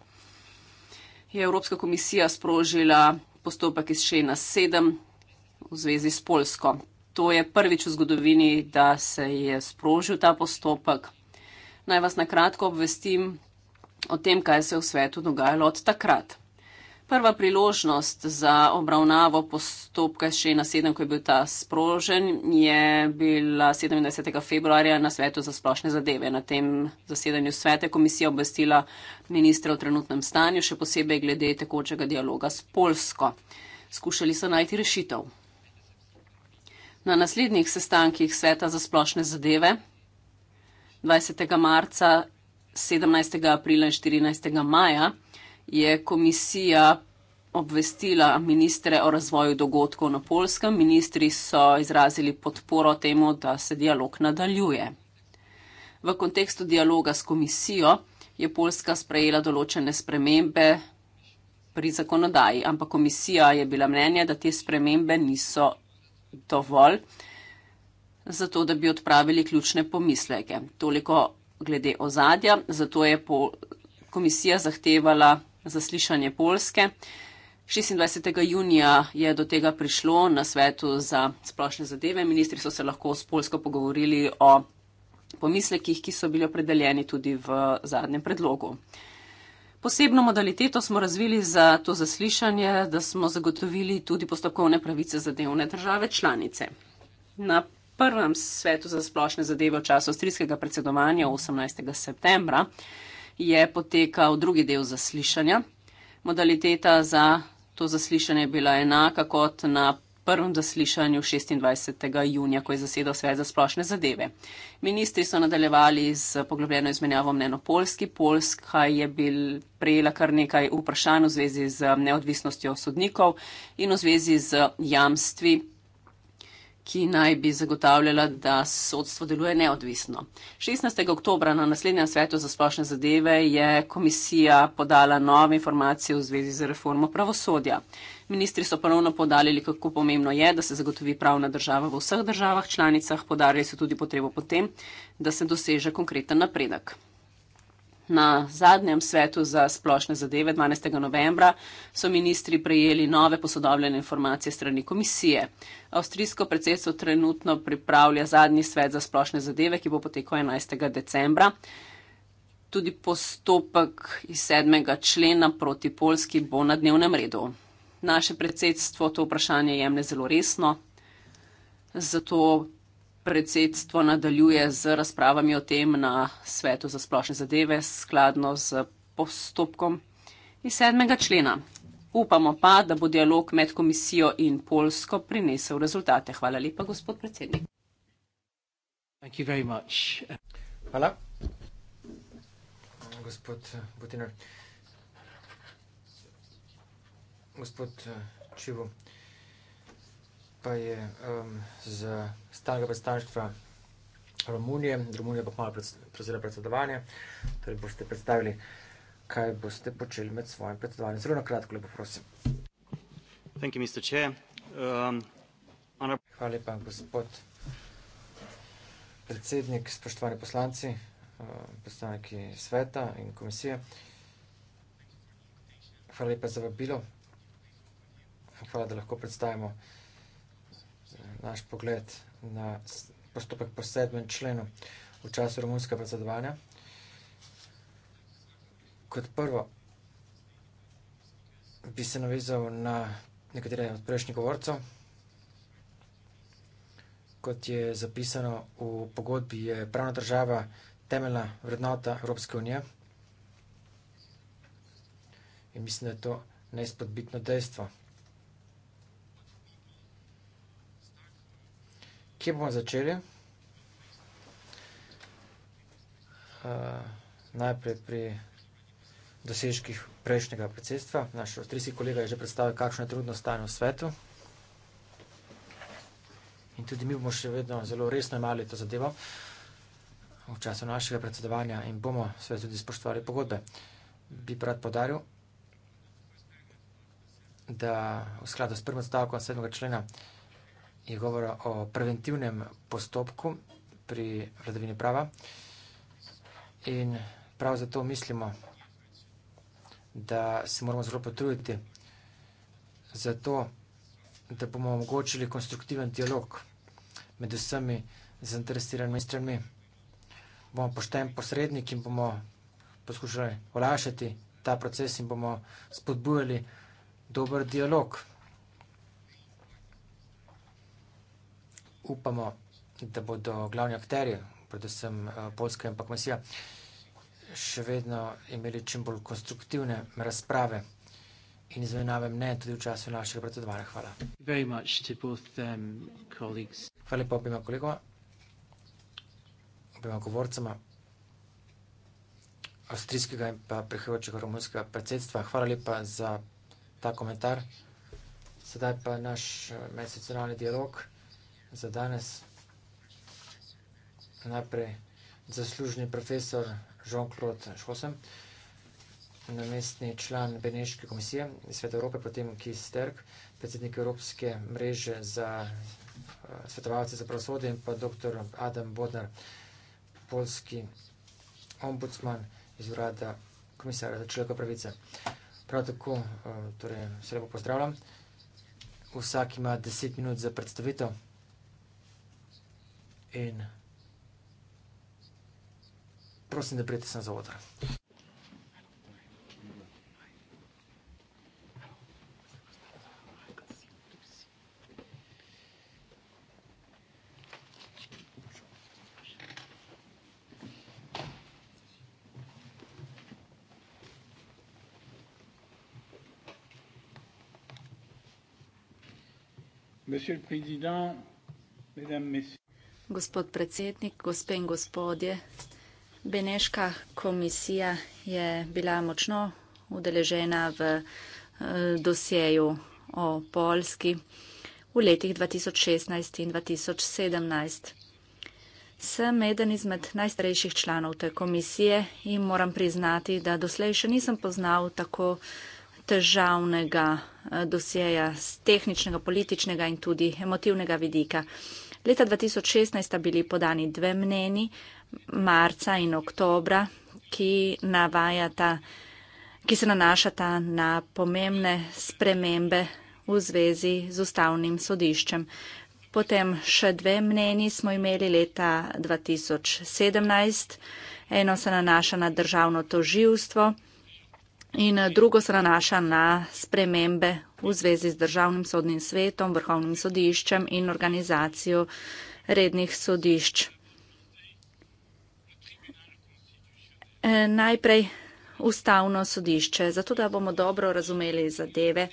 je Evropska komisija sprožila postopek iz 6 na 7 v zvezi s Polsko. To je prvič v zgodovini, da se je sprožil ta postopek. Naj vas na kratko obvestim o tem, kaj se je v svetu dogajalo od takrat prva priložnost za obravnavo postopka še na sedem, ko je bil ta sprožen, je bila 27. februarja na svetu za splošne zadeve. Na tem zasedanju svete komisija obvestila ministra o trenutnem stanju, še posebej glede tekočega dialoga s Polsko. Skušali so najti rešitev. Na naslednjih sestankih sveta za splošne zadeve 20. marca, 17. aprila in 14. maja je komisija obvestila ministre o razvoju dogodkov na Polskem. Ministri so izrazili podporo temu, da se dialog nadaljuje. V kontekstu dialoga s komisijo je Poljska sprejela določene spremembe pri zakonodaji, ampak komisija je bila mnenja, da te spremembe niso dovolj, zato da bi odpravili ključne pomisleke. Toliko glede ozadja, zato je po, komisija zahtevala zaslišanje Polske. 26. junija je do tega prišlo na svetu za splošne zadeve. Ministri so se lahko s Polsko pogovorili o pomislekih, ki so bili opredeljeni tudi v zadnjem predlogu. Posebno modaliteto smo razvili za to zaslišanje, da smo zagotovili tudi postopkovne pravice zadevne države članice. Na prvem svetu za splošne zadeve v času avstrijskega predsedovanja 18. septembra je potekal drugi del zaslišanja. Modaliteta za to zaslišanje je bila enaka kot na prvem zaslišanju 26. junija, ko je zasedal svet za splošne zadeve. Ministri so nadaljevali z poglobljeno izmenjavo mneno Polski. Polska je bil prejela kar nekaj vprašanj v zvezi z neodvisnostjo sodnikov in v zvezi z jamstvi ki naj bi zagotavljala, da sodstvo deluje neodvisno. 16. oktobra na naslednjem svetu za splošne zadeve je komisija podala nove informacije v zvezi z reformo pravosodja. Ministri so ponovno podalili, kako pomembno je, da se zagotovi pravna država v vseh državah članicah, podarili so tudi potrebo potem, da se doseže konkreten napredek. Na zadnjem svetu za splošne zadeve 12. novembra so ministri prejeli nove posodobljene informacije strani komisije. Avstrijsko predsedstvo trenutno pripravlja zadnji svet za splošne zadeve, ki bo potekal 11. decembra. Tudi postopek iz sedmega člena proti Polski bo na dnevnem redu. Naše predsedstvo to vprašanje jemne zelo resno, zato predsedstvo nadaljuje z razpravami o tem na svetu za splošne zadeve skladno z postopkom iz sedmega člena. Upamo pa, da bo dialog med komisijo in Polsko prinesel rezultate. Hvala lepa, gospod predsednik. Hvala. Gospod Butiner. Gospod eh, Čivo pa je um, z stalnega predstavništva Romunije, Romunija bo malo prevzela predsedovanje, torej boste predstavili, kaj boste počeli med svojim predsedovanjem. Zelo na kratko, lepo prosim. You, um, on... Hvala lepa, gospod predsednik, spoštovani poslanci, uh, predstavniki sveta in komisije. Hvala lepa za vabilo. Hvala, da lahko predstavimo uh, naš pogled na postopek po sedmem členu v času romunskega predsedovanja. Kot prvo bi se navizal na nekatere od prejšnjih govorcev. Kot je zapisano v pogodbi, je pravna država temeljna vrednota Evropske unije. In mislim, da je to neizpodbitno dejstvo. Kje bomo začeli? Uh, najprej pri dosežkih prejšnjega predsedstva. Naš avstrijski kolega je že predstavil, kakšno je trudno stanje v svetu. In tudi mi bomo še vedno zelo resno imeli to zadevo v času našega predsedovanja in bomo seveda tudi spoštovali pogodbe. Bi rad podaril, da v skladu s prvim odstavkom 7. člena je govora o preventivnem postopku pri vladavini prava in prav zato mislimo, da se moramo zelo potruditi za to, da bomo omogočili konstruktiven dialog med vsemi zainteresiranimi stranmi. Bomo pošten posrednik in bomo poskušali olajšati ta proces in bomo spodbujali dober dialog. upamo, da bodo glavni akteri, predvsem eh, Polska in pa komisija, še vedno imeli čim bolj konstruktivne razprave in izmenjave mne tudi v času našega predsedovanja. Hvala. Um, Hvala lepa obima kolegova, obima govorcama avstrijskega in pa prihajajočega romunskega predsedstva. Hvala lepa za ta komentar. Sedaj pa naš eh, medsecionalni dialog za danes. Najprej zaslužni profesor Jean-Claude Schossen, namestni član Beneške komisije Sveta Evrope, potem Keith Sterk, predsednik Evropske mreže za eh, svetovalce za pravosodje in pa dr. Adam Bodnar, polski ombudsman iz urada komisarja za človekove pravice. Prav tako eh, torej, se lepo pozdravljam. Vsak ima 10 minut za predstavitev in prosim, da prijete sem za odr. Monsieur le Président, Mesdames, Messieurs, gospod predsednik, gospe in gospodje. Beneška komisija je bila močno udeležena v eh, dosjeju o Polski v letih 2016 in 2017. Sem eden izmed najstarejših članov te komisije in moram priznati, da doslej še nisem poznal tako težavnega eh, dosjeja z tehničnega, političnega in tudi emotivnega vidika. Leta 2016 sta bili podani dve mneni, marca in oktobra, ki, navajata, ki se nanašata na pomembne spremembe v zvezi z ustavnim sodiščem. Potem še dve mneni smo imeli leta 2017. Eno se nanaša na državno toživstvo in drugo se nanaša na spremembe v zvezi z državnim sodnim svetom, vrhovnim sodiščem in organizacijo rednih sodišč. E, najprej ustavno sodišče. Zato, da bomo dobro razumeli zadeve,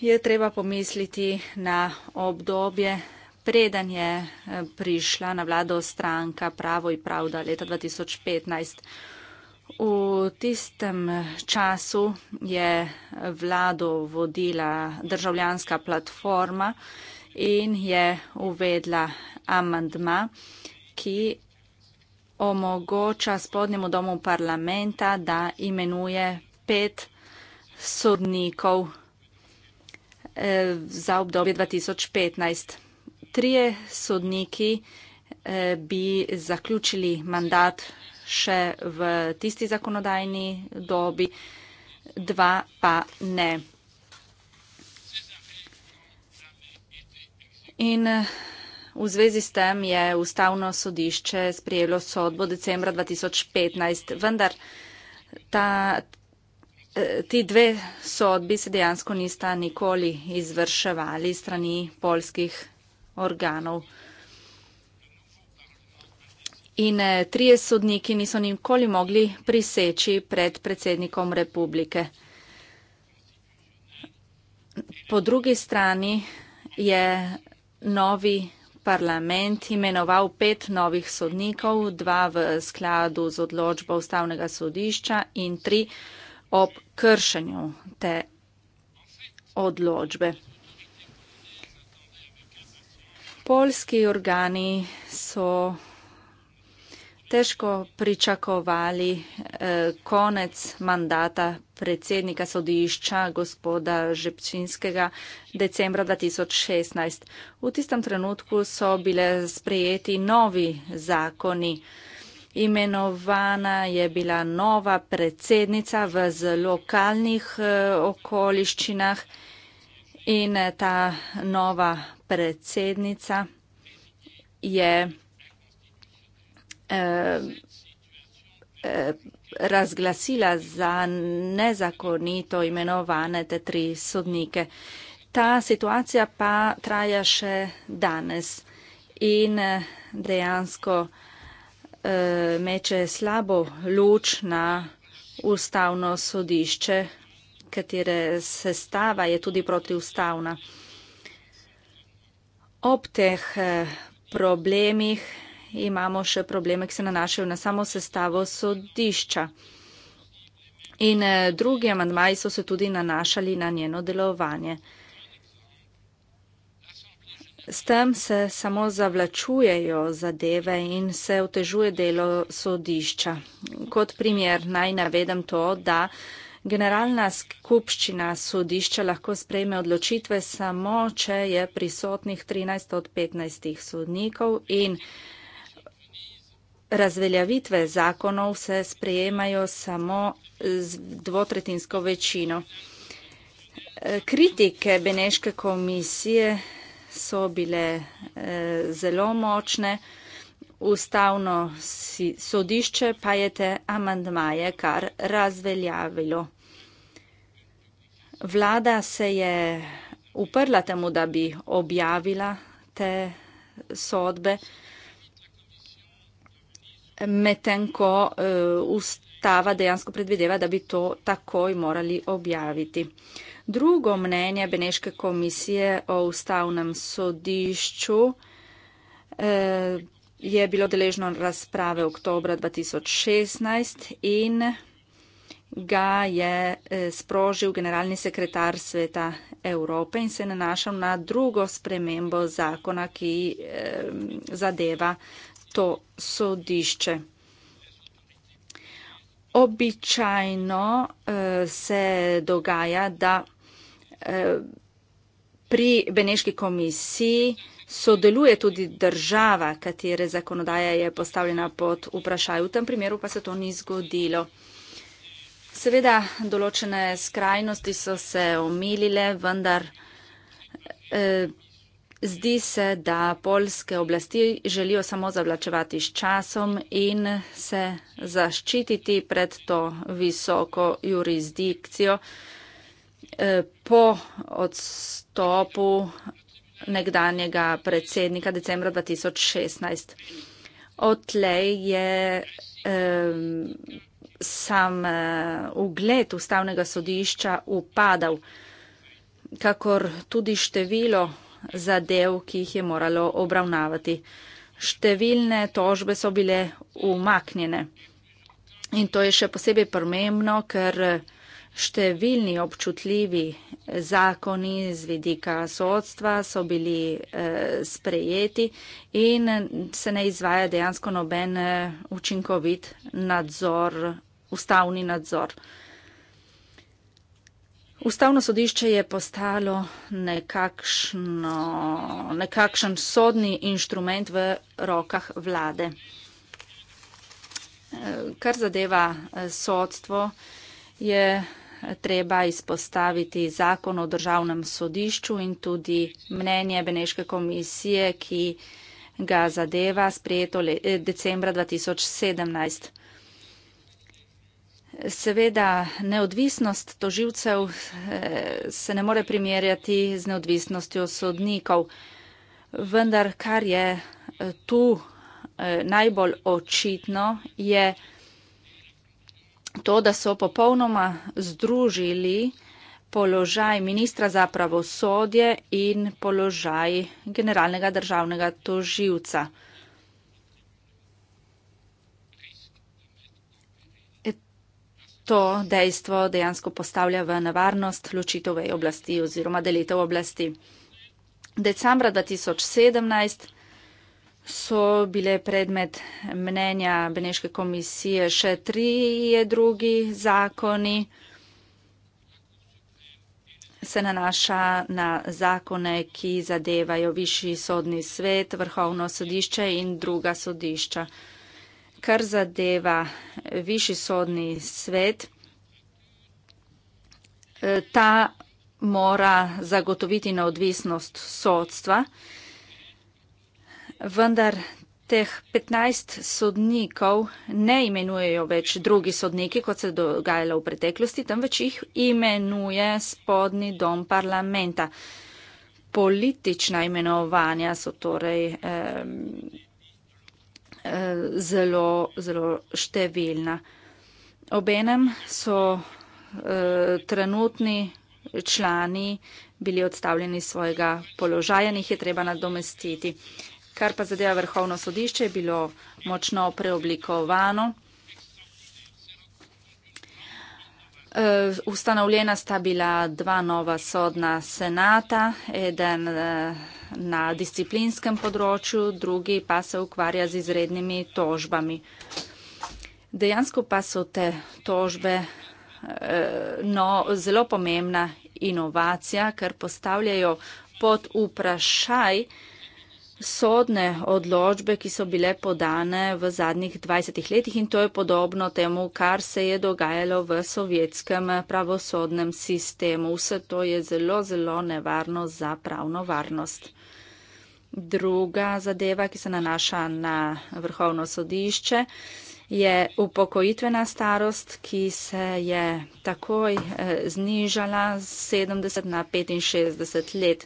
je treba pomisliti na obdobje, preden je e, prišla na vlado stranka Pravo in pravda leta 2015. V tistem času je vlado vodila državljanska platforma in je uvedla amandma, ki omogoča spodnjemu domu parlamenta, da imenuje pet sodnikov eh, za obdobje 2015. Trije sodniki eh, bi zaključili mandat še v tisti zakonodajni dobi, dva pa ne. In v zvezi s tem je ustavno sodišče sprijelo sodbo decembra 2015, vendar ta, ti dve sodbi se dejansko nista nikoli izvrševali strani polskih organov in eh, trije sodniki niso nikoli mogli priseči pred predsednikom republike. Po drugi strani je novi parlament imenoval pet novih sodnikov, dva v skladu z odločbo ustavnega sodišča in tri ob kršenju te odločbe. Polski organi so težko pričakovali eh, konec mandata predsednika sodišča gospoda Žepčinskega decembra 2016. V tistem trenutku so bile sprejeti novi zakoni. Imenovana je bila nova predsednica v lokalnih eh, okoliščinah in ta nova predsednica je Eh, eh, razglasila za nezakonito imenovane te tri sodnike. Ta situacija pa traja še danes in eh, dejansko meče slabo luč na ustavno sodišče, katere sestava je tudi protiustavna. Ob teh problemih imamo še probleme, ki se nanašajo na samo sestavo sodišča. In eh, drugi amandmaji so se tudi nanašali na njeno delovanje. S tem se samo zavlačujejo zadeve in se otežuje delo sodišča. Kot primer naj navedem to, da generalna skupščina sodišča lahko sprejme odločitve samo, če je prisotnih 13 od 15 sodnikov in razveljavitve zakonov se sprejemajo samo z dvotretinsko večino. Kritike Beneške komisije so bile eh, zelo močne. Ustavno sodišče pa je te amandmaje kar razveljavilo. Vlada se je uprla temu, da bi objavila te sodbe medtem ko uh, ustava dejansko predvideva, da bi to takoj morali objaviti. Drugo mnenje Beneške komisije o ustavnem sodišču uh, je bilo deležno razprave oktobra 2016 in ga je e, sprožil generalni sekretar sveta Evrope in se nanašal na drugo spremembo zakona, ki zadeva to sodišče. Običajno eh, se dogaja, da eh, pri Beneški komisiji sodeluje tudi država, katere zakonodaja je postavljena pod vprašaj. V tem primeru pa se to ni zgodilo. Seveda, določene skrajnosti so se omilile, vendar eh, Zdi se, da polske oblasti želijo samo zavlačevati s časom in se zaščititi pred to visoko jurisdikcijo eh, po odstopu nekdanjega predsednika decembra 2016. Odtlej je sam eh, ugled ustavnega sodišča upadal, kakor tudi število zadev, ki jih je moralo obravnavati. Številne tožbe so bile umaknjene. In to je še posebej pomembno, ker številni občutljivi zakoni z vidika sodstva so bili eh, sprejeti in se ne izvaja dejansko noben eh, učinkovit nadzor, ustavni nadzor. Eh, Ustavno sodišče je postalo nekakšno, nekakšen sodni inštrument v rokah vlade. Eh, kar zadeva eh, sodstvo, je treba izpostaviti zakon o državnem sodišču in tudi mnenje Beneške komisije, ki ga zadeva sprejeto le, eh, decembra 2017 seveda neodvisnost toživcev eh, se ne more primerjati z neodvisnostjo sodnikov. Vendar, kar je eh, tu eh, najbolj očitno, je to, da so popolnoma združili položaj ministra za pravosodje in položaj generalnega državnega toživca. to dejstvo dejansko postavlja v nevarnost ločitove oblasti oziroma delitev oblasti. Decembra 2017 so bile predmet mnenja Beneške komisije še tri drugi zakoni. Se nanaša na zakone, ki zadevajo višji sodni svet, vrhovno sodišče in druga sodišča kar zadeva višji sodni svet, eh, ta mora zagotoviti neodvisnost sodstva, vendar teh 15 sodnikov ne imenujejo več drugi sodniki, kot se je dogajalo v preteklosti, temveč jih imenuje spodnji dom parlamenta. Politična imenovanja so torej. Eh, Eh, zelo, zelo številna. Obenem so eh, trenutni člani bili odstavljeni iz svojega položaja, njih je treba nadomestiti. Kar pa zadeva vrhovno sodišče, je bilo močno preoblikovano. Eh, ustanovljena sta bila dva nova sodna senata, eden na disciplinskem področju, drugi pa se ukvarja z izrednimi tožbami. Dejansko pa so te tožbe eh, no, zelo pomembna inovacija, ker postavljajo pod vprašaj sodne odločbe, ki so bile podane v zadnjih 20 letih in to je podobno temu, kar se je dogajalo v sovjetskem pravosodnem sistemu. Vse to je zelo, zelo nevarno za pravno varnost. Druga zadeva, ki se nanaša na vrhovno sodišče, je upokojitvena starost, ki se je takoj eh, znižala z 70 na 65 let.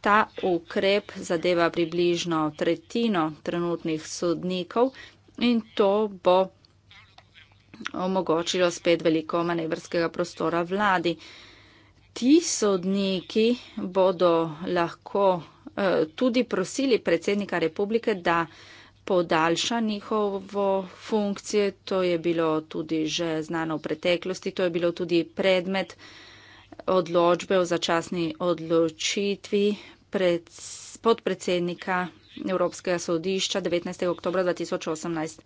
Ta ukrep zadeva približno tretjino trenutnih sodnikov in to bo omogočilo spet veliko manevrskega prostora vladi. Ti sodniki bodo lahko Eh, tudi prosili predsednika republike, da podaljša njihovo funkcijo. To je bilo tudi že znano v preteklosti, to je bilo tudi predmet odločbe o začasni odločitvi pred, podpredsednika Evropskega sodišča 19. oktober 2018.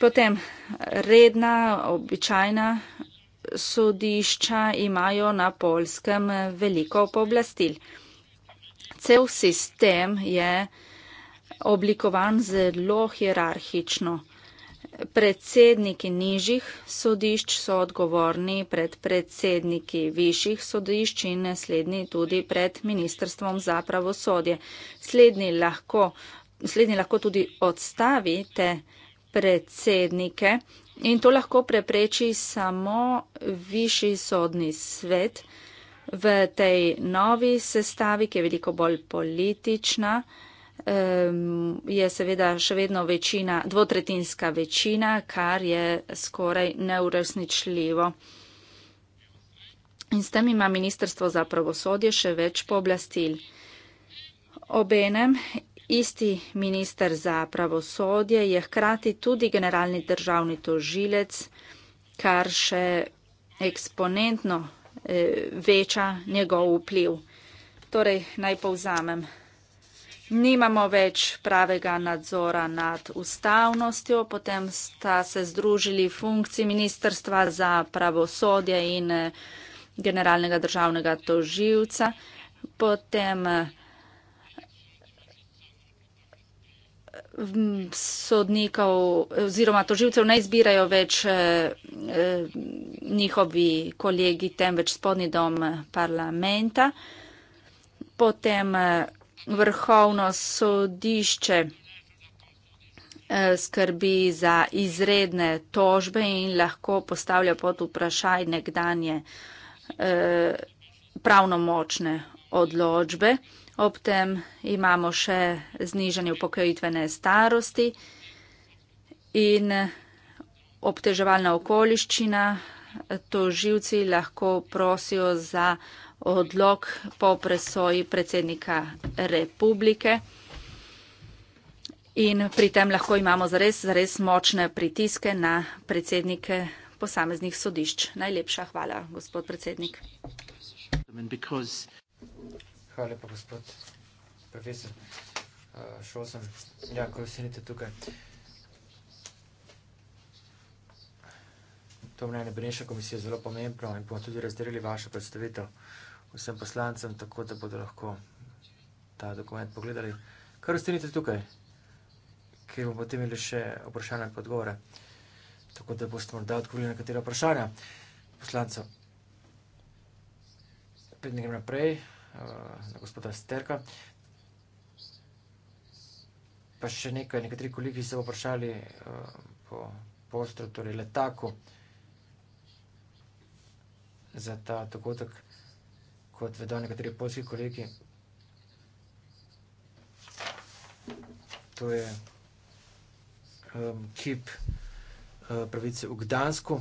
Potem redna, običajna sodišča imajo na polskem veliko pooblastil cel sistem je oblikovan zelo hierarhično. Predsedniki nižjih sodišč so odgovorni pred predsedniki višjih sodišč in naslednji tudi pred Ministrstvom za pravosodje. Slednji lahko, slednji lahko tudi odstavite predsednike in to lahko prepreči samo višji sodni svet v tej novi sestavi, ki je veliko bolj politična, je seveda še vedno večina, dvotretinska večina, kar je skoraj neuresničljivo. In s tem ima Ministrstvo za pravosodje še več pooblastil. Obenem, isti minister za pravosodje je hkrati tudi generalni državni tožilec, kar še eksponentno Eh, veča njegov vpliv. Torej, naj povzamem. Nimamo več pravega nadzora nad ustavnostjo, potem sta se združili funkciji Ministrstva za pravosodje in eh, generalnega državnega toživca, potem eh, sodnikov oziroma toživcev ne izbirajo več eh, eh, njihovi kolegi, temveč spodnji dom parlamenta. Potem eh, vrhovno sodišče skrbi za izredne tožbe in lahko postavlja pod vprašaj nekdanje pravnomočne odločbe. Ob tem imamo še znižanje upokojitvene starosti in obteževalna okoliščina. To živci lahko prosijo za odlog po presoji predsednika republike. In pri tem lahko imamo zares, zares močne pritiske na predsednike posameznih sodišč. Najlepša hvala, gospod predsednik. Hvala lepa, gospod profesor Šosen. Ja, ko vsenite tukaj. To mnenje Brinša komisije je zelo pomembno in bomo tudi razdelili vašo predstavitev vsem poslancem, tako da bodo lahko ta dokument pogledali. Kar ostanite tukaj, ker bomo potem imeli še vprašanje in podgovore, tako da boste morda odgovorili na katera vprašanja poslancev. Pred nekaj naprej, na eh, gospoda Sterka. Pa še nekaj, nekateri kolegi se bo vprašali eh, po postru, torej letaku za ta dogodek, kot vedo nekateri polski kolegi. To je kip eh, pravice v Gdansku.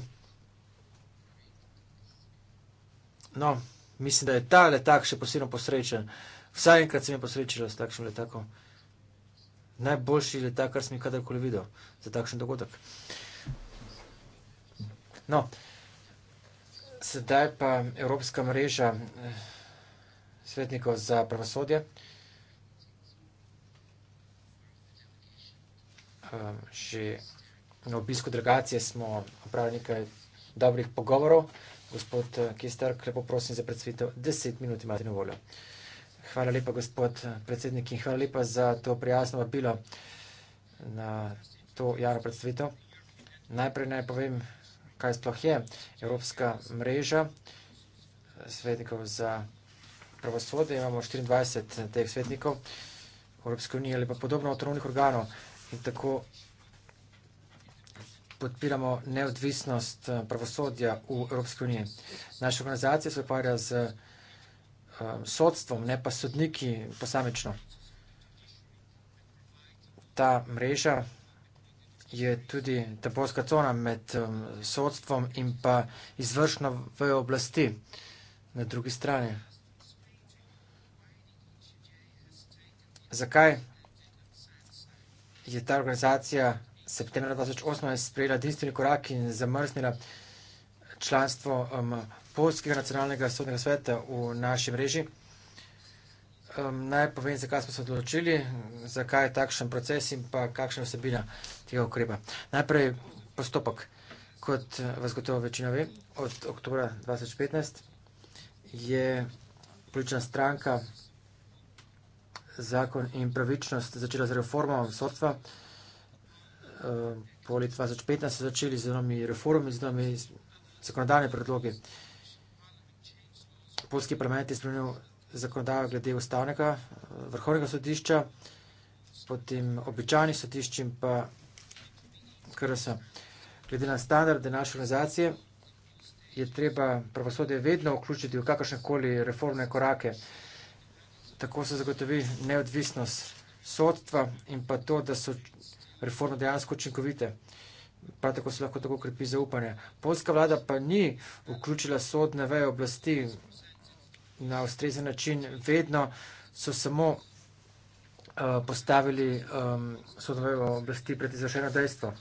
No, mislim, da je ta letak še posebno posrečen. Vsaj enkrat sem jih posrečila s takšnim letakom. Najboljši letak, kar sem jih kadarkoli videl za takšen dogodek. No, sedaj pa Evropska mreža eh, svetnikov za pravosodje. Eh, že na obisku delegacije smo opravili nekaj dobrih pogovorov. Gospod eh, Kister, lepo prosim za predstavitev. Deset minut imate na voljo. Hvala lepa, gospod eh, predsednik, in hvala lepa za to prijazno vabilo na to javno predstavitev. Najprej naj povem, kaj sploh je Evropska mreža eh, svetnikov za pravosodje. Imamo 24 teh svetnikov v Evropski uniji ali pa podobno avtonomnih organov in tako podpiramo neodvisnost eh, pravosodja v Evropski uniji. Naša organizacija se ukvarja z eh, sodstvom, ne pa sodniki posamično. Ta mreža je tudi tabolska cona med sodstvom in pa izvršno v oblasti na drugi strani. Zakaj je ta organizacija vsega? septembra 2018 sprejela dinstveni korak in zamrznila članstvo um, Polskega nacionalnega sodnega sveta v naši mreži. Um, naj povem, zakaj smo se odločili, zakaj je takšen proces in pa kakšna osebina tega ukrepa. Najprej postopek, kot uh, vas gotovo večina ve, od oktobra 2015 je politična stranka zakon in pravičnost začela z reformo sodstva. Ehm, po letu 2015 so začeli z novimi reformami, z novimi zakonodajne predloge. Polski parlament je spremenil zakonodajo glede ustavnega eh, vrhovnega sodišča, potem običajni sodišči in pa KRS. Glede na standard naše organizacije je treba pravosodje vedno vključiti v kakršnekoli reformne korake. Tako se zagotovi neodvisnost sodstva in pa to, da so reforme dejansko učinkovite. Prav tako se lahko tako krepi zaupanje. Polska vlada pa ni vključila sodne veje oblasti na ustrezen način. Vedno so samo uh, postavili um, sodne veje oblasti pred izvršeno dejstvo.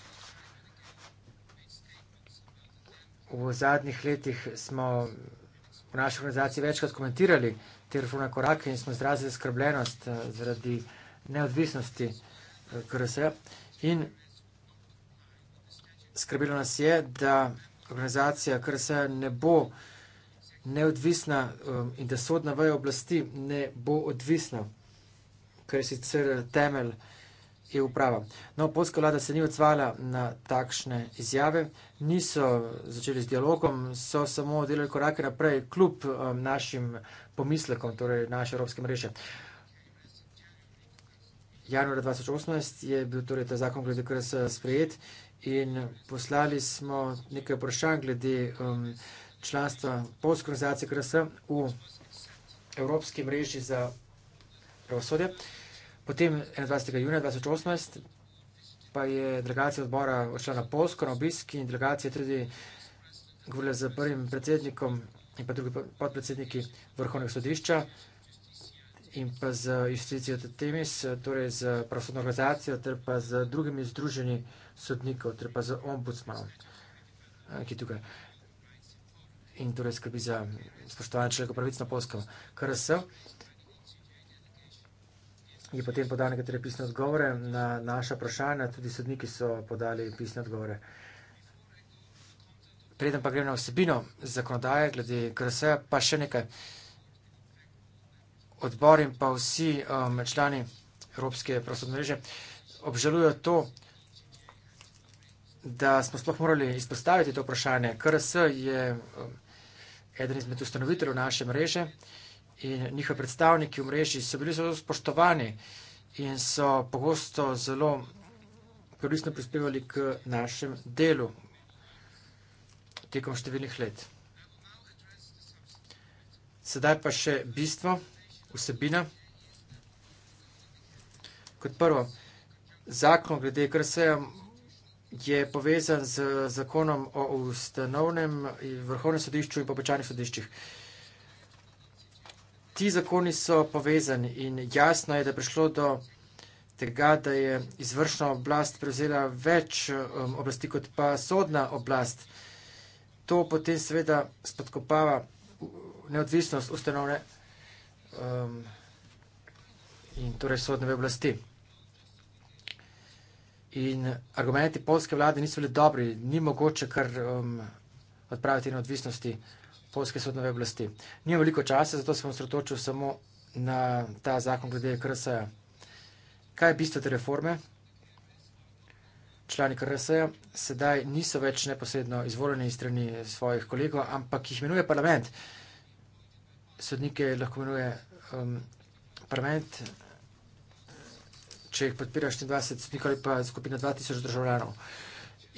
V zadnjih letih smo v naši organizaciji večkrat komentirali te reformne korake in smo izrazili skrbljenost uh, zaradi neodvisnosti uh, KRS-a. In skrbilo nas je, da organizacija KRS ne bo neodvisna um, in da sodna veja oblasti ne bo odvisna, ker je sicer temelj EU prava. No, polska vlada se ni odzvala na takšne izjave, niso začeli z dialogom, so samo delali korake naprej, kljub um, našim pomislekom, torej naše evropske mreže januarja 2018 je bil torej ta zakon glede KRS sprejet in poslali smo nekaj vprašanj glede um, članstva polskronizacije KRS v Evropski mreži za pravosodje. Potem 21. junija 2018 pa je delegacija odbora odšla na Polsko na obisk in delegacija tudi govorila z prvim predsednikom in pa drugim podpredsedniki vrhovnega sodišča in pa z Justicijo Tetemis, torej z pravosodno organizacijo ter pa z drugimi združeni sodnikov ter pa z ombudsmanom, eh, ki je tukaj in torej skrbi za spoštovanje človeka pravic na polskem KRS. Je potem podal nekatere pisne odgovore na naša vprašanja, tudi sodniki so podali pisne odgovore. Preden pa grem na vsebino zakonodaje glede KRS, pa še nekaj odbor in pa vsi um, člani Evropske pravosodne mreže obžalujejo to, da smo sploh morali izpostaviti to vprašanje. KRS je um, eden izmed ustanoviteljev naše mreže in njihovi predstavniki v mreži so bili zelo spoštovani in so pogosto zelo koristno prispevali k našem delu tekom številnih let. Sedaj pa še bistvo vsebina. Kot prvo, zakon glede KRS-ja je povezan z zakonom o ustanovnem vrhovnem sodišču in popečanih sodiščih. Ti zakoni so povezani in jasno je, da je prišlo do tega, da je izvršna oblast prevzela več um, oblasti kot pa sodna oblast. To potem seveda spodkopava neodvisnost ustanovne sodišče um, in torej sodneve oblasti. In argumenti polske vlade niso bili dobri, ni mogoče kar um, odpraviti neodvisnosti polske sodneve oblasti. Ni veliko časa, zato sem osredotočil samo na ta zakon glede KRS-a. Kaj je bistvo te reforme? Člani KRS-a sedaj niso več neposredno izvoljeni strani svojih kolegov, ampak jih imenuje parlament. Uh, sodnike lahko imenuje um, parlament, če jih podpira 24 sodnikov ali pa skupina 2000 državljanov.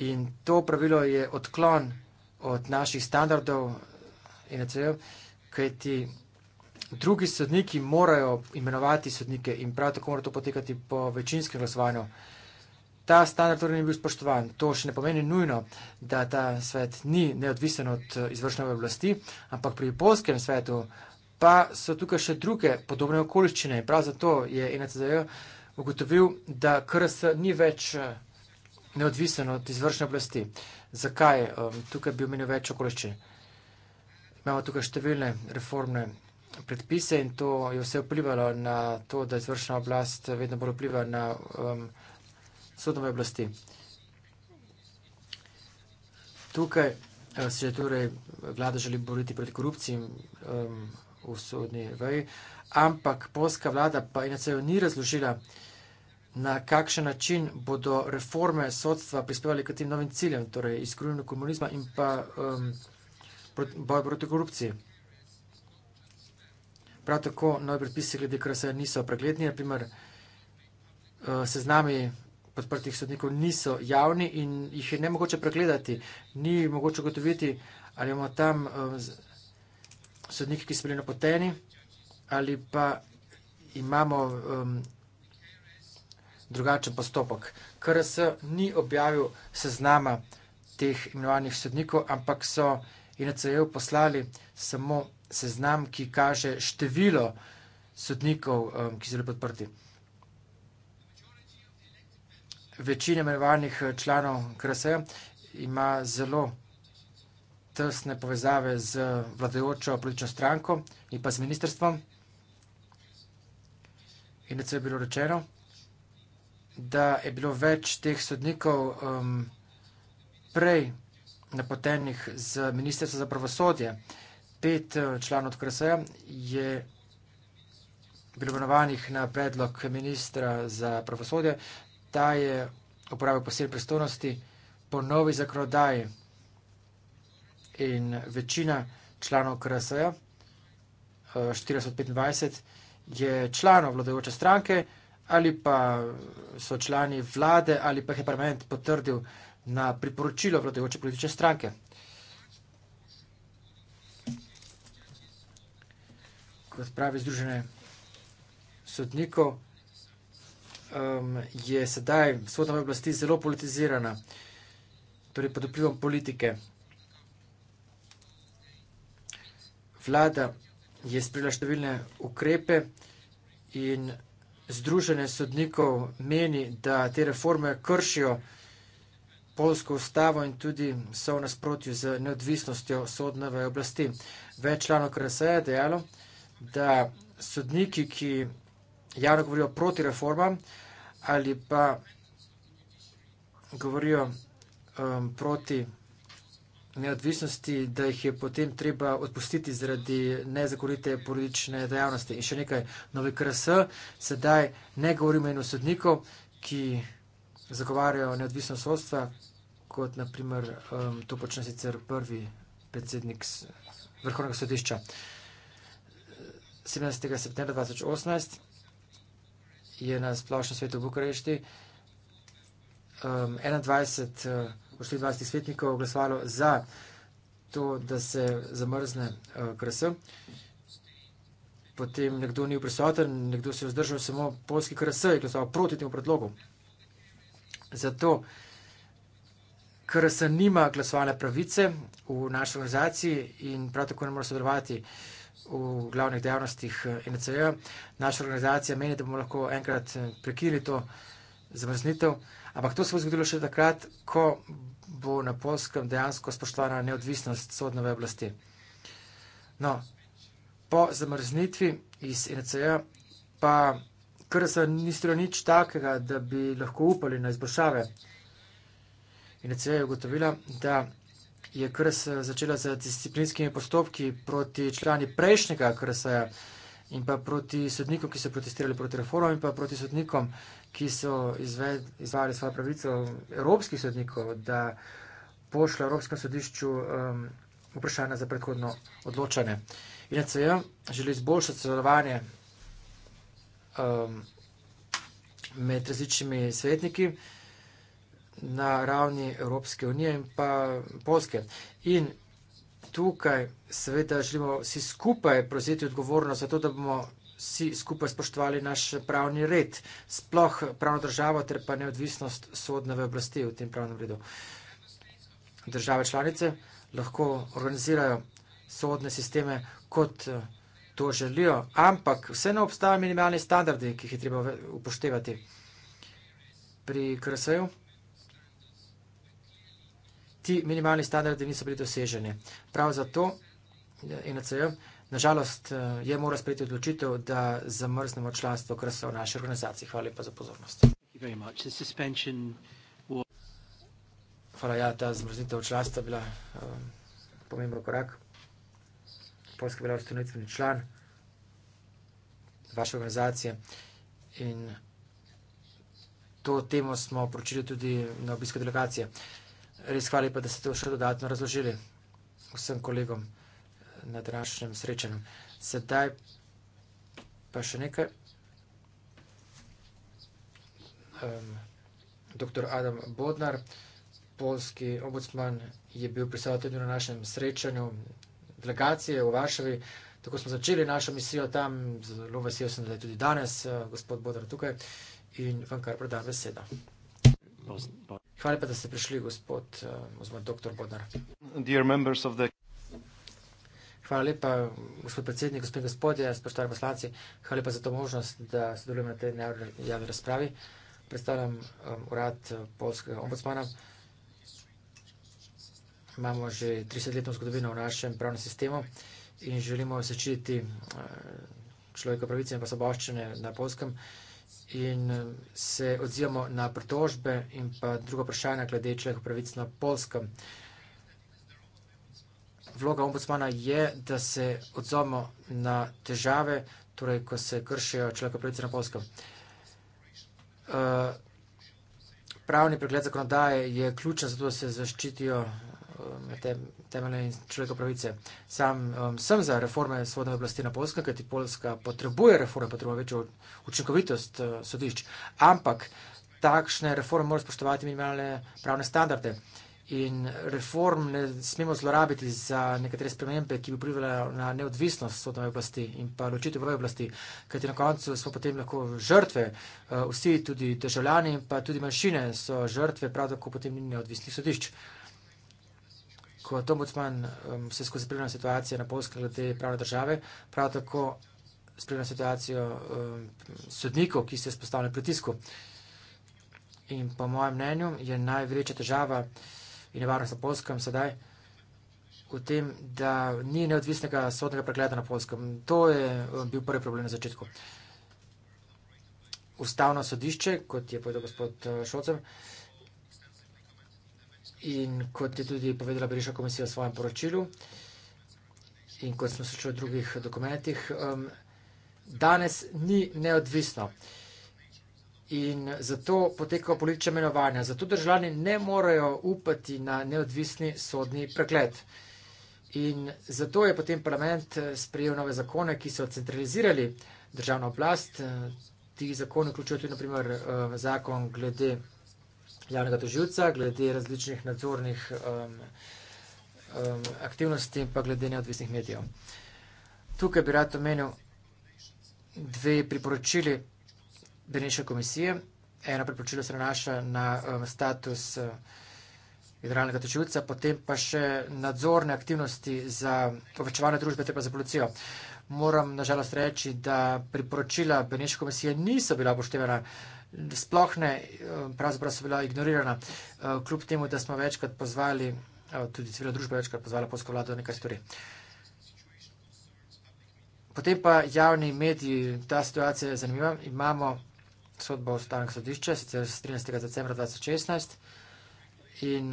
In to pravilo je odklon od naših standardov in ECO, kajti drugi sodniki morajo imenovati sodnike in prav tako mora to potekati po večinskem glasovanju. Ta standard torej ni bil spoštovan. To še ne pomeni nujno, da ta svet ni neodvisen od izvršne oblasti, ampak pri polskem svetu pa so tukaj še druge podobne okoliščine. Prav zato je NCDJ ugotovil, da KRS ni več eh, neodvisen od izvršne oblasti. Zakaj? Eh, tukaj bi omenil več okoliščin. Imamo tukaj številne reformne predpise in to je vse vplivalo na to, da izvršna oblast eh, vedno bolj vpliva na um, sodnove oblasti. Tukaj se torej vlada želi boriti proti korupciji, um, v sodni veji, ampak polska vlada pa inicijo ni razložila, na kakšen način bodo reforme sodstva prispevali k tem novim ciljem, torej izkrojeno komunizma in pa um, boj proti korupciji. Prav tako novi predpisi glede krase niso pregledni, na primer uh, seznami podprtih sodnikov niso javni in jih je nemogoče pregledati, ni mogoče ugotoviti, ali imamo tam um, sodniki, ki so bili napoteni, ali pa imamo um, drugačen postopek. KRS ni objavil seznama teh imenovanih sodnikov, ampak so INCEV poslali samo seznam, ki kaže število sodnikov, um, ki so bili podprti. Večina imenovanih eh, članov KRS ima zelo tesne povezave z vladajočo politično stranko in pa z ministrstvom. In da se je bilo rečeno, da je bilo več teh sodnikov um, prej napotenih z ministrstva za pravosodje. Pet uh, članov od KRS-a je bilo imenovanih na predlog ministra za pravosodje. Ta je uporabil posebne pristojnosti po novi zakonodaji in večina članov KRS-a, 40-25, eh, je članov vladajoče stranke ali pa so člani vlade ali pa je parlament potrdil na priporočilo vladajoče politične stranke. Kot pravi Združene sodnikov, je sedaj svoda v oblasti zelo politizirana, torej pod vplivom politike. vlada je sprejela številne ukrepe in Združenje sodnikov meni, da te reforme kršijo polsko ustavo in tudi so v nasprotju z neodvisnostjo sodnove oblasti. Več članov KRSA je dejalo, da sodniki, ki javno govorijo proti reformam ali pa govorijo um, proti reformam, neodvisnosti, da jih je potem treba odpustiti zaradi nezakonite politične dejavnosti. In še nekaj, Novi KRS sedaj ne govorimo in o sodnikov, ki zagovarjajo neodvisnost sodstva, kot naprimer um, to počne sicer prvi predsednik Vrhovnega sodišča. 17. septembra 2018 je na splošno svetu v Bukarešti um, 21. Uh, 24 svetnikov glasovalo za to, da se zamrzne eh, KRS. Potem nekdo ni prisoten, nekdo se je vzdržal samo polski KRS in glasoval proti temu predlogu. Zato KRS nima glasovalne pravice v naši organizaciji in prav tako ne mora sodelovati v glavnih dejavnostih eh, NCE. Naša organizacija meni, da bomo lahko enkrat eh, prekili to zamrznitev. Ampak to se bo zgodilo še takrat, ko bo na polskem dejansko spoštovana neodvisnost sodnove oblasti. No, po zamrznitvi iz NCA pa kar se ni storilo nič takega, da bi lahko upali na izboljšave. NCA je ugotovila, da je kar se začela z disciplinskimi postopki proti člani prejšnjega KRS-a in pa proti sodnikom, ki so protestirali proti reformam in pa proti sodnikom, ki so izved, izvali svojo pravico evropskih sodnikov, da pošljajo Evropskem sodišču um, vprašanja za predhodno odločanje. INCJ želi izboljšati sodelovanje um, med različnimi svetniki na ravni Evropske unije in pa Polske. In tukaj seveda želimo vsi skupaj prevzeti odgovornost za to, da bomo vsi skupaj spoštovali naš pravni red, sploh pravno državo ter pa neodvisnost sodne oblasti v tem pravnem redu. Države članice lahko organizirajo sodne sisteme, kot eh, to želijo, ampak vseeno obstajajo minimalni standardi, ki jih je treba upoštevati. Pri KRS-ju ti minimalni standardi niso bili doseženi. Prav zato je na CEJ-u Nažalost, eh, je moral sprejeti odločitev, da zamrznemo članstvo KRS-a v naši organizaciji. Hvala lepa za pozornost. Hvala, ja, ta zmrznitev članstva bila um, pomemben korak. Polska je bila ustanovitveni član vaše organizacije in to temo smo pročili tudi na obisku delegacije. Res hvala lepa, da ste to še dodatno razložili vsem kolegom na današnjem srečanju. Sedaj pa še nekaj. Um, Doktor Adam Bodnar, polski obudsman, je bil prisoten tudi na našem srečanju delegacije v Varšavi. Tako smo začeli našo misijo tam. Zelo vesel sem, da je tudi danes eh, gospod Bodnar tukaj in vam kar predam besedo. Hvala pa, da ste prišli, gospod, eh, oziroma doktor Bodnar. Hvala lepa, gospod predsednik, gospod in gospodje, spoštovani poslanci. Hvala lepa za to možnost, da sodelujem na tej javni razpravi. Predstavljam um, urad uh, polskega ombudsmana. Imamo že 30-letno zgodovino v našem pravnem sistemu in želimo se čititi uh, človeka pravice in pa soboščine na polskem in uh, se odzivamo na pritožbe in pa drugo vprašanje glede človeka pravice na polskem vloga ombudsmana je, da se odzovemo na težave, torej, ko se kršijo človekove pravice na polskem. Eh, pravni pregled zakonodaje je ključen za to, da se zaščitijo eh, temeljne človekove pravice. Sam um, sem za reforme svobodne oblasti na Polskem, kajti Polska potrebuje reforme, potrebuje večjo učinkovitost uh, sodišč, ampak takšne reforme morajo spoštovati minimalne pravne standarde. Uh, in reform ne smemo zlorabiti za nekatere spremembe, ki bi privele na neodvisnost sodne oblasti in pa ločitev vrhove oblasti, kajti na koncu smo potem lahko žrtve, eh, vsi tudi državljani in pa tudi manjšine so žrtve, prav tako potem ni neodvisnih sodišč. Ko Tom Bucman um, ehm, se skozi spremlja situacijo na Polskem glede pravne države, prav tako spremlja situacijo um, sodnikov, ki se spostavljajo pritisku. In po mojem mnenju je največja težava, in nevarnost na polskem sedaj v tem, da ni neodvisnega sodnega pregleda na polskem. To je eh, bil prvi problem na začetku. Ustavno sodišče, kot je povedal gospod eh, Šolcev, in kot je tudi povedala Beriša komisija v svojem poročilu, in kot smo slišali v drugih dokumentih, ehm, danes ni neodvisno. Neodvisno in zato potekajo politične menovanja. Zato državljani ne morejo upati na neodvisni sodni pregled. In zato je potem parlament eh, sprejel nove zakone, ki so centralizirali državno oblast. Eh, ti zakoni vključujejo tudi naprimer eh, zakon glede javnega toživca, glede različnih nadzornih um, um, aktivnosti in pa glede neodvisnih medijev. Tukaj bi rad omenil dve priporočili Beneške komisije. Eno priporočilo se nanaša na um, status uh, generalnega uh, točilca, potem pa še nadzorne aktivnosti za povečevanje družbe, te pa za policijo. Moram nažalost reči, da priporočila Beneške komisije niso bila upoštevana, sploh ne, um, pravzaprav so bila ignorirana, uh, kljub temu, da smo večkrat pozvali, uh, tudi civilna družba večkrat pozvala polsko vlado, da nekaj stori. Potem pa javni mediji, ta situacija je zanimiva. Imamo sodbo ustavnega sodišča, sicer z 13. decembra 2016, in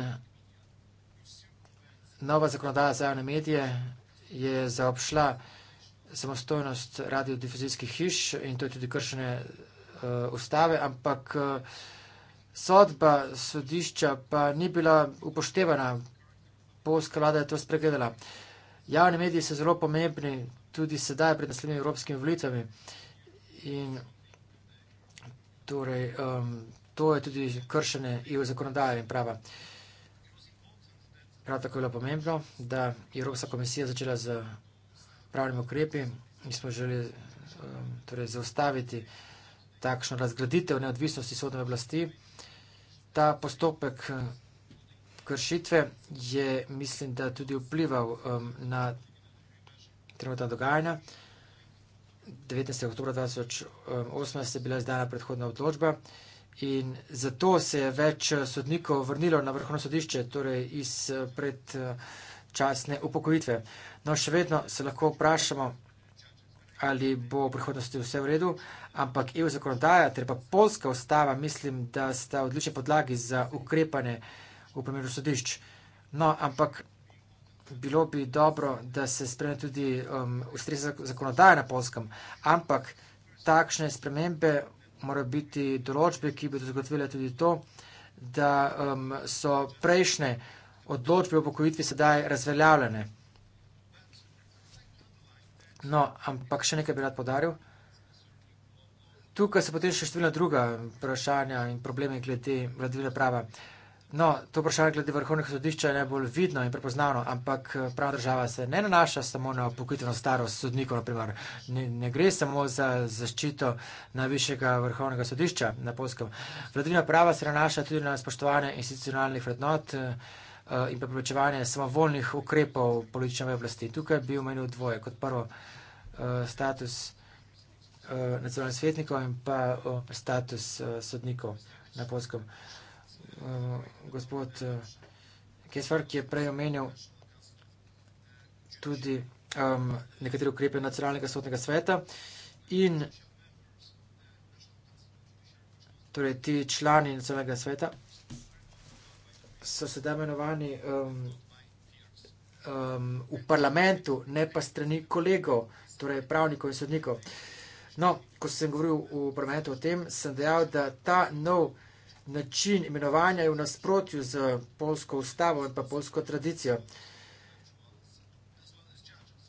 nova zakonodaja za javne medije je zaobšla samostojnost radiodifuzijskih hiš in to je tudi kršene uh, ustave, ampak uh, sodba sodišča pa ni bila upoštevana, polska vlada je to spregledala. Javni mediji so zelo pomembni tudi sedaj pred naslednjimi evropskimi volitvami in Torej, um, to je tudi kršene EU zakonodaje in prava. Prav tako je bilo pomembno, da je Evropska komisija začela z pravnimi ukrepi in smo želeli um, torej, zaustaviti takšno razgraditev neodvisnosti sodne oblasti. Ta postopek uh, kršitve je, mislim, da tudi vplival um, na trenutna dogajanja. Uh, 19. oktober 2018 je bila izdana predhodna odločba in zato se je več sodnikov vrnilo na vrhovno sodišče, torej iz predčasne upokojitve. No, še vedno se lahko vprašamo, ali bo v prihodnosti vse v redu, ampak EU zakonodaja, ter pa polska ustava, mislim, da sta odlične podlagi za ukrepanje v primeru sodišč. No, ampak bilo bi dobro, da se spremlja tudi um, ustreza zakonodaja na polskem, ampak takšne spremembe morajo biti določbe, ki bi zagotovile tudi to, da um, so prejšnje odločbe o pokojitvi sedaj razveljavljene. No, ampak še nekaj bi rad podaril. Tukaj se potem še številna druga vprašanja in problemi glede vladavine prava. Uh, No, to vprašanje glede vrhovnega sodišča je najbolj vidno in prepoznavno, ampak eh, prava država se ne nanaša samo na pokojno starost sodnikov. Ne, ne gre samo za zaščito najvišjega vrhovnega sodišča na polskem. Vladina prava se nanaša tudi na spoštovanje institucionalnih vrednot eh, in preprečevanje samovoljnih ukrepov politične oblasti. Tukaj bi omenil dvoje. Kot prvo, eh, status nacionalnih svetnikov in pa status sodnikov na polskem. Eh, gospod eh, Kesvar, ki je prej omenil tudi um, nekatere ukrepe nacionalnega sodnega sveta in torej ti člani nacionalnega sveta so sedaj imenovani um, um, v parlamentu, ne pa strani kolegov, torej pravnikov in sodnikov. No, ko sem govoril v parlamentu o tem, sem dejal, da ta nov način imenovanja je v nasprotju z polsko ustavo in pa polsko tradicijo.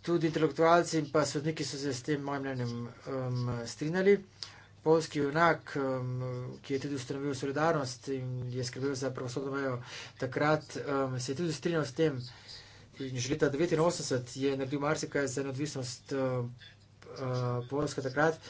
Tudi intelektualci in pa sodniki so se s tem mojim mnenjem um, strinjali. Polski junak, um, ki je tudi ustanovil solidarnost in je skrbel za pravosodno vejo takrat, um, se je tudi strinjal s tem. In že leta 1989 je naredil marsikaj za neodvisnost uh, uh, Polske takrat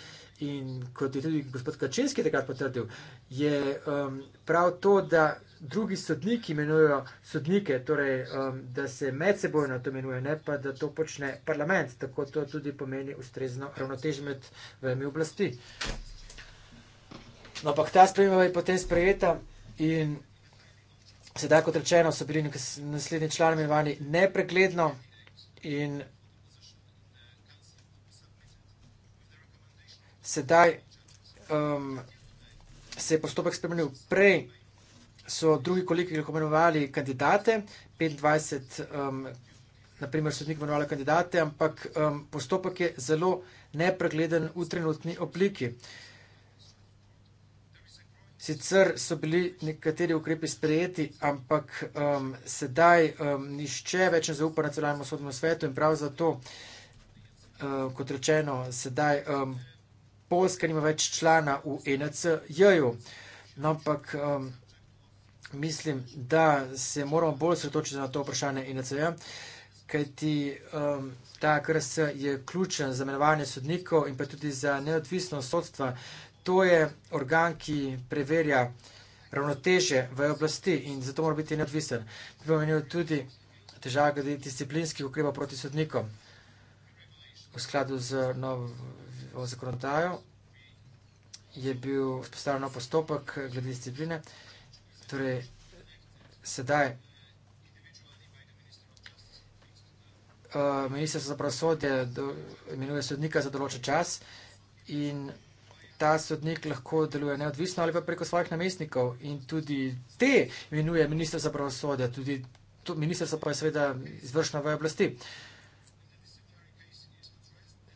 in kot je tudi gospod Kačinski takrat potrdil, je um, prav to, da drugi sodniki imenujejo sodnike, torej um, da se medsebojno to imenuje, ne pa da to počne parlament. Tako to tudi pomeni ustrezno ravnotežje med vemi oblasti. No, ampak ta sprememba je potem sprejeta in sedaj, kot rečeno, so bili naslednji člani imenovani nepregledno in sedaj um, se je postopek spremenil. Prej so drugi kolegi lahko imenovali kandidate, 25, um, naprimer, sodnik imenovali kandidate, ampak um, postopek je zelo nepregleden v trenutni obliki. Sicer so bili nekateri ukrepi sprejeti, ampak um, sedaj um, nišče več ne zaupa nacionalnemu sodnemu svetu in prav zato, uh, kot rečeno, sedaj um, Polska nima več člana v NCJ-ju. No, ampak um, mislim, da se moramo bolj sretočiti na to vprašanje NCJ-ja, kajti um, ta KRS je ključen za menovanje sodnikov in pa tudi za neodvisnost sodstva. To je organ, ki preverja ravnoteže v oblasti in zato mora biti neodvisen. Bi pomenil tudi težave glede disciplinskih ukrepov proti sodnikom v skladu z novim njihovo zakonodajo, je bil vzpostavljen nov postopek glede discipline. Torej, sedaj uh, ministrstvo za pravosodje imenuje sodnika za določen čas in ta sodnik lahko deluje neodvisno ali pa preko svojih namestnikov in tudi te imenuje ministrstvo za pravosodje, tudi to ministrstvo pa je seveda izvršna v oblasti. Uh,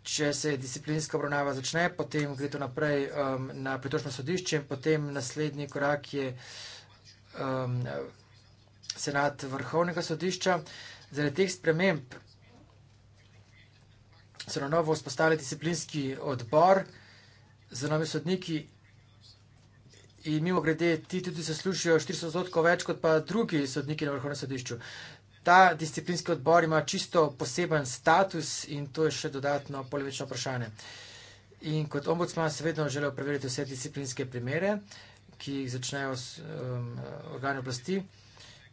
Če se disciplinska obravnava začne, potem gre to naprej um, na pritočno sodišče in potem naslednji korak je um, senat vrhovnega sodišča. Zaradi teh sprememb so na novo vzpostavili disciplinski odbor za novi sodniki in mimo grede ti tudi zaslužijo 400 odstotkov več kot pa drugi sodniki na vrhovnem sodišču. Uh, ta disciplinski odbor ima čisto poseben status in to je še dodatno polovično vprašanje. In kot ombudsman se vedno želel preveriti vse disciplinske primere, ki jih začnejo um, organi oblasti.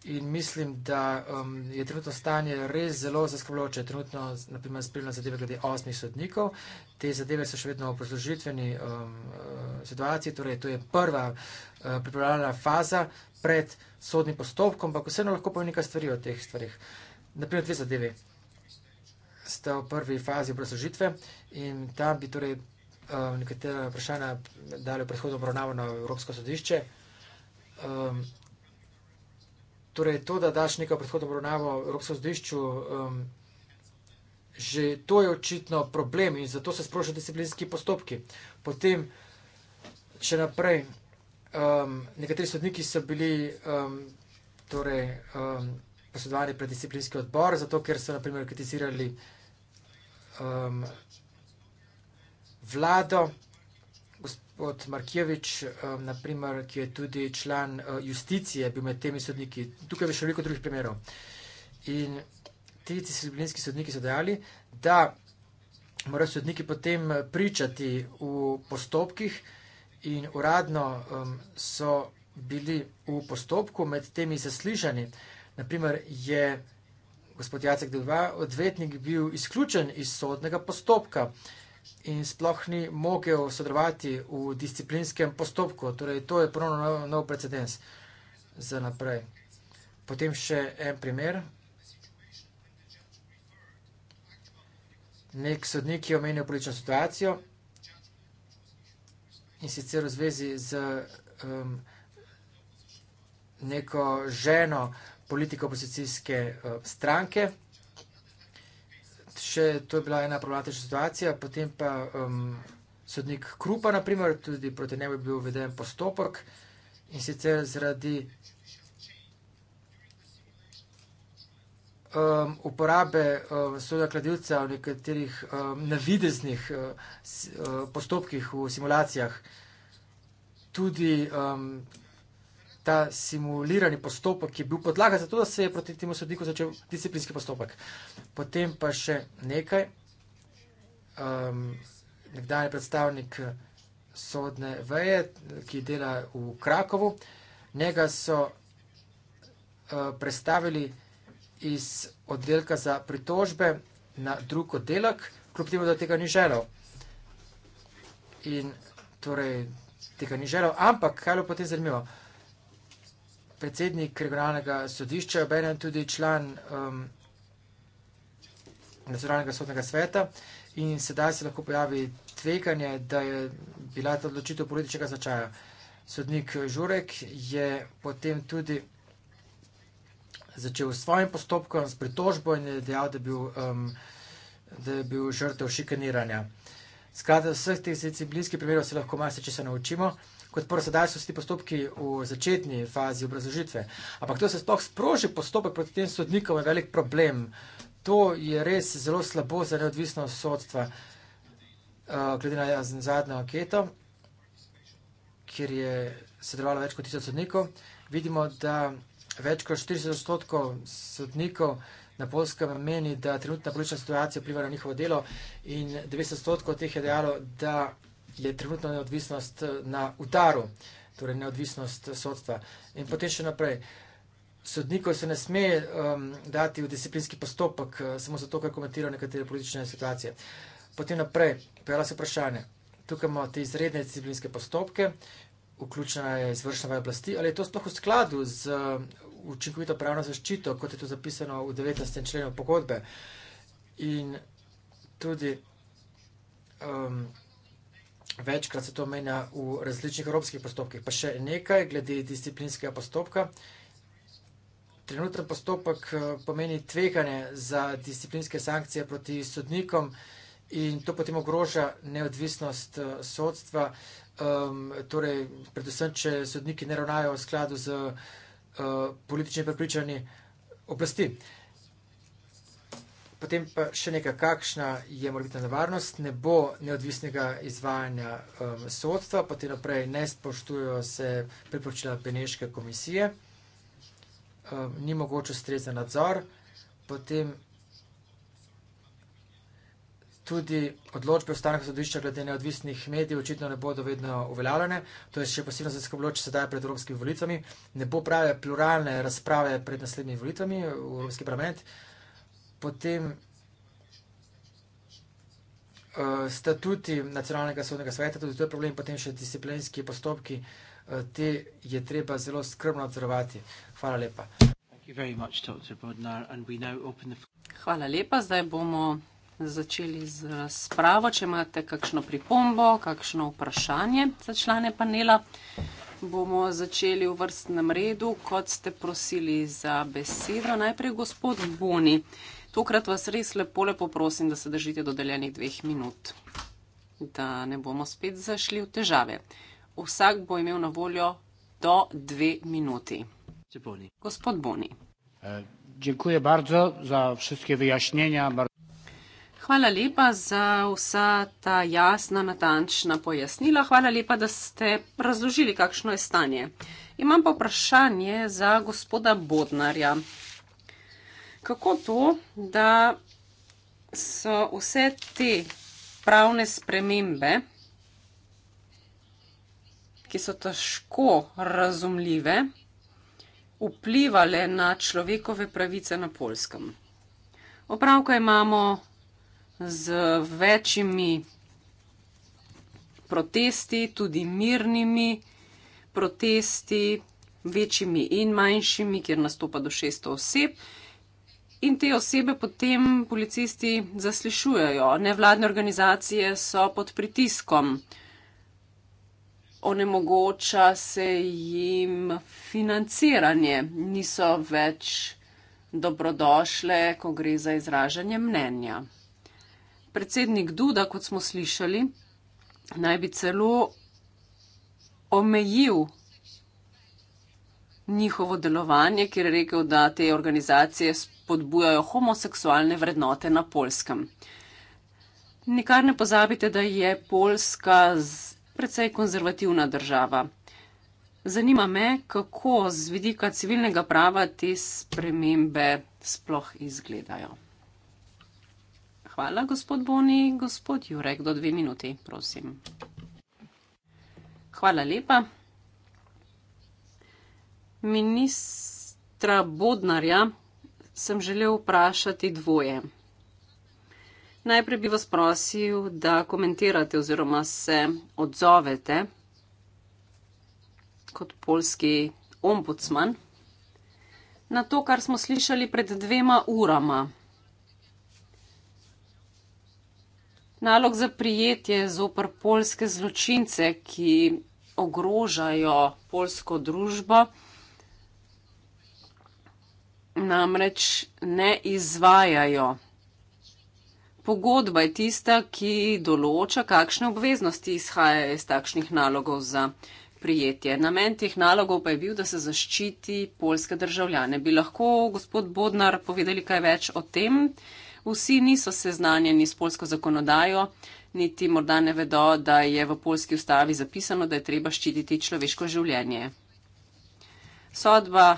In mislim, da um, je trenutno stanje res zelo zaskrbljujoče. Trenutno, naprimer, spremljam zadeve glede osmih sodnikov. Te zadeve so še vedno v prozložitveni um, uh, situaciji, torej to je prva uh, pripravljena faza pred sodnim postopkom, ampak vseeno lahko povem nekaj stvari o teh stvarih. Naprimer, dve zadeve sta v prvi fazi prozložitve in tam bi torej um, nekatera vprašanja dali v predhodno obravnavo na Evropsko sodišče. Um, Torej, to, da daš neko predhodno obravnavo v Evropskem sodišču, um, že to je očitno problem in zato se sprožijo disciplinski postopki. Potem, še naprej, um, nekateri sodniki so bili um, torej, um, posodovani pred disciplinski odbor, zato ker so, naprimer, kritizirali um, vlado gospod Markjevič, um, eh, naprimer, ki je tudi član uh, justicije, bil med temi sodniki. Tukaj je še veliko drugih primerov. In ti disciplinski sodniki so dejali, da morajo sodniki potem eh, pričati v postopkih in uradno um, so bili v postopku med temi zaslišani. Naprimer, je gospod Jacek Delva, odvetnik, bil izključen iz sodnega postopka in sploh ni mogel sodelovati v disciplinskem postopku. Torej, to je ponovno nov, nov precedens za naprej. Potem še en primer. Nek sodnik je omenil politično situacijo in sicer v zvezi z um, neko ženo politiko opozicijske uh, stranke še to je bila ena problematična situacija, potem pa um, sodnik Krupa, naprimer, tudi proti njemu je bil uveden postopek in sicer zaradi um, uporabe um, soda kladilca v nekaterih um, navideznih uh, uh postopkih v simulacijah. Tudi um, ta simulirani postopek, ki je bil podlaga za to, da se je proti temu sodniku začel disciplinski postopek. Potem pa še nekaj. Um, ehm, nekdani predstavnik eh, sodne veje, ki dela v Krakovu, njega so uh, eh, predstavili iz oddelka za pritožbe na drug oddelek, kljub temu, da tega ni želel. In torej tega ni želel, ampak kaj je potem zanimivo? Uh, predsednik regionalnega sodišča, obenem tudi član um, nacionalnega sodnega sveta in sedaj se lahko pojavi tveganje, da je bila ta odločitev političnega značaja. Sodnik Žurek je potem tudi začel s svojim postopkom, s pritožbo in je dejal, da je bil, um, da je bil žrtev šikaniranja. Skratka, vseh teh bliskih primerov se lahko malo se česa naučimo kot prvo, sedaj so ti postopki v začetni fazi obrazložitve. Ampak to se sploh sproži postopek proti tem sodnikom, je velik problem. To je res zelo slabo za neodvisnost sodstva. Eh, glede na zadnjo anketo, kjer je sodelovalo več kot tisoč sodnikov, vidimo, da več kot 40 odstotkov sodnikov na polskem meni, da trenutna politična situacija vpliva na njihovo delo in 90 odstotkov teh je dejalo, da je trenutna neodvisnost eh, na udaru, torej neodvisnost eh, sodstva. In potem še naprej. Sodnikov se ne sme um, dati v disciplinski postopek, uh, samo zato, ker komentira nekatere politične situacije. Potem naprej, pojavlja se vprašanje. Tukaj imamo te izredne disciplinske postopke, vključena je izvršna vaja oblasti, ali je to sploh v skladu z uh, učinkovito pravno zaščito, kot je to zapisano v 19. členu pogodbe. In tudi. Um, večkrat se to menja v različnih evropskih postopkih. Pa še nekaj glede disciplinskega postopka. Trenutni postopek eh, pomeni tvekanje za disciplinske sankcije proti sodnikom in to potem ogroža neodvisnost eh, sodstva, torej predvsem, če sodniki ne ravnajo v skladu z eh, političnimi prepričanji oblasti. Potem pa še nekaj, kakšna je morbita nevarnost, ne bo neodvisnega izvajanja um, sodstva, potem naprej ne spoštujo se priporočila Beneške komisije, um, ni mogoče ustrezen nadzor, potem tudi odločbe ustavnega sodišča glede neodvisnih medijev očitno ne bodo vedno uveljavljene, to je še posebno zaskrbljujoče sedaj pred evropskimi volitvami, ne bo prave pluralne razprave pred naslednjimi volitvami v Evropski parlament potem uh, statuti nacionalnega sodnega sveta, tudi to je problem, potem še disciplinski postopki, uh, te je treba zelo skrbno nadzorovati. Hvala lepa. Hvala lepa, zdaj bomo začeli z razpravo. Če imate kakšno pripombo, kakšno vprašanje za člane panela, bomo začeli v vrstnem redu, kot ste prosili za besedo. Najprej gospod Boni. Tokrat vas res lepo, lepo prosim, da se držite dodeljenih dveh minut, da ne bomo spet zašli v težave. Vsak bo imel na voljo do dve minuti. Boni. Gospod Boni. E, bardzo za vse vyjašnjenja. Hvala lepa za vsa ta jasna, natančna pojasnila. Hvala lepa, da ste razložili, kakšno je stanje. Imam pa vprašanje za gospoda Bodnarja kako to, da so vse te pravne spremembe, ki so težko razumljive, vplivale na človekove pravice na polskem. Opravka imamo z večjimi protesti, tudi mirnimi protesti, večjimi in manjšimi, kjer nastopa do 600 oseb. In te osebe potem policisti zaslišujejo. Nevladne organizacije so pod pritiskom. Onemogoča se jim financiranje, niso več dobrodošle, ko gre za izražanje mnenja. Predsednik Duda, kot smo slišali, naj bi celo omejil njihovo delovanje, kjer je rekel, da te organizacije spodbujajo homoseksualne vrednote na polskem. Nikar ne pozabite, da je Poljska precej konzervativna država. Zanima me, kako z vidika civilnega prava te spremembe sploh izgledajo. Hvala, gospod Boni. Gospod Jurek, do dve minuti, prosim. Hvala lepa ministra Bodnarja sem želel vprašati dvoje. Najprej bi vas prosil, da komentirate oziroma se odzovete kot polski ombudsman na to, kar smo slišali pred dvema urama. Nalog za prijetje zoper polske zločince, ki ogrožajo polsko družbo namreč ne izvajajo. Pogodba je tista, ki določa, kakšne obveznosti izhajajo iz takšnih nalogov za prijetje. Namen teh nalogov pa je bil, da se zaščiti polske državljane. Bi lahko gospod Bodnar povedali kaj več o tem? Vsi niso seznanjeni s polsko zakonodajo, niti morda ne vedo, da je v polski ustavi zapisano, da je treba ščititi človeško življenje. Sodba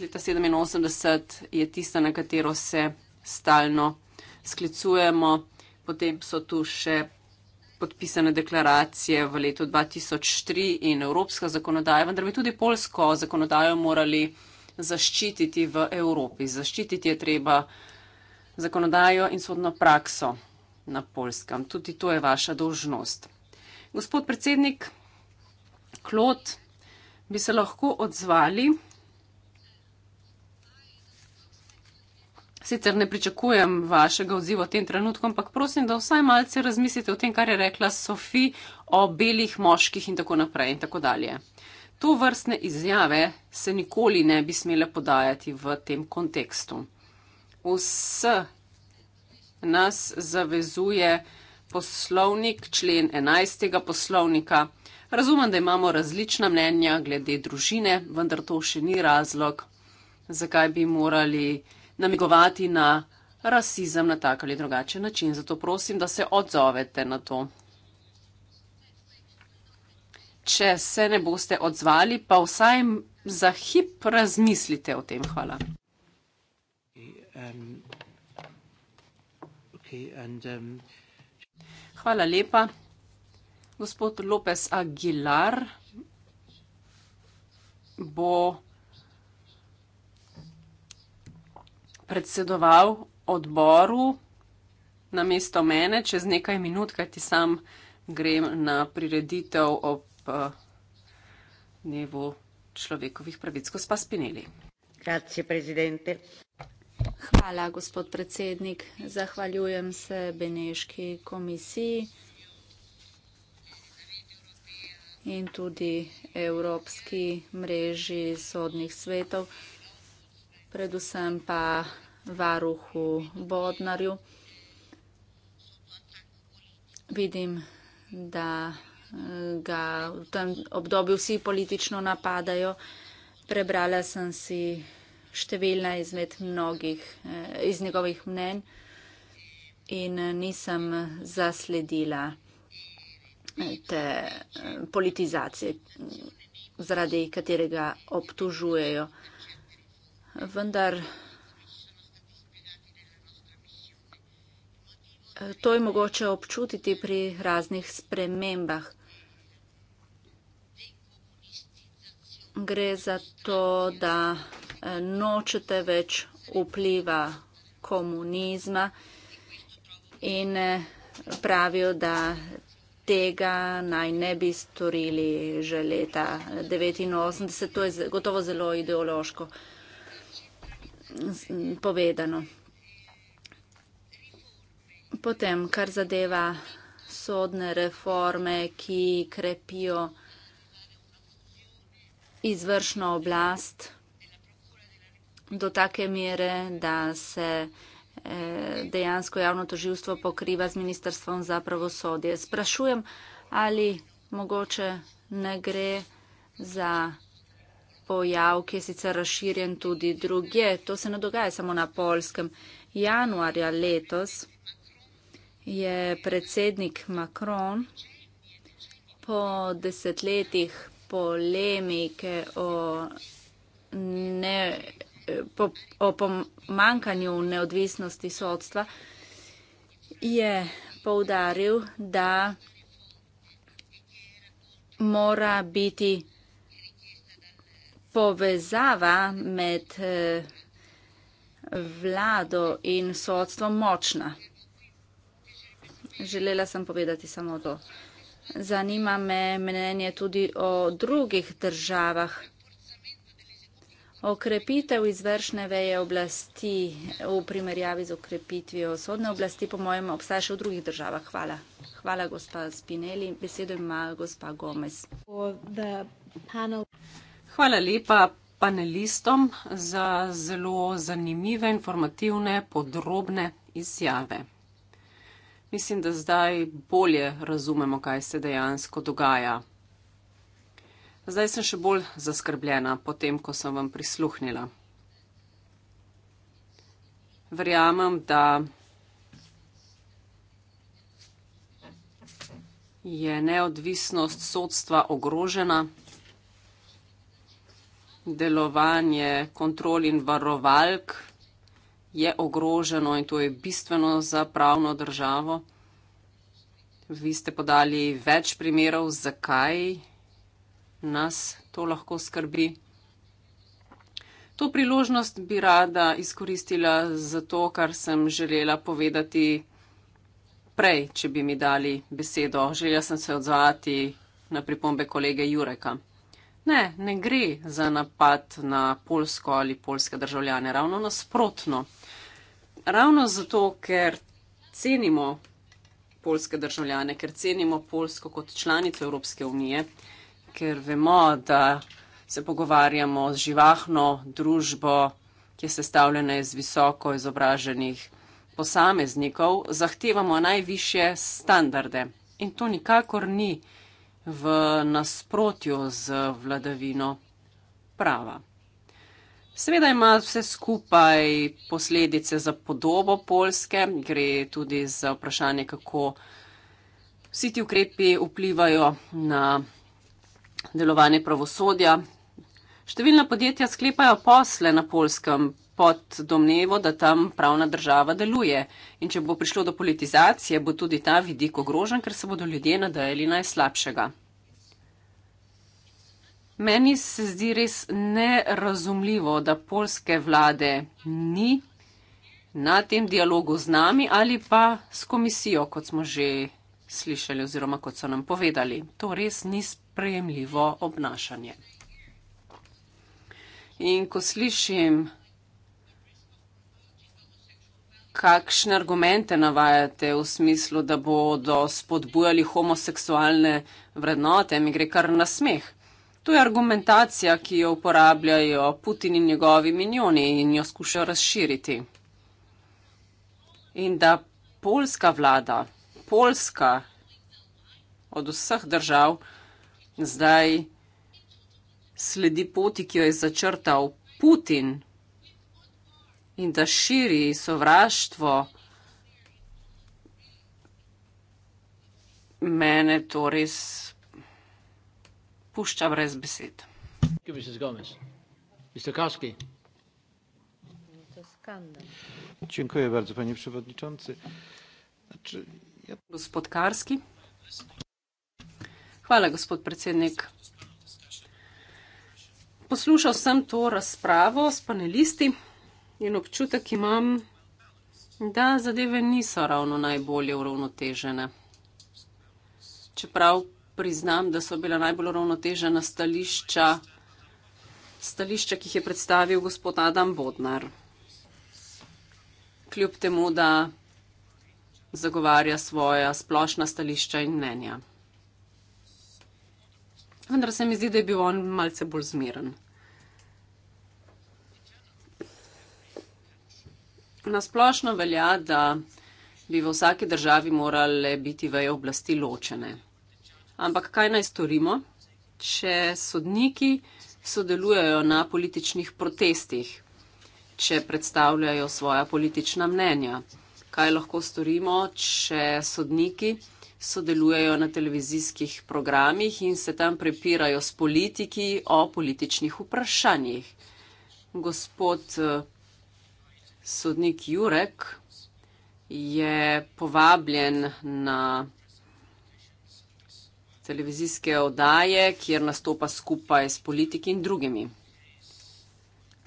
leta 87 je tista, na katero se stalno sklicujemo. Potem so tu še podpisane deklaracije v letu 2003 in evropska zakonodaja, vendar bi tudi polsko zakonodajo morali zaščititi v Evropi. Zaščititi je treba zakonodajo in sodno prakso na polskem. Tudi to je vaša dolžnost. Gospod predsednik Klot, bi se lahko odzvali. Sicer ne pričakujem vašega odziva v tem trenutku, ampak prosim, da vsaj malce razmislite o tem, kar je rekla Sofi o belih moških in tako naprej in tako dalje. To vrstne izjave se nikoli ne bi smele podajati v tem kontekstu. Vse nas zavezuje poslovnik, člen 11. poslovnika. Razumem, da imamo različna mnenja glede družine, vendar to še ni razlog, zakaj bi morali namigovati na rasizem na tak ali drugačen način. Zato prosim, da se odzovete na to. Če se ne boste odzvali, pa vsaj za hip razmislite o tem. Hvala. Hvala lepa. Gospod Lopez Aguilar bo vsega predsedoval odboru na mesto mene čez nekaj minut, kajti sam grem na prireditev ob uh, dnevu človekovih pravic, ko spas Pineli. Grazie, prezidente. Hvala, gospod predsednik. Zahvaljujem se Beneški komisiji in tudi Evropski mreži sodnih svetov predvsem pa varuhu Bodnarju. Vidim, da eh, ga v tem obdobju vsi politično napadajo. Prebrala sem si številna izmed mnogih eh, iz njegovih mnen in eh, nisem zasledila te politizacije, zaradi katerega obtužujejo vendar eh, to je mogoče občutiti pri raznih spremembah. Gre za to, da eh, nočete več vpliva komunizma in eh, pravijo, da tega naj ne bi storili že leta 1989. To je gotovo zelo ideološko povedano. Potem, kar zadeva sodne reforme, ki krepijo izvršno oblast do take mere, da se eh, dejansko javno toživstvo pokriva z Ministrstvom za pravosodje. Sprašujem, ali mogoče ne gre za vsega, pojav, ki je sicer razširjen tudi druge. To se ne dogaja samo na polskem. Januarja letos je predsednik Macron po desetletjih polemike o, ne, po, o pomankanju neodvisnosti sodstva je poudaril, da mora biti povezava med eh, vlado in sodstvom močna. Želela sem povedati samo to. Zanima me mnenje tudi o drugih državah. Okrepitev izvršne veje oblasti v primerjavi z okrepitvijo sodne oblasti, po mojem, obstaja še v drugih državah. Hvala. Hvala, gospa Spinelli. Besedo ima gospa Gomez. Hvala lepa panelistom za zelo zanimive, informativne, podrobne izjave. Mislim, da zdaj bolje razumemo, kaj se dejansko dogaja. Zdaj sem še bolj zaskrbljena, potem, ko sem vam prisluhnila. Verjamem, da je neodvisnost sodstva ogrožena delovanje kontrol in varovalk je ogroženo in to je bistveno za pravno državo. Vi ste podali več primerov, zakaj nas to lahko skrbi. To priložnost bi rada izkoristila za to, kar sem želela povedati prej, če bi mi dali besedo. Želela sem se odzvati na pripombe kolege Jureka. Ne, ne gre za napad na polsko ali polske državljane, ravno nasprotno. Ravno zato, ker cenimo polske državljane, ker cenimo Polsko kot članico Evropske unije, ker vemo, da se pogovarjamo z živahno družbo, ki je sestavljena iz visoko izobraženih posameznikov, zahtevamo najviše standarde. In to nikakor ni v nasprotju z vladavino prava. Seveda ima vse skupaj posledice za podobo Polske, gre tudi za vprašanje, kako vsi ti ukrepi vplivajo na delovanje pravosodja. Številna podjetja sklepajo posle na Polskem, pod domnevo, da tam pravna država deluje. In če bo prišlo do politizacije, bo tudi ta vidik ogrožen, ker se bodo ljudje nadajali najslabšega. Meni se zdi res nerazumljivo, da polske vlade ni na tem dialogu z nami ali pa s komisijo, kot smo že slišali oziroma kot so nam povedali. To res ni sprejemljivo obnašanje. In ko slišim kakšne argumente navajate v smislu, da bodo spodbujali homoseksualne vrednote, mi gre kar na smeh. To je argumentacija, ki jo uporabljajo Putin in njegovi minjoni in jo skušajo razširiti. In da polska vlada, polska od vseh držav, zdaj sledi poti, ki jo je začrtal Putin in da širi sovraštvo, mene to res pušča brez besed. Dziękuję bardzo, panie przewodniczący. Znaczy, ja... Gospod Karski. Hvala, gospod predsednik. Poslušal sem to razpravo s panelisti in občutek imam, da zadeve niso ravno najbolje uravnotežene. Čeprav priznam, da so bila najbolj uravnotežena stališča, stališča, ki jih je predstavil gospod Adam Bodnar. Kljub temu, da zagovarja svoja splošna stališča in mnenja. Vendar se mi zdi, da je bil on malce bolj zmeren. Nasplošno velja, da bi v vsaki državi morale biti veje oblasti ločene. Ampak kaj naj storimo, če sodniki sodelujejo na političnih protestih, če predstavljajo svoja politična mnenja? Kaj lahko storimo, če sodniki sodelujejo na televizijskih programih in se tam prepirajo s politiki o političnih vprašanjih? Gospod eh, sodnik Jurek je povabljen na televizijske oddaje, kjer nastopa skupaj s politiki in drugimi.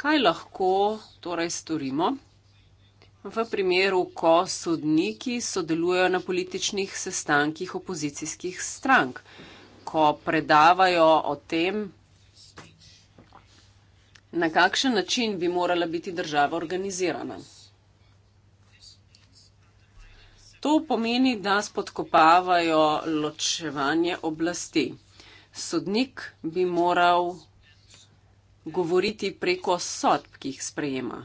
Kaj lahko torej storimo v primeru, ko sodniki sodelujejo na političnih sestankih opozicijskih strank, ko predavajo o tem, Na kakšen način bi morala biti država organizirana? To pomeni, da spodkopavajo ločevanje oblasti. Sodnik bi moral govoriti preko sodb, ki jih sprejema.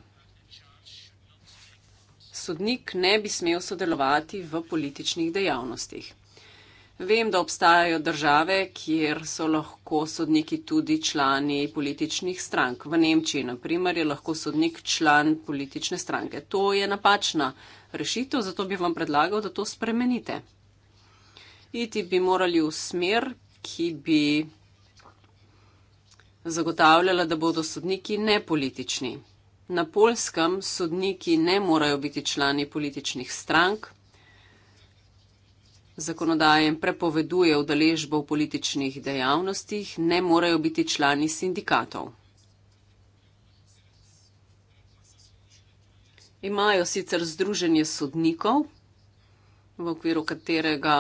Sodnik ne bi smel sodelovati v političnih dejavnostih. Vem, da obstajajo države, kjer so lahko sodniki tudi člani političnih strank. V Nemčiji, na primer, je lahko sodnik član politične stranke. To je napačna rešitev, zato bi vam predlagal, da to spremenite. Iti bi morali v smer, ki bi zagotavljala, da bodo sodniki nepolitični. Na polskem sodniki ne morajo biti člani političnih strank zakonodaje prepoveduje udeležbo v političnih dejavnostih, ne morejo biti člani sindikatov. Imajo sicer združenje sodnikov, v okviru katerega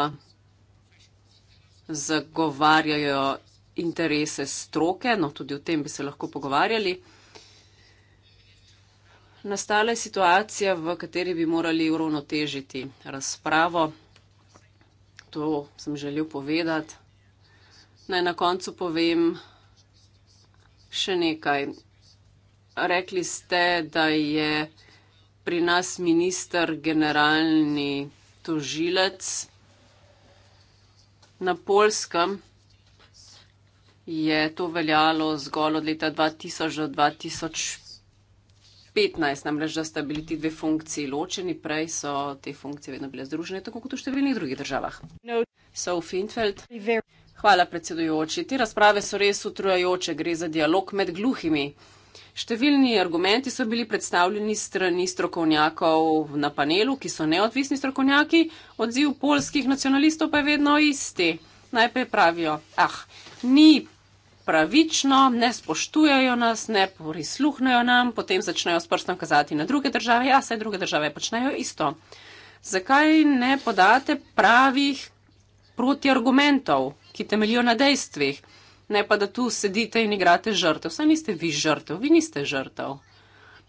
zagovarjajo interese stroke, no tudi o tem bi se lahko pogovarjali. Nastala je situacija, v kateri bi morali uravnotežiti razpravo to sem želel povedati. Naj na koncu povem še nekaj. Rekli ste, da je pri nas minister generalni tožilec. Na polskem je to veljalo zgolj od leta 2000 do 2005. 15, namreč da sta bili ti dve funkciji ločeni, prej so te funkcije vedno bile združene, tako kot v številnih drugih državah. No. So Finfeld. Hvala, predsedujoči. Te razprave so res utrujajoče, gre za dialog med gluhimi. Številni argumenti so bili predstavljeni strani strokovnjakov na panelu, ki so neodvisni strokovnjaki, odziv polskih nacionalistov pa je vedno isti. Najprej pravijo, ah, ni pravično, ne spoštujejo nas, ne prisluhnejo nam, potem začnejo s prstom kazati na druge države, a ja, se druge države počnejo isto. Zakaj ne podate pravih protiargumentov, ki temeljijo na dejstvih, ne pa da tu sedite in igrate žrtev? Vsaj niste vi žrtev, vi niste žrtev.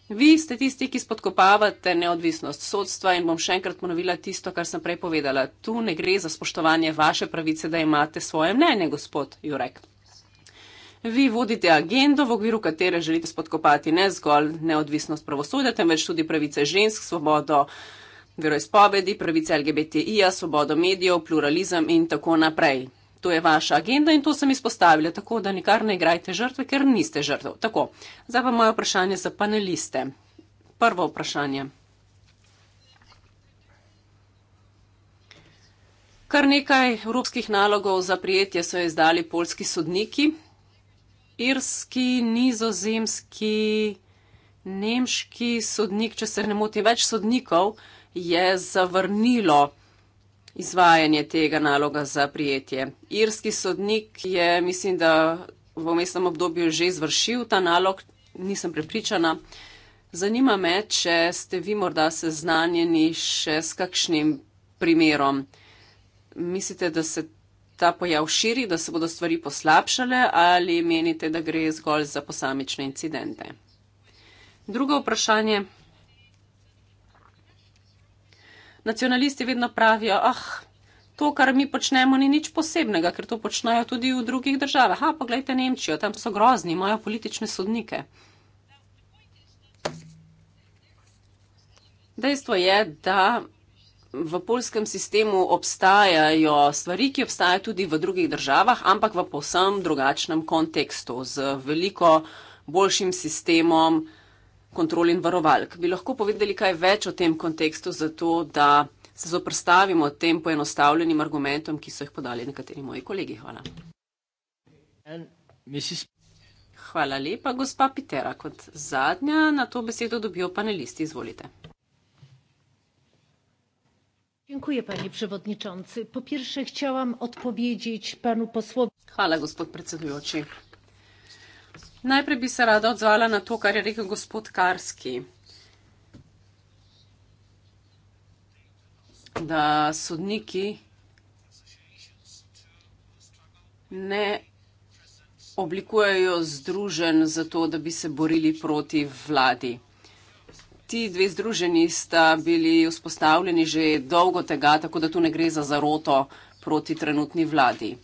Vi ste tisti, ki spodkopavate neodvisnost sodstva in bom še enkrat ponovila tisto, kar sem prej povedala. Tu ne gre za spoštovanje vaše pravice, da imate svoje mnenje, gospod Jurek. Vi vodite agendo, v okviru katere želite spodkopati ne zgolj neodvisnost pravosodja, temveč tudi pravice žensk, svobodo veroizpovedi, pravice LGBTI, svobodo medijev, pluralizem in tako naprej. To je vaša agenda in to sem izpostavila, tako da nikar ne igrajte žrtve, ker niste žrtev. Tako, zdaj pa moje vprašanje za paneliste. Prvo vprašanje. Kar nekaj evropskih nalogov za prijetje so izdali polski sodniki, irski, nizozemski, nemški sodnik, če se ne moti več sodnikov, je zavrnilo izvajanje tega naloga za prijetje. Irski sodnik je, mislim, da v mestnem obdobju že izvršil ta nalog, nisem prepričana. Zanima me, če ste vi morda seznanjeni še s kakšnim primerom. Mislite, da se ta pojav širi, da se bodo stvari poslabšale ali menite, da gre zgolj za posamične incidente? Drugo vprašanje. Nacionalisti vedno pravijo, ah, to, kar mi počnemo, ni nič posebnega, ker to počnejo tudi v drugih državah. Ha, poglejte Nemčijo, tam so grozni, imajo politične sodnike. Dejstvo je, da v polskem sistemu obstajajo stvari, ki obstajajo tudi v drugih državah, ampak v povsem drugačnem kontekstu, z veliko boljšim sistemom kontrol in varovalk. Bi lahko povedali kaj več o tem kontekstu, zato da se zoprstavimo tem poenostavljenim argumentom, ki so jih podali nekateri moji kolegi. Hvala. Hvala lepa, gospa Pitera. Kot zadnja na to besedo dobijo panelisti. Izvolite. Panie przewodniczący, po pierwsze chciałam odpowiedzieć panu posłowi. Hvala, gospod predsedujoči. Najprej bi se rada odzvala na to, kar je rekel gospod Karski, da sodniki ne oblikujejo združen za to, da bi se borili proti vladi ti dve združeni sta bili vzpostavljeni že dolgo tega, tako da tu ne gre za zaroto proti trenutni vladi.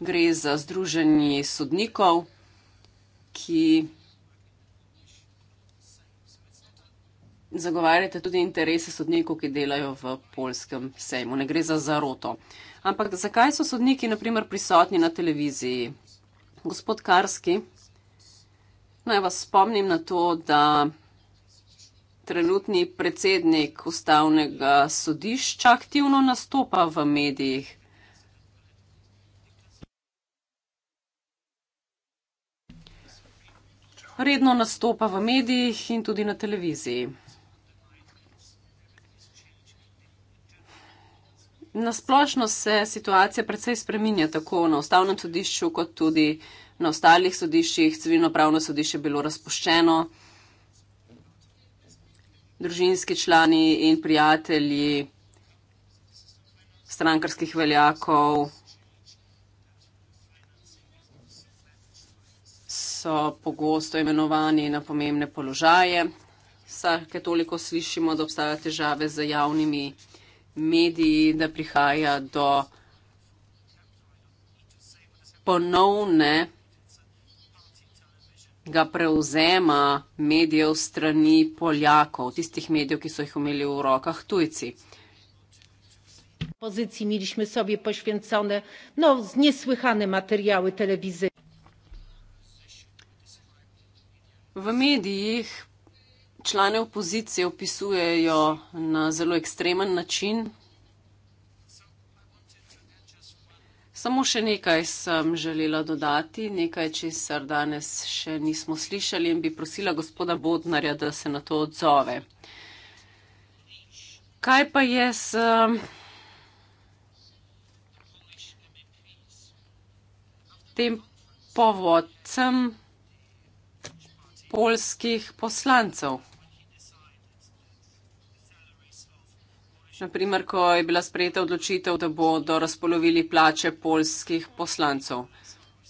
Gre za združenje sodnikov, ki zagovarjate tudi interese sodnikov, ki delajo v polskem sejmu. Ne gre za zaroto. Ampak zakaj so sodniki naprimer prisotni na televiziji? Gospod Karski, naj vas spomnim na to, da trenutni predsednik ustavnega sodišča aktivno nastopa v medijih. Redno nastopa v medijih in tudi na televiziji. Nasplošno se situacija predvsej spreminja, tako na ustavnem sodišču, kot tudi na ostalih sodiščih. Civilno pravno sodišče je bilo razpoščeno družinski člani in prijatelji strankarskih veljakov so pogosto imenovani na pomembne položaje. Vsake toliko slišimo, da obstajajo težave z javnimi mediji, da prihaja do ponovne Ga prevzema medijev strani Poljakov, tistih medijev, ki so jih imeli v rokah tujci. Pozicij imeli sobi pošvencone, no, z nesvihane materijale televizije. V medijih člane opozicije opisujejo na zelo ekstremen način, Samo še nekaj sem želela dodati, nekaj, česar danes še nismo slišali in bi prosila gospoda Bodnarja, da se na to odzove. Kaj pa je s. Um, tem povodcem polskih poslancev. Naprimer, ko je bila sprejeta odločitev, da bodo razpolovili plače polskih poslancev.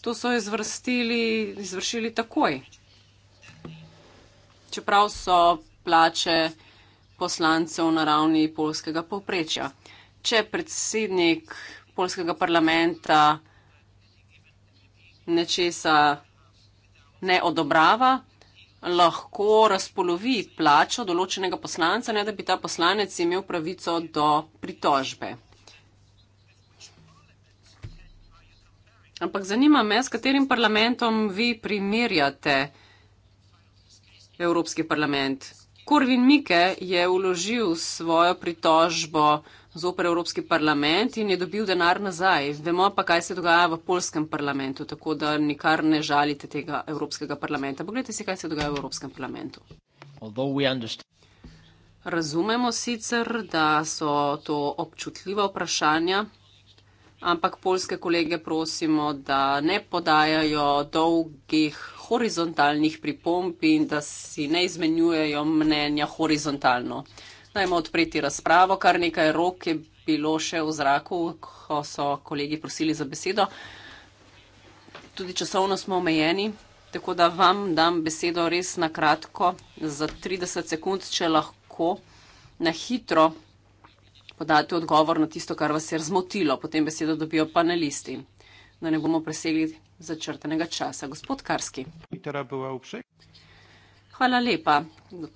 To so izvršili takoj. Čeprav so plače poslancev na ravni polskega povprečja. Če predsednik polskega parlamenta nečesa ne odobrava, lahko razpolovi plačo določenega poslanca, ne da bi ta poslanec imel pravico do pritožbe. Ampak zanima me, s katerim parlamentom vi primerjate Evropski parlament. Korvin Mike je uložil svojo pritožbo zoper Evropski parlament in je dobil denar nazaj. Vemo pa, kaj se dogaja v polskem parlamentu, tako da nikar ne žalite tega Evropskega parlamenta. Poglejte si, kaj se dogaja v Evropskem parlamentu. Razumemo sicer, da so to občutljiva vprašanja, ampak polske kolege prosimo, da ne podajajo dolgih horizontalnih pripomb in da si ne izmenjujejo mnenja horizontalno. Najmo odpreti razpravo. Kar nekaj rok je bilo še v zraku, ko so kolegi prosili za besedo. Tudi časovno smo omejeni, tako da vam dam besedo res na kratko, za 30 sekund, če lahko na hitro podate odgovor na tisto, kar vas je razmotilo. Potem besedo dobijo panelisti, da ne bomo presegli začrtenega časa. Gospod Karski. Hitra bova upšek. Hvala lepa,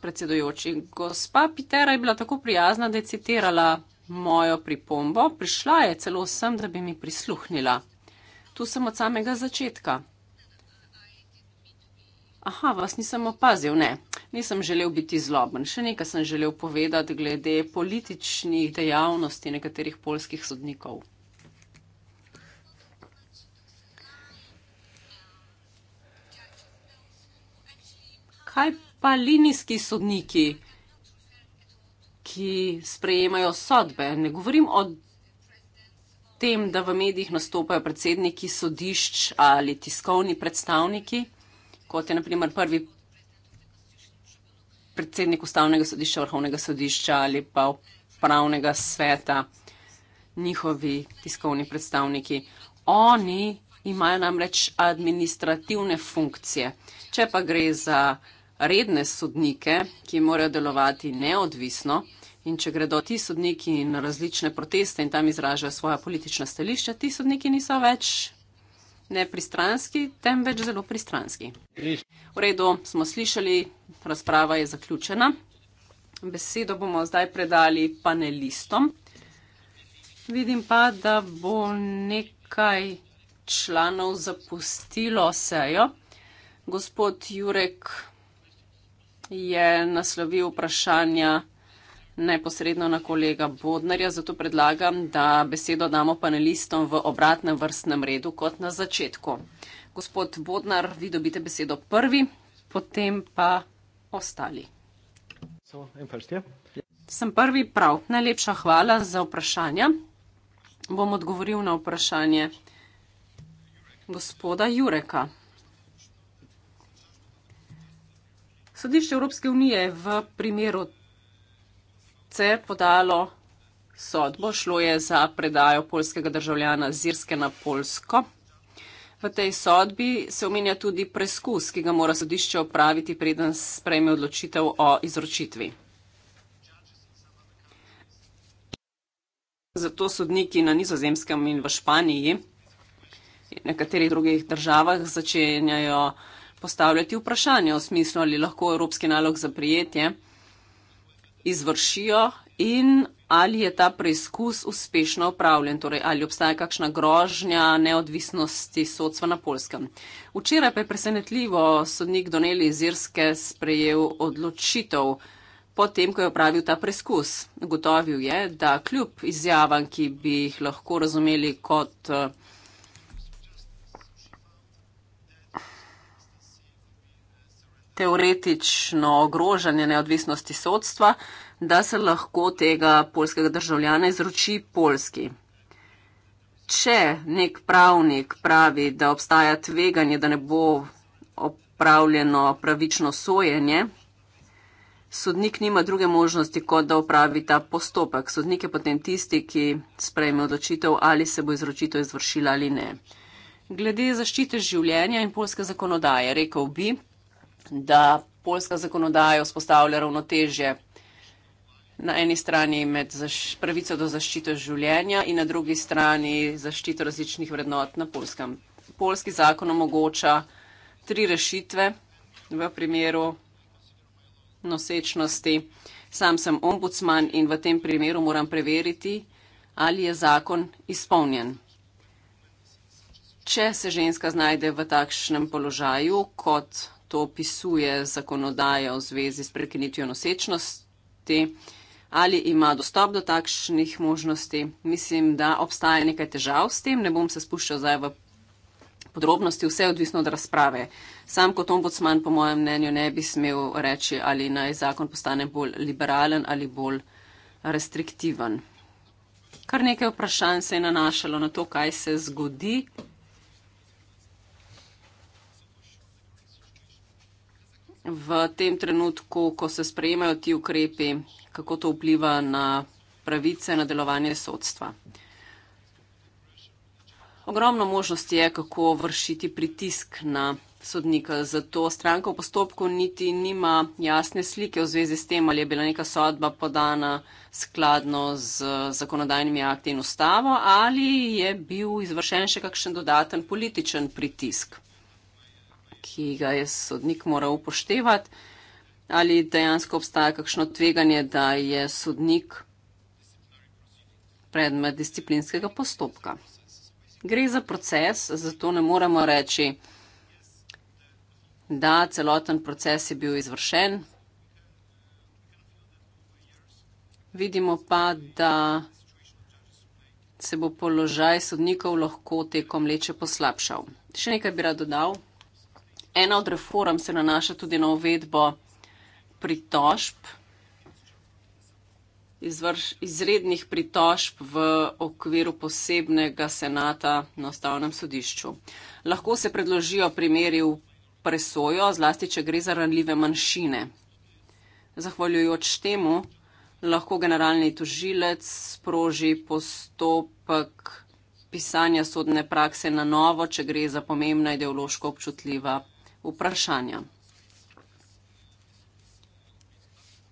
predsedujoči. Gospa Pitera je bila tako prijazna, da je citirala mojo pripombo. Prišla je celo sem, da bi mi prisluhnila. Tu sem od samega začetka. Aha, vas nisem opazil, ne. Nisem želel biti zloben. Še nekaj sem želel povedati glede političnih dejavnosti nekaterih polskih sodnikov. kaj pa linijski sodniki, ki sprejemajo sodbe? Ne govorim o tem, da v medijih nastopajo predsedniki sodišč ali tiskovni predstavniki, kot je naprimer prvi predsednik ustavnega sodišča, vrhovnega sodišča ali pa pravnega sveta, njihovi tiskovni predstavniki. Oni imajo namreč administrativne funkcije. Če pa gre za redne sodnike, ki morajo delovati neodvisno. In če gredo ti sodniki na različne proteste in tam izražajo svoja politična stališča, ti sodniki niso več nepristranski, temveč zelo pristranski. V redu, smo slišali, razprava je zaključena. Besedo bomo zdaj predali panelistom. Vidim pa, da bo nekaj članov zapustilo sejo. Gospod Jurek je naslovil vprašanja neposredno na kolega Bodnarja, zato predlagam, da besedo damo panelistom v obratnem vrstnem redu kot na začetku. Gospod Bodnar, vi dobite besedo prvi, potem pa ostali. Ja? Sem prvi prav. Najlepša hvala za vprašanja. Bom odgovoril na vprašanje gospoda Jureka. Sodišče Evropske unije je v primeru CER podalo sodbo. Šlo je za predajo polskega državljana Zirske na Polsko. V tej sodbi se omenja tudi preskus, ki ga mora sodišče opraviti, preden sprejme odločitev o izročitvi. Zato sodniki na nizozemskem in v Španiji in nekaterih drugih državah začenjajo postavljati vprašanje o smislu, ali lahko evropski nalog za prijetje izvršijo in ali je ta preizkus uspešno upravljen, torej ali obstaja kakšna grožnja neodvisnosti sodstva na polskem. Včeraj pa je presenetljivo sodnik Doneli iz Irske sprejel odločitev. Potem, ko je opravil ta preizkus, gotovil je, da kljub izjavam, ki bi jih lahko razumeli kot uh, teoretično ogrožanje neodvisnosti sodstva, da se lahko tega polskega državljana izroči polski. Če nek pravnik pravi, da obstaja tveganje, da ne bo opravljeno pravično sojenje, sodnik nima druge možnosti, kot da opravi ta postopek. Sodnik je potem tisti, ki sprejme odločitev, ali se bo izročitev izvršila ali ne. Glede zaščite življenja in polske zakonodaje, rekel bi, da polska zakonodaja vzpostavlja ravnotežje na eni strani med pravico do zaščito življenja in na drugi strani zaščito različnih vrednot na polskem. Polski zakon omogoča tri rešitve v primeru nosečnosti. Sam sem ombudsman in v tem primeru moram preveriti, ali je zakon izpolnjen. Če se ženska znajde v takšnem položaju, kot to opisuje zakonodaja v zvezi s prekinitvijo nosečnosti, ali ima dostop do takšnih možnosti. Mislim, da obstaja nekaj težav s tem, ne bom se spuščal zdaj v podrobnosti, vse je odvisno od razprave. Sam kot ombudsman, po mojem mnenju, ne bi smel reči, ali naj zakon postane bolj liberalen ali bolj restriktiven. Kar nekaj vprašanj se je nanašalo na to, kaj se zgodi, v tem trenutku, ko se sprejemajo ti ukrepi, kako to vpliva na pravice, na delovanje sodstva. Ogromno možnosti je, kako vršiti pritisk na sodnika, zato stranka v postopku niti nima jasne slike v zvezi s tem, ali je bila neka sodba podana skladno z zakonodajnimi akti in ustavo, ali je bil izvršen še kakšen dodaten političen pritisk ki ga je sodnik moral upoštevati, ali dejansko obstaja kakšno tveganje, da je sodnik predmet disciplinskega postopka. Gre za proces, zato ne moremo reči, da celoten proces je bil izvršen. Vidimo pa, da se bo položaj sodnikov lahko tekom leče poslabšal. Še nekaj bi rad dodal. Ena od reform se nanaša tudi na uvedbo pritožb, izvrš, izrednih pritožb v okviru posebnega senata na ustavnem sodišču. Lahko se predložijo primeri v presojo, zlasti, če gre za ranljive manjšine. Zahvaljujoč temu lahko generalni tožilec sproži postopek pisanja sodne prakse na novo, če gre za pomembna ideološko občutljiva vprašanja.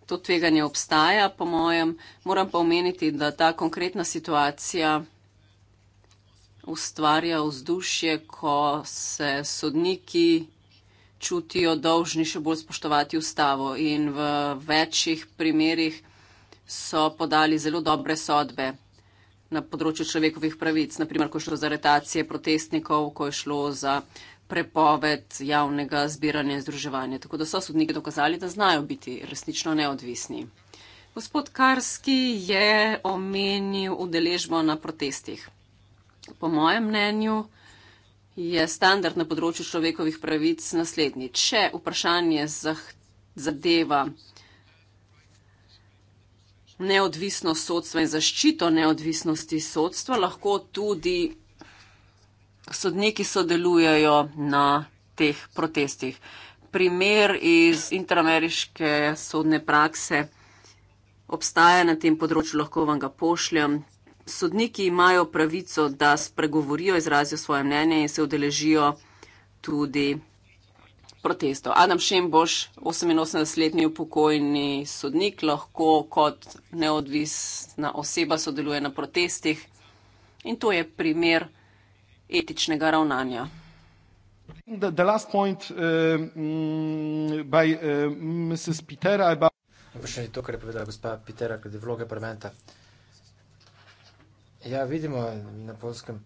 To tveganje obstaja, po mojem. Moram pa omeniti, da ta konkretna situacija ustvarja vzdušje, ko se sodniki čutijo dolžni še bolj spoštovati ustavo in v večjih primerjih so podali zelo dobre sodbe na področju človekovih pravic, naprimer, ko je šlo za retacije protestnikov, ko je šlo za prepoved javnega zbiranja in združevanja. Tako da so sodniki dokazali, da znajo biti resnično neodvisni. Gospod Karski je omenil udeležbo na protestih. Po mojem mnenju je standard na področju človekovih pravic naslednji. Če vprašanje zadeva neodvisnost sodstva in zaščito neodvisnosti sodstva, lahko tudi sodniki sodelujejo na teh protestih. Primer iz interameriške sodne prakse obstaja na tem področju, lahko vam ga pošljem. Sodniki imajo pravico, da spregovorijo, izrazijo svoje mnenje in se udeležijo tudi protestov. Adam Šem boš 88-letni upokojni sodnik, lahko kot neodvisna oseba sodeluje na protestih. In to je primer etičnega ravnanja. The, the last point uh, mm, by uh, Mrs. Pitera about. Še to, kar je povedala gospa Pitera, glede vloge parlamenta. Ja, vidimo na polskem,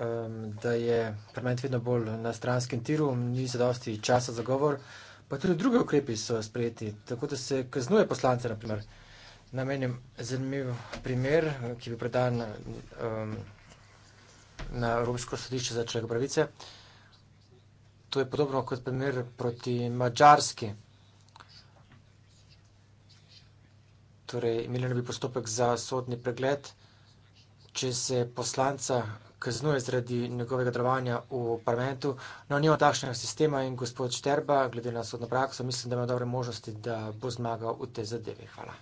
um, da je parlament vedno bolj na stranskem tiru, ni se dosti časa za govor, pa tudi druge ukrepi so sprejeti, tako da se kaznuje poslance, naprimer. Namenim zanimiv primer, ki je bil predan. Um, na Evropsko sodišče za človekove pravice. To je podobno kot primer proti Mačarski. Torej, imeli bi postopek za sodni pregled, če se poslanca kaznuje zaradi njegovega delovanja v parlamentu. No, nima takšnega sistema in gospod Šterba, glede na sodno prakso, mislim, da ima dobre možnosti, da bo zmagal v te zadeve. Hvala.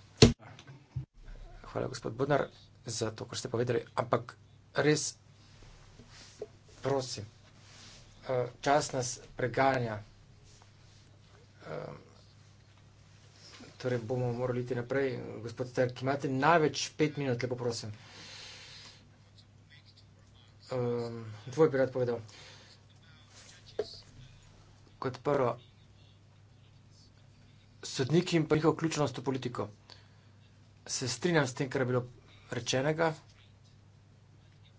Hvala, gospod Budnar, za to, kar ste povedali. Ampak res prosim, eh, čas nas preganja. Torej bomo morali iti naprej. Gospod Sterk, imate največ pet minut, lepo prosim. Tvoj bi rad povedal. Kot prvo, sodniki in pa njihov vključenost v politiko. Se strinjam s tem, kar je bilo rečenega.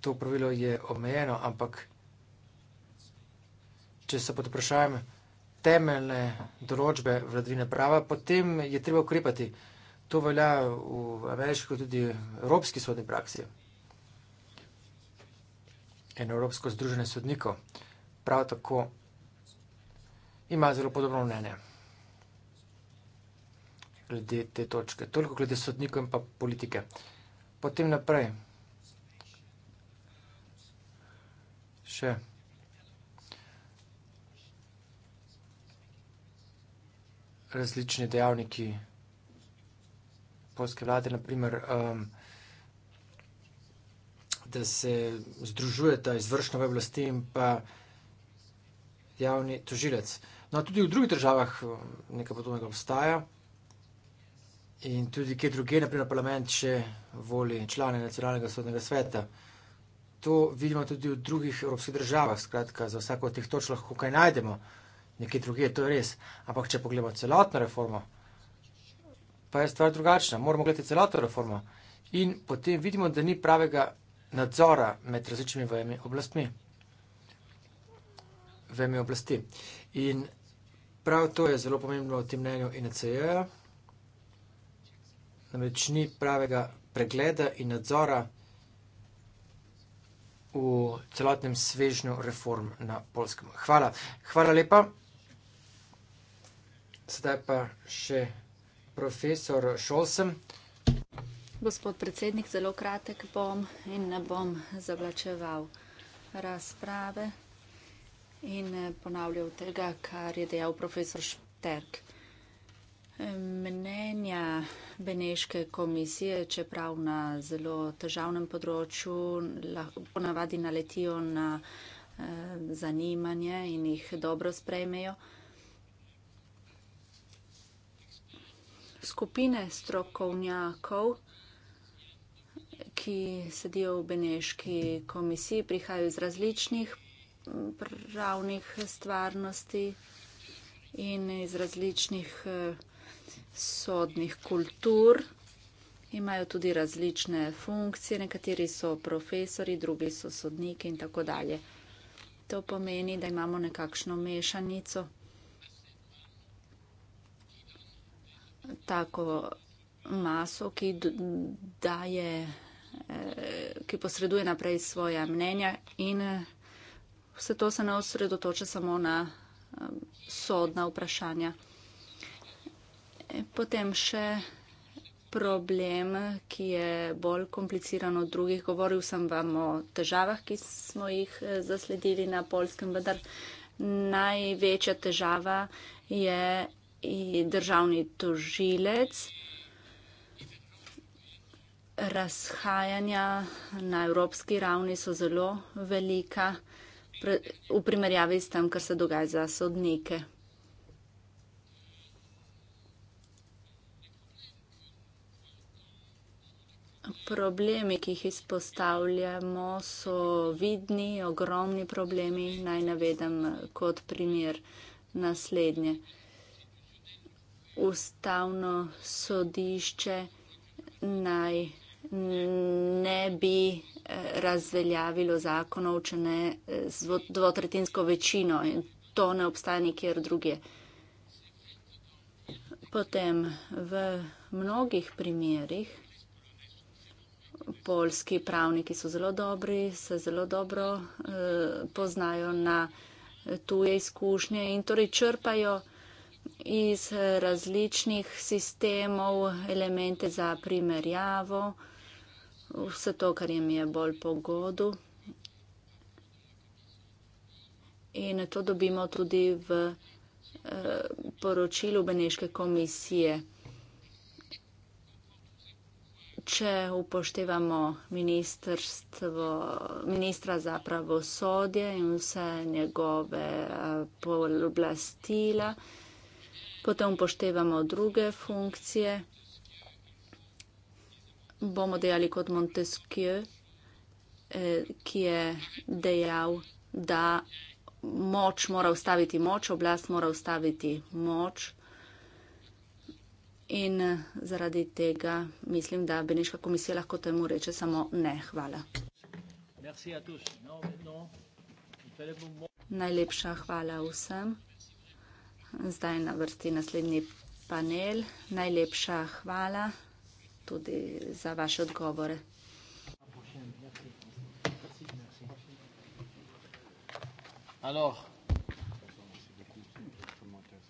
To pravilo je omejeno, ampak vsega, če se pod vprašanjem temeljne določbe vladavine prava, potem je treba ukrepati. To velja v ameriški, kot tudi evropski sodni praksi. Eno evropsko združenje sodnikov prav tako ima zelo podobno mnenje glede te točke. Toliko glede sodnikov in pa politike. Potem naprej. Še. različni dejavniki polske vlade, naprimer, um, da se združujeta izvršna veblasti in pa javni tožilec. No, tudi v drugih državah um, nekaj podobnega obstaja in tudi kje druge, naprimer parlament, še voli člane nacionalnega sodnega sveta. To vidimo tudi v drugih evropskih državah, skratka, za vsako od teh točk lahko kaj najdemo. Uh, nekje drugje, to je res. Ampak če pogledamo celotno reformo, pa je stvar drugačna. Moramo gledati celotno reformo in potem vidimo, da ni pravega nadzora med različnimi vajami oblastmi. Vemi oblasti. In prav to je zelo pomembno v tem mnenju INCE-ja. Namreč ni pravega pregleda in nadzora v celotnem svežnju reform na polskem. Hvala. Hvala lepa. Sedaj pa še profesor Šolsem. Gospod predsednik, zelo kratek bom in ne bom zavlačeval razprave in eh, ponavljal tega, kar je dejal profesor Šterk. Mnenja Beneške komisije, čeprav na zelo težavnem področju, ponavadi naletijo na eh, zanimanje in jih dobro sprejmejo. skupine strokovnjakov, ki sedijo v Beneški komisiji, prihajajo iz različnih pravnih stvarnosti in iz različnih eh, sodnih kultur. Imajo tudi različne funkcije, nekateri so profesori, drugi so sodniki in tako dalje. To pomeni, da imamo nekakšno mešanico. tako maso, ki daje, eh, ki posreduje naprej svoje mnenja in eh, vse to se ne osredotoča samo na eh, sodna vprašanja. Potem še problem, ki je bolj kompliciran od drugih. Govoril sem vam o težavah, ki smo jih zasledili na polskem, vendar največja težava je državni tožilec. Razhajanja na evropski ravni so zelo velika v primerjavi s tem, kar se dogaja za sodnike. Problemi, ki jih izpostavljamo, so vidni, ogromni problemi. Naj navedem kot primer naslednje ustavno sodišče naj ne bi eh, razveljavilo zakonov, če ne eh, z dvotretinsko večino in to ne obstaja nikjer druge. Potem v mnogih primerjih polski pravniki so zelo dobri, se zelo dobro eh, poznajo na tuje izkušnje in torej črpajo iz različnih sistemov, elemente za primerjavo, vse to, kar jim je bolj pogodu. In to dobimo tudi v eh, poročilu Beneške komisije. Če upoštevamo ministra za pravosodje in vse njegove eh, poloblastila, potem upoštevamo druge funkcije. Bomo dejali kot Montesquieu, eh, ki je dejal, da moč mora ustaviti moč, oblast mora ustaviti moč. In eh, zaradi tega mislim, da Beneška komisija lahko temu reče samo ne. Hvala. Najlepša hvala vsem zdaj na vrsti naslednji panel. Najlepša hvala tudi za vaše odgovore. Alors,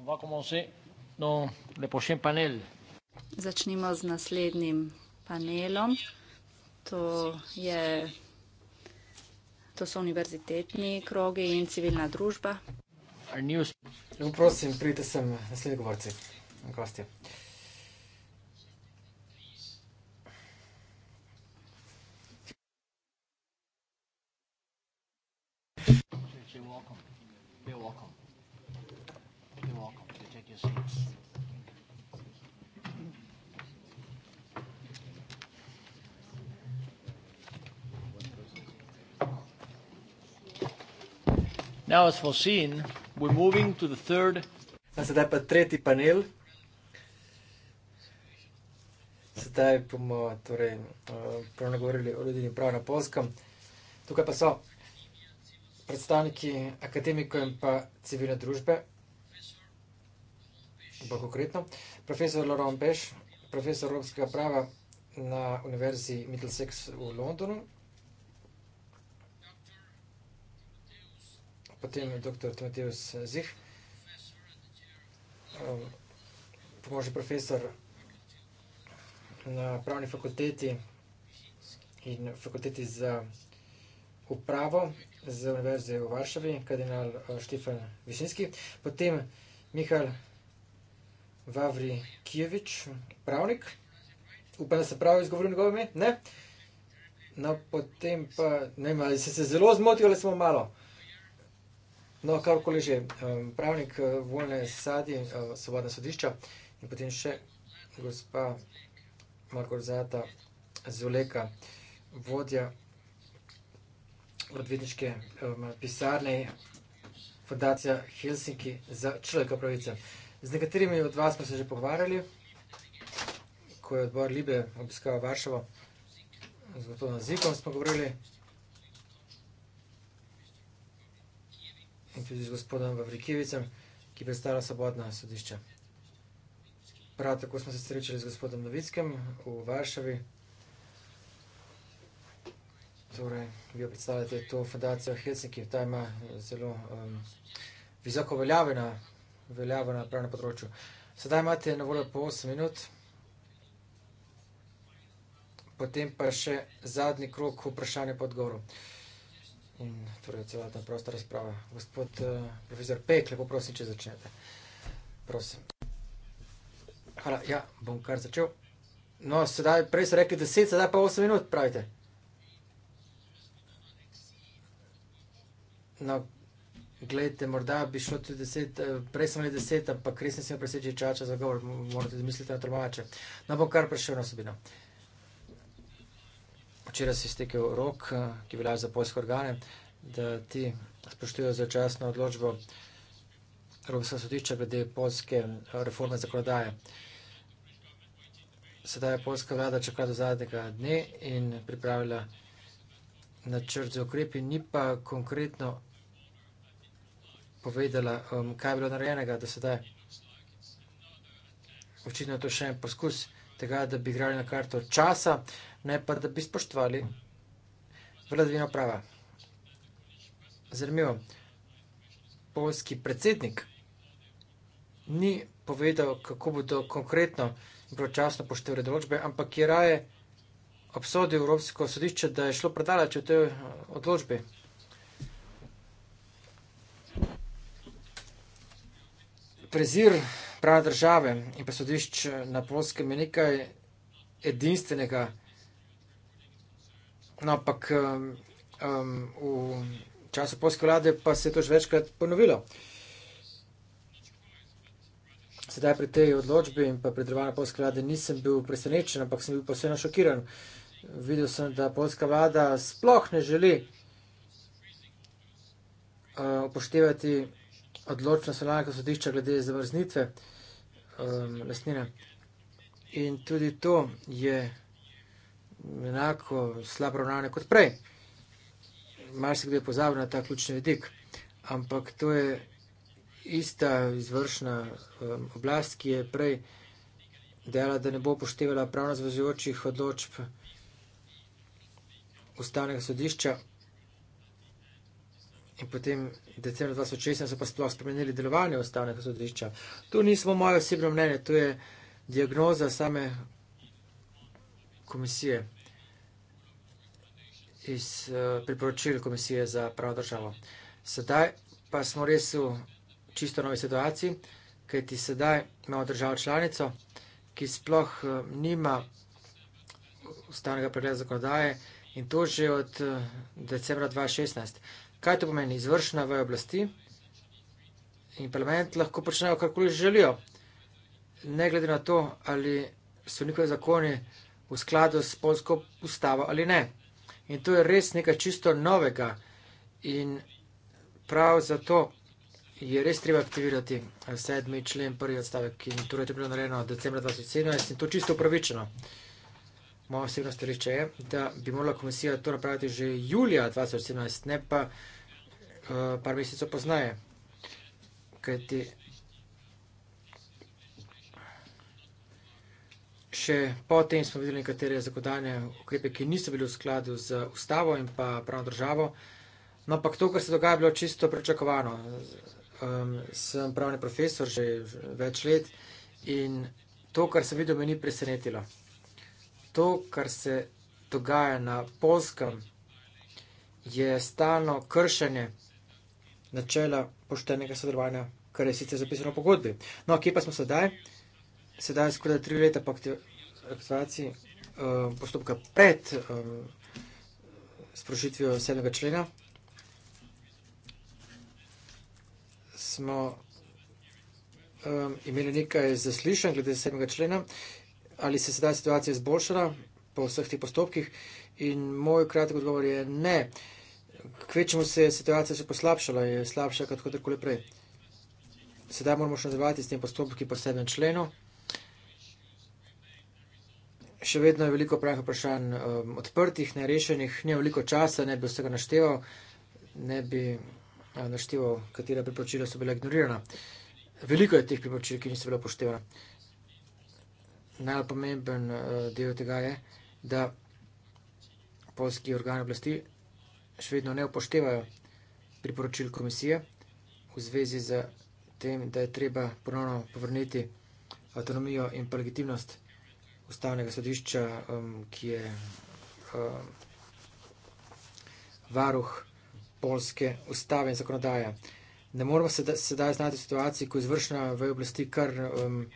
on va commencer dans le prochain panel. Začnimo z naslednjim panelom. To, je, to so univerzitetni krogi in civilna družba. News. Lepo no, prosim, pridite sem naslednji govorci. Gosti. Now, as foreseen, Zdaj pa tretji panel. Zdaj bomo torej, eh, prav nagovorili o ljudini prav na polskem. Tukaj pa so predstavniki akademiko in pa civilne družbe. Bo konkretno. Profesor Laurent Beš, profesor evropskega prava na Univerzi Middlesex v Londonu. Potem je dr. Timoteus Zih, um, pomožni profesor na pravni fakulteti in fakulteti za upravo z Univerze v Varšavi, kardinal uh, Štefan Višinski. Potem Mihal Vavri Kijevič, pravnik. Upam, da se pravi izgovoril njegove ime. Ne? No, potem pa, ne vem, ali se zelo zmotil ali samo malo. No, karkoli že, pravnik eh, volne sadi, eh, svobodna sodišča in potem še gospa Margorzata Zuleka, vodja odvetniške pisarne Fundacija Helsinki za človeka pravice. Z nekaterimi od vas smo se že pogovarjali, ko je odbor Libe obiskal Varšavo, z gotovo nazivom smo govorili. in tudi z gospodom Vavrikivicem, ki predstavlja sobotna sodišča. Prav tako smo se srečali z gospodom Novickem v Varšavi. Torej, vi predstavljate to fundacijo Helsinki, ta ima eh, zelo um, visoko veljavena, veljavena pravna področju. Sedaj imate na voljo po 8 minut, potem pa še zadnji krok vprašanja po odgovoru in torej celoten prostor razprave. Gospod uh, profesor Pek, lepo prosim, če začnete. Prosim. Hvala, ja, bom kar začel. No, sedaj, prej ste rekli 10, sedaj pa 8 minut, pravite. No, gledajte, morda bi šlo tudi 10, eh, prej sem imel 10, ampak res nisem preseči čača za govor, morate misliti na to malo. No, bom kar prišel na sobino. Uh, včeraj si stekel rok, eh, ki velja za poljske organe, da ti spoštujejo začasno odločbo Evropskega sodišča glede poljske eh, reforme zakonodaje. Sedaj je poljska vlada čakala do zadnjega dne in pripravila načrt za ukrepi, ni pa konkretno povedala, um, kaj je bilo narejenega do sedaj. Očitno je to še en poskus tega, da bi igrali na karto časa, не е път да би спочтвали владвино права. Зармива, полски председник ни поведал како би то конкретно брочасно поштевали доложбе, ампак и рае обсодил Европско судище да е шло предалече от одложбе. Презир права държава и пресудищ на полска ми е единственега No, ampak um, um v času polske vlade pa se je to že večkrat ponovilo. Sedaj pri tej odločbi in pa pri drevanju polske vlade nisem bil presenečen, ampak sem bil posebno šokiran. Videl sem, da polska vlada sploh ne želi uh, upoštevati odločno slovenjaka sodišča glede zavrznitve um, lesnine. In tudi to je enako slabo ravnanje kot prej. Mar se kdo je pozabil na ta ključni vidik, ampak to je ista izvršna um, oblast, ki je prej dejala, da ne bo poštevala pravno zvezujočih odločb ustavnega sodišča. In potem decembra 2016 so pa sploh spremenili delovanje ustavnega sodišča. To nismo moje osebno mnenje, to je diagnoza same komisije iz eh, priporočil Komisije za pravo državo. Sedaj pa smo res v čisto novi situaciji, kajti sedaj imamo državo članico, ki sploh eh, nima ustavnega pregleda zakonodaje in to že od eh, decembra 2016. Kaj to pomeni? Izvršna v oblasti in parlament lahko počnejo karkoli želijo. Ne glede na to, ali so njihovi zakoni v skladu s polsko ustavo ali ne. In to je res nekaj čisto novega. In prav zato je res treba aktivirati eh, sedmi člen, prvi odstavek, ki torej je bilo narejeno decembra 2017 in to čisto upravičeno. Moja osebna stališče je, da bi morala komisija to napraviti že julija 2017, ne pa uh, par mesecev poznaje. Kajti Še potem smo videli nekatere zakodanje ukrepe, ki niso bili v skladu z ustavo in pa pravno državo. No, ampak to, kar se dogaja, je bilo čisto prečakovano. Um, sem pravni profesor že več let in to, kar sem videl, me ni presenetilo. To, kar se dogaja na polskem, je stalno kršenje načela poštenega sodelovanja, kar je sicer zapisano v pogodbi. No, kje pa smo sedaj? sedaj skoraj tri leta po aktivaciji uh, postopka pred um, eh, sprošitvijo sedmega člena, smo um, imeli nekaj zaslišanj glede sedmega člena, ali se sedaj situacija izboljšala po vseh tih postopkih in moj kratek odgovor je ne. Kvečemu se je situacija še poslabšala, je slabša kot kadarkoli prej. Sedaj moramo še nadaljevati s tem postopkom po sedmem členu še vedno je veliko pravih vprašanj um, odprtih, nerešenih, ni veliko časa, ne bi vsega našteval, ne bi uh, našteval, katera priporočila so bila ignorirana. Veliko je teh priporočil, ki niso bila poštevana. Najpomemben uh, del tega je, da polski organi oblasti še vedno ne upoštevajo priporočil komisije v zvezi z tem, da je treba ponovno povrniti avtonomijo in pa legitimnost ustavnega sodišča, um, ki je um, varuh polske ustave in zakonodaje. Ne moramo se sedaj znati v situaciji, ko izvršna v oblasti kar um,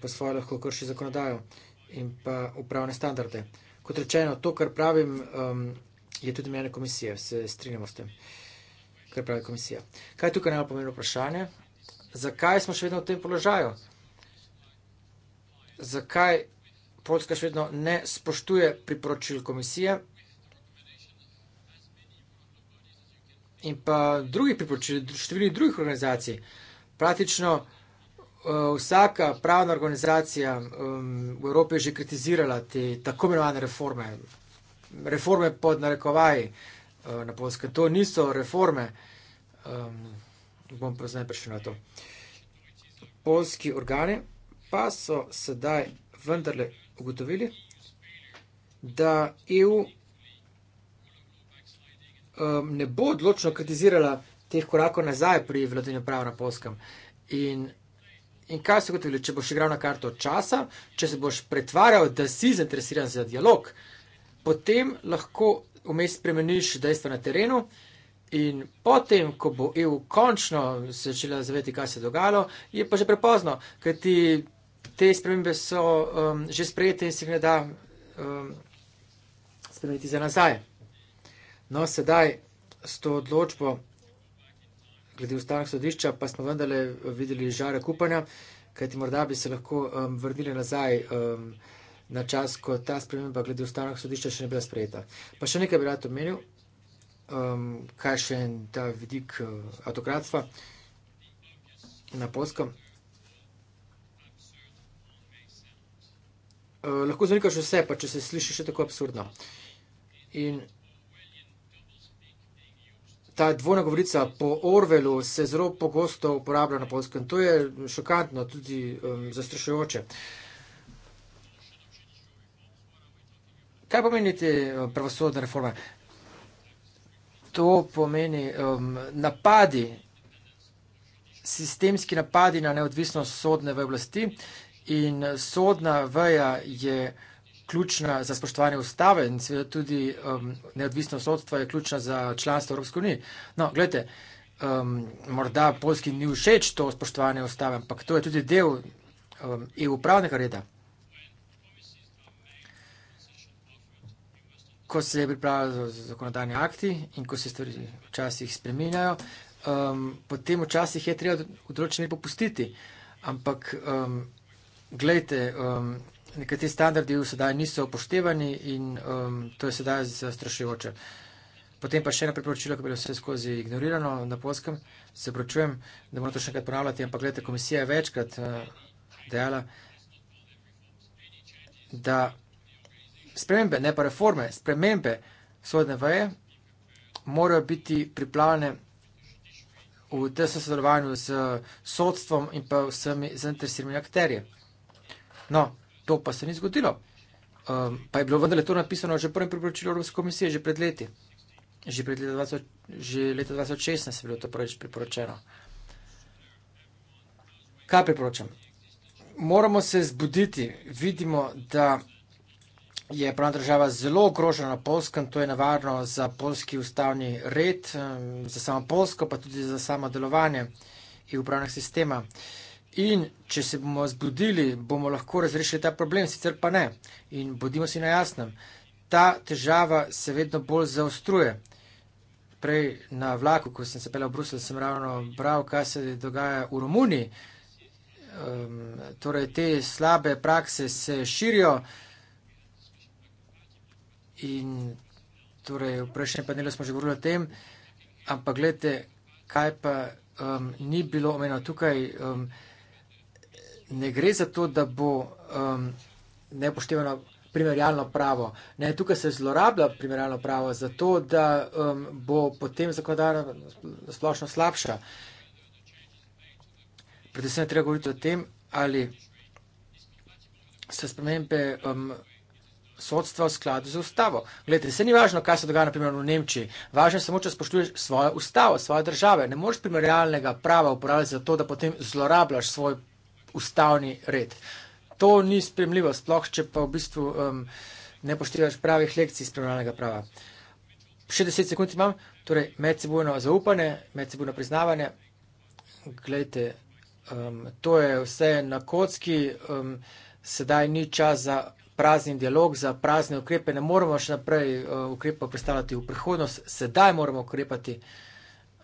po svoje lahko krši zakonodajo in pa upravne standarde. Kot rečeno, to, kar pravim, um, je tudi mnenje komisije, se strinjamo s tem, kar pravi komisija. Kaj je tukaj najbolj pomembno vprašanje? Zakaj smo še vedno v tem položaju? Zakaj Poljska še vedno ne spoštuje priporočil komisije in pa drugih priporočil, številnih drugih organizacij. Praktično eh, vsaka pravna organizacija v Evropi je že kritizirala te tako imenovane reforme, reforme pod narekovaji eh, na Poljske. To niso reforme. Bom pa zdaj prišel na to. Polski organi pa so sedaj vendarle ugotovili, da EU um, ne bo odločno kritizirala teh korakov nazaj pri vladanju prava na polskem. In, in kaj so ugotovili, če boš igral na karto časa, če se boš pretvarjal, da si zainteresiran za dialog, potem lahko vmes spremeniš dejstva na terenu. In potem, ko bo EU končno se začela zavedati, kaj se je dogajalo, je pa že prepozno, ker ti te spremembe so um, že sprejete in se jih ne da um, spremeniti za nazaj. No, sedaj s to odločbo, glede ustavnega sodišča, pa smo vendarle videli žare kupanja, kajti morda bi se lahko um, vrnili nazaj um, na čas, ko ta sprememba glede ustavnega sodišča še ne bila sprejeta. Pa še nekaj bi rad omenil, um, kaj še je ta vidik uh, avtokratstva na polskem. Eh, lahko zanikaš vse, pa če se sliši še tako absurdno. In ta dvojna govorica po Orvelu se zelo pogosto uporablja na polskem. To je šokantno, tudi um, zastrašujoče. Kaj pomeni te pravosodne reforme? To pomeni um, napadi, sistemski napadi na neodvisnost sodne v oblasti, In sodna veja je ključna za spoštovanje ustave in seveda tudi um, neodvisno sodstvo je ključna za članstvo Evropske unije. No, gledajte, um, morda Polski ni všeč to spoštovanje ustave, ampak to je tudi del um, EU pravnega reda. Ko se je pripravljalo zakonodajni akti in ko se stvari včasih spreminjajo, um, potem včasih je treba v določenem popustiti. Ampak um, Glejte, um, nekateri standardi v sedaj niso upoštevani in um, to je sedaj zastrašujoče. Potem pa še eno priporočilo, ki je bilo vse skozi ignorirano na polskem, se pročujem, da moram to še enkrat ponavljati, ampak glede, komisija je večkrat uh, dejala, da spremembe, ne pa reforme, spremembe sodne veje morajo biti priplavljene v tesnem sodelovanju z sodstvom in pa vsemi zainteresiranimi akterji. No, to pa se ni zgodilo. Um, pa je bilo vendar to napisano že v prvem priporočilu Evropske komisije, že pred leti. Že, pred leta, 20, že leta 2016 je bilo to prvič priporočeno. Kaj priporočam? Moramo se zbuditi, vidimo, da je pravna država zelo ogrožena na polskem, to je nevarno za polski ustavni red, um, za samo polsko, pa tudi za samo delovanje in upravnih sistemov. In če se bomo zbudili, bomo lahko razrešili ta problem, sicer pa ne. In bodimo si na jasnem, ta težava se vedno bolj zaostruje. Prej na vlaku, ko sem se pelal v Bruselj, sem ravno bral, kaj se dogaja v Romuniji. Um, torej, te slabe prakse se širijo in torej, v prejšnjem panelu smo že govorili o tem, ampak gledajte, kaj pa um, ni bilo omenjeno tukaj. Um, ne gre za to, da bo um, nepoštevano primerjalno pravo. Ne, tukaj se zlorablja primerjalno pravo za to, da um, bo potem zakonodaja splošno slabša. Predvsem je treba govoriti o tem, ali se spremembe um, sodstva v skladu z ustavo. Glede, se ni važno, kaj se dogaja naprimer v Nemčiji. Važno je samo, če spoštuješ svojo ustavo, svoje države. Ne moreš primerjalnega prava uporabljati za to, da potem zlorabljaš svoj ustavni red. To ni spremljivo, sploh če pa v bistvu um, ne poštevaš pravih lekcij spremljanega prava. Še deset sekund imam, torej medsebojno zaupanje, medsebojno priznavanje. Glejte, um, to je vse na kocki, um, sedaj ni čas za prazni dialog, za prazne ukrepe, ne moremo še naprej uh, ukrepa predstavljati v prihodnost, sedaj moramo ukrepati.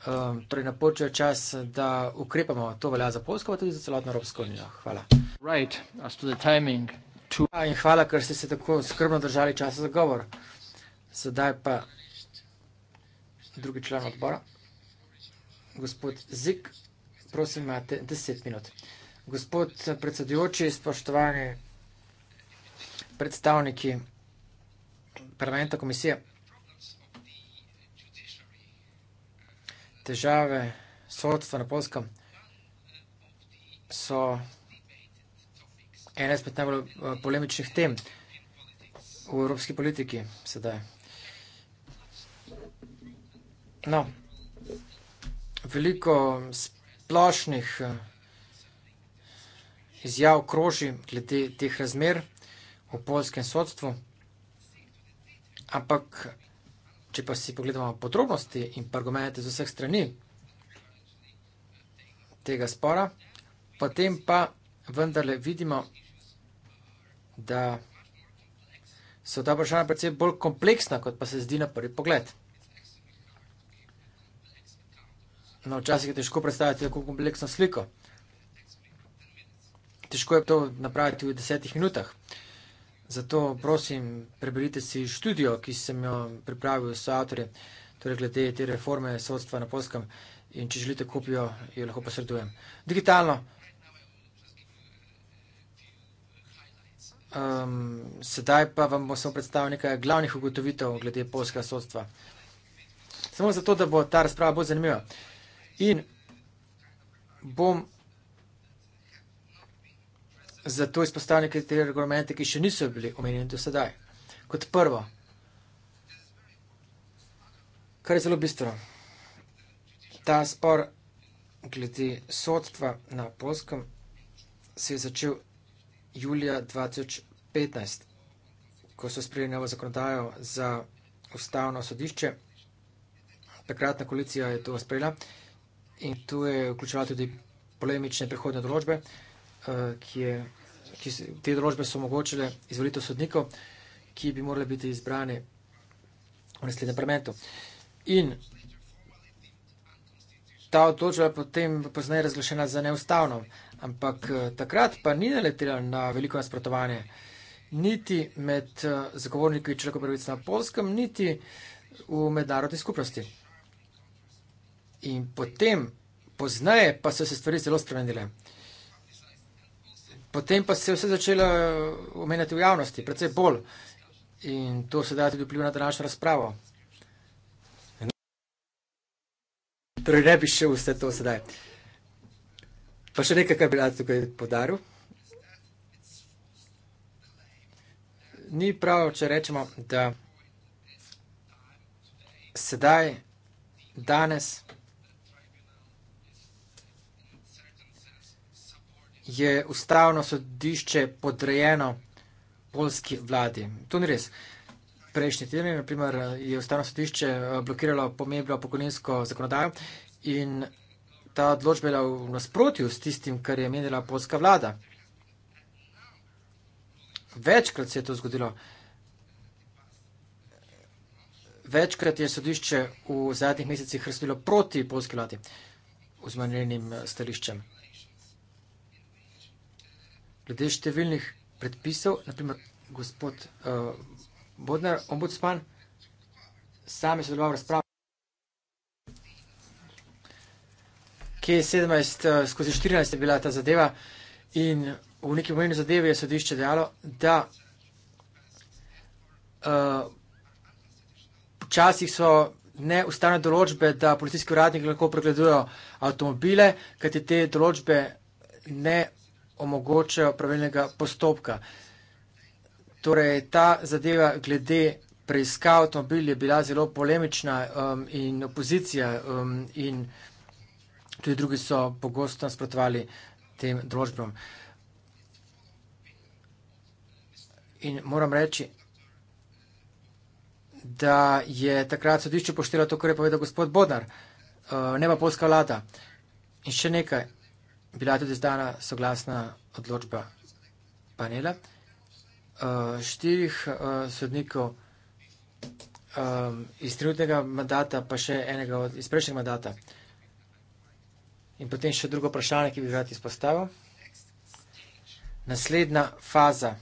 Ehm, torej napočil čas, da ukrepamo. To velja za Polsko, pa tudi za celotno Evropsko unijo. Hvala. Right, as to the timing, to... Ja, hvala, ker ste se tako skrbno držali časa za govor. Sedaj pa drugi član odbora. Gospod Zik, prosim, imate 10 minut. Gospod predsedujoči, spoštovani predstavniki parlamenta, komisije. težave sodstva na polskem so ena izmed najbolj eh, polemičnih tem v evropski politiki sedaj. No, veliko splošnih eh, izjav kroži glede teh razmer v polskem sodstvu, ampak Če pa si pogledamo podrobnosti in argumente z vseh strani tega spora, potem pa vendarle vidimo, da so ta vprašanja predvsem bolj kompleksna, kot pa se zdi na prvi pogled. No, včasih je težko predstaviti tako kompleksno sliko. Težko je to napraviti v desetih minutah. Zato prosim, preberite si študijo, ki sem jo pripravil s avtorjem, torej glede te reforme sodstva na polskem in če želite kopijo, jo lahko posredujem. Digitalno. Um, sedaj pa vam bom samo predstavil nekaj glavnih ugotovitev glede polskega sodstva. Samo zato, da bo ta razprava bolj zanimiva. In bom zato izpostavlja nekatere argumente, ki še niso bili omenjeni do sedaj. Kot prvo, kar je zelo bistvo, ta spor glede sodstva na polskem se je začel julija 2015, ko so sprejeli novo zakonodajo za ustavno sodišče. Takratna koalicija je to sprejela in tu je vključila tudi polemične prihodne določbe. Eh, ki je, ki se, te določbe so omogočile izvolitev sodnikov, ki bi morali biti izbrani v naslednjem parlamentu. In ta odločba je potem poznaje razglašena za neustavno, ampak eh, takrat pa ni naletela na veliko nasprotovanje, niti med eh, zagovorniki človekov pravic na Polskem, niti v mednarodni skupnosti. In potem, poznaje, pa so se stvari zelo spremenile. Potem pa se je vse začelo eh, omenjati v javnosti, predvsej bolj. In to se da tudi vpliv na današnjo razpravo. Torej, ne bi še vse to sedaj. Pa še nekaj, kar bi rad tukaj podaril. Ni prav, če rečemo, da sedaj, danes, je ustavno sodišče podrejeno polski vladi. To ni res. Prejšnji teden naprimer, je ustavno sodišče eh, blokiralo pomembno pokojninsko zakonodajo in ta odločba je bila v nasprotju s tistim, kar je menila polska vlada. Večkrat se je to zgodilo. Večkrat je sodišče v zadnjih mesecih razsodilo proti polski vladi, uzmanjenim eh, stališčem glede številnih predpisov, naprimer gospod uh, Bodnar, ombudsman, sam je sodeloval v razpravi, kje je 17 uh, eh, skozi 14 je bila ta zadeva in v neki pomeni zadevi je sodišče dejalo, da eh, včasih uh, so neustavne določbe, da policijski uradniki lahko pregledujejo avtomobile, kajti te določbe ne omogočajo pravilnega postopka. Torej, ta zadeva glede preiskav avtomobil je bila zelo polemična um, in opozicija um, in tudi drugi so pogosto nasprotovali tem družbam. In moram reči, da je takrat sodišče poštelo to, kar je povedal gospod Bodnar, uh, ne pa polska vlada. In še nekaj bila tudi zdana soglasna odločba panela. Uh, štirih uh, sodnikov um, iz trenutnega mandata, pa še enega od, iz prejšnjega mandata. In potem še drugo vprašanje, ki bi rad izpostavil. Naslednja faza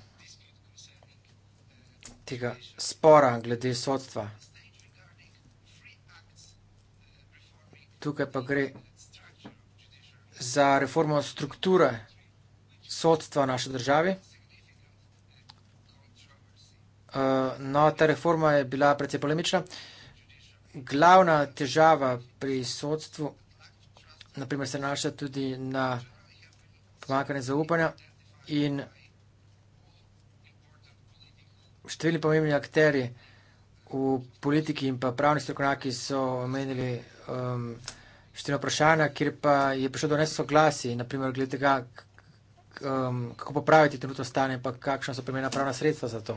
tega spora glede sodstva. Tukaj pa gre za reformo strukture sodstva naše države. Eh, no, ta reforma je bila precej polemična. Glavna težava pri sodstvu, naprimer, se nanaša tudi na pomankanje zaupanja in številni pomembni akteri v politiki in pa pravni strokovnjaki so omenili um, številna vprašanja, kjer pa je prišlo do nesoglasij, naprimer glede tega, um, kako popraviti trenutno stanje, pa kakšna so primerna pravna sredstva za to.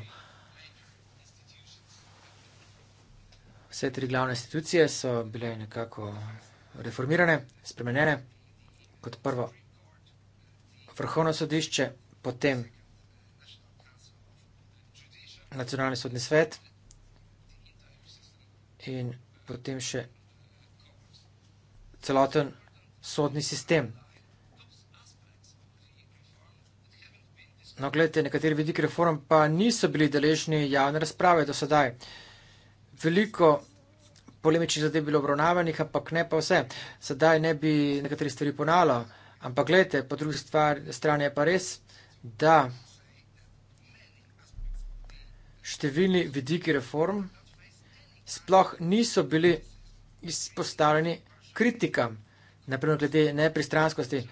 Vse tri glavne institucije so bile nekako reformirane, spremenjene. Kot prvo, vrhovno sodišče, potem nacionalni sodni svet in potem še celoten sodni sistem. No, gledajte, nekateri vidik reform pa niso bili deležni javne razprave do sedaj. Veliko polemičnih zadev bilo obravnavanih, ampak ne pa vse. Sedaj ne bi nekateri stvari ponalo. Ampak gledajte, po drugi strani je pa res, da številni vidiki reform sploh niso bili izpostavljeni kritikam, naprimer glede nepristranskosti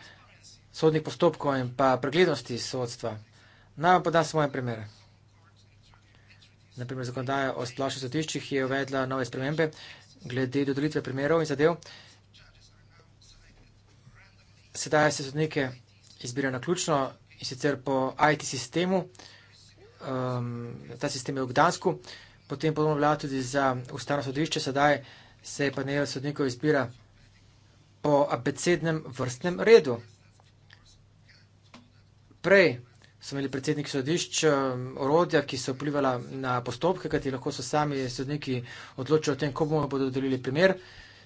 sodnih postopkov in pa preglednosti sodstva. Naj vam podam svoj primer. Naprimer, zakonodaja o splošnih sodiščih je uvedla nove spremembe glede dodelitve primerov in zadev. Sedaj se sodnike izbira na ključno in sicer po IT sistemu. Um, ta sistem je v Gdansku, potem podobno vlada tudi za ustavno sodišče, sedaj se panel sodnikov izbira po abecednem vrstnem redu. Prej so imeli predsednik sodišč um, orodja, ki so vplivala na postopke, kajti lahko so sami sodniki odločili o tem, ko bomo bodo delili primer.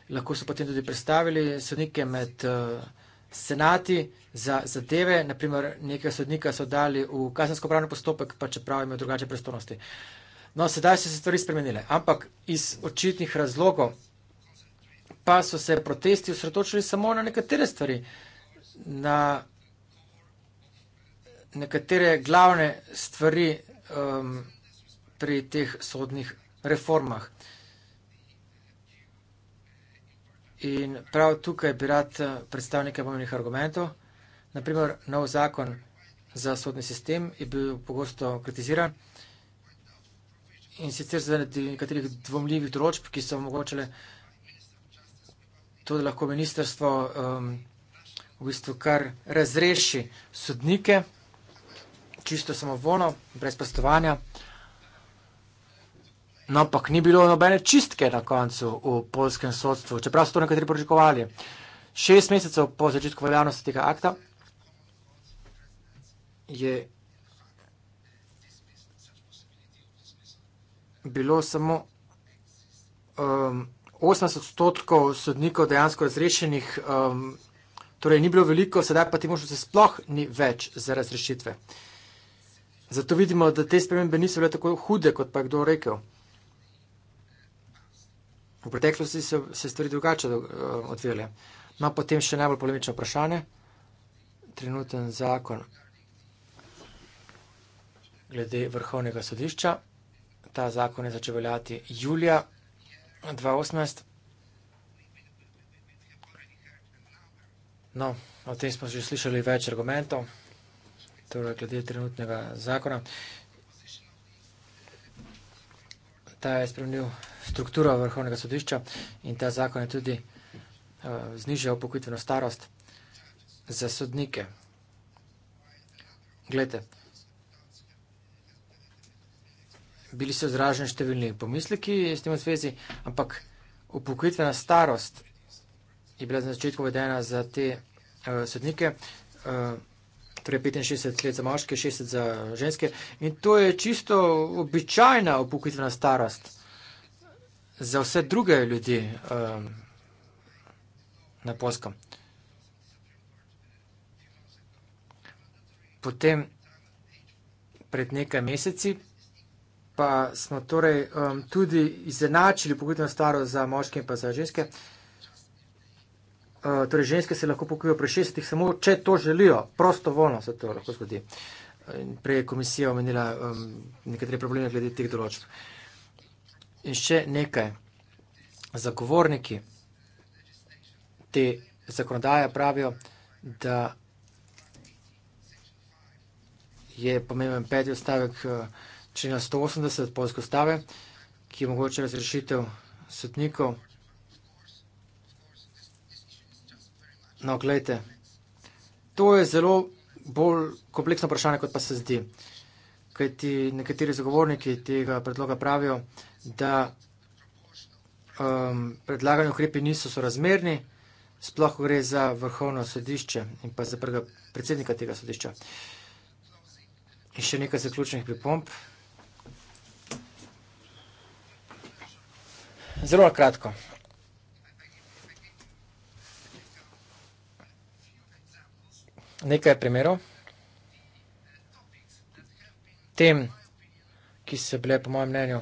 Lahko so potem tudi predstavili sodnike med uh, senati za zadeve, naprimer nekaj sodnika so dali v kazensko pravno postopek, pa čeprav imajo drugače prestolnosti. No, sedaj so se stvari spremenile, ampak iz očitnih razlogov pa so se protesti osredotočili samo na nekatere stvari, na nekatere glavne stvari um, pri teh sodnih reformah. In prav tukaj bi rad uh, predstavil nekaj pomembnih argumentov. Naprimer, nov zakon za sodni sistem je bil pogosto kritiziran in sicer zaradi nekaterih dvomljivih določb, ki so omogočile uh, to da lahko ministrstvo um, v bistvu kar razreši sodnike, čisto samo vono, brez pastovanja. No, ampak ni bilo nobene čistke na koncu v polskem sodstvu, čeprav so to nekateri pričakovali. Šest mesecev po začetku veljavnosti tega akta je bilo samo um, 80 odstotkov sodnikov dejansko razrešenih, um, torej ni bilo veliko, sedaj pa te možnosti sploh ni več za razrešitve. Zato vidimo, da te spremembe niso bile tako hude, kot pa je kdo rekel. V preteklosti so se stvari drugače uh, odvijale. Ma no, potem še najbolj polemično vprašanje. Trenuten zakon glede vrhovnega sodišča. Ta zakon je začel veljati julija 2018. No, o tem smo že slišali več argumentov, torej glede trenutnega zakona. Ta je spremenil strukturo vrhovnega sodišča in ta zakon je tudi eh, znižal pokojitveno starost za sodnike. Glede, bili so izraženi številni pomisleki s tem v zvezi, ampak upokojitvena starost je bila na začetku uvedena za te uh, sodnike, uh, torej 65 let za moške, 60 za ženske in to je čisto običajna upokojitvena starost za vse druge ljudi uh, na poskom. Potem pred nekaj meseci pa smo torej um, tudi izenačili pokojno staro za moške in pa za ženske. Uh, torej, ženske se lahko pokojijo pri 60, samo če to želijo, prostovoljno se to lahko zgodi. Prej je komisija omenila um, nekatere probleme glede teh določb. In še nekaj. Zagovorniki te zakonodaje pravijo, da je pomemben peti odstavek. Uh, člena 180 polske ustave, ki je mogoče razrešitev sodnikov. No, gledajte, to je zelo bolj kompleksno vprašanje, kot pa se zdi. Kaj ti nekateri zagovorniki tega predloga pravijo, da um, predlagani ukrepi niso sorazmerni, sploh gre za vrhovno sodišče in pa za predsednika tega sodišča. In še nekaj zaključnih pripomp. zelo kratko. Nekaj primerov. Tem, ki so bile po mojem mnenju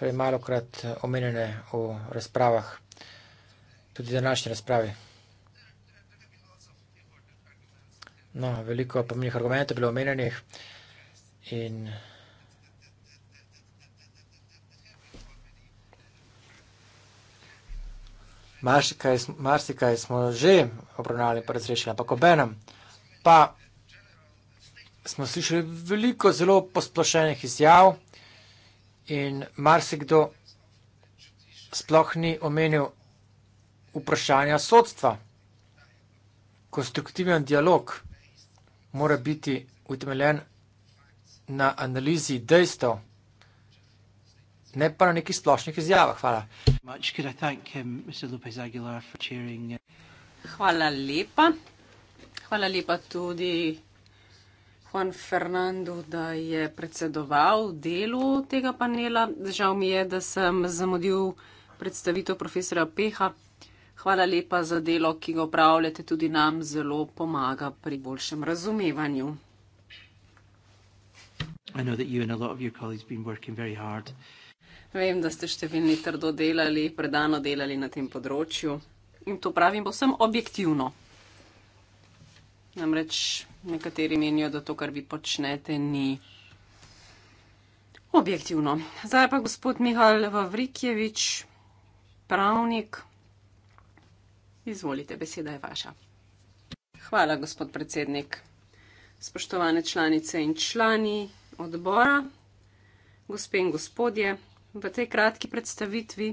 prej malokrat omenjene v razpravah, tudi v današnji razpravi. No, veliko pomembnih argumentov je bilo omenjenih in marsikaj smo že obravnali in pa razrešili, ampak obenem pa smo slišali veliko zelo posplošenih izjav in marsikdo sploh ni omenil vprašanja sodstva. Konstruktiven dialog mora biti utemeljen na analizi dejstev ne pa na nekih splošnih izjavah. Hvala. Um, uh, Hvala lepa. Hvala lepa tudi Juan Fernando, da je predsedoval delu tega panela. Žal mi je, da sem zamudil predstavitev profesora Peha. Hvala lepa za delo, ki ga upravljate, tudi nam zelo pomaga pri boljšem razumevanju. I know that you and a lot of your colleagues have been working very hard. Vem, da ste številni trdo delali, predano delali na tem področju in to pravim povsem objektivno. Namreč nekateri menijo, da to, kar vi počnete, ni objektivno. Zdaj pa gospod Mihal Vavrikjevič, pravnik. Izvolite, beseda je vaša. Hvala, gospod predsednik. Spoštovane članice in člani odbora, gospe in gospodje v tej kratki predstavitvi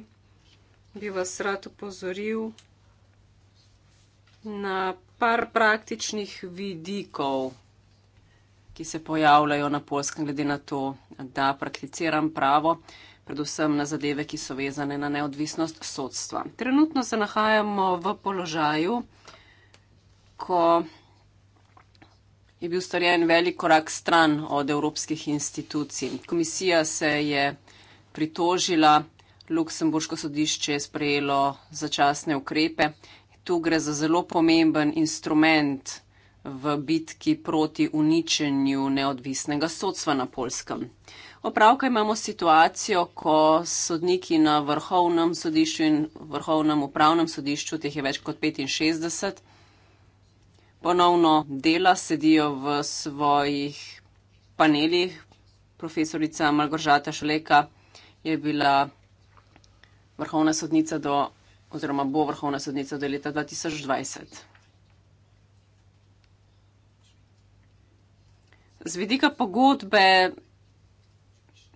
bi vas rad upozoril na par praktičnih vidikov, ki se pojavljajo na polskem, glede na to, da prakticiram pravo, predvsem na zadeve, ki so vezane na neodvisnost sodstva. Trenutno se nahajamo v položaju, ko je bil storjen velik korak stran od evropskih institucij. Komisija se je pritožila. Luksemburško sodišče je sprejelo začasne ukrepe. Tu gre za zelo pomemben instrument v bitki proti uničenju neodvisnega sodstva na polskem. Opravka imamo situacijo, ko sodniki na vrhovnem sodišču in vrhovnem upravnem sodišču, teh je več kot 65, ponovno dela, sedijo v svojih panelih. Profesorica Malgoržata Šleka je bila vrhovna sodnica do, oziroma bo vrhovna sodnica do leta 2020. Z vidika pogodbe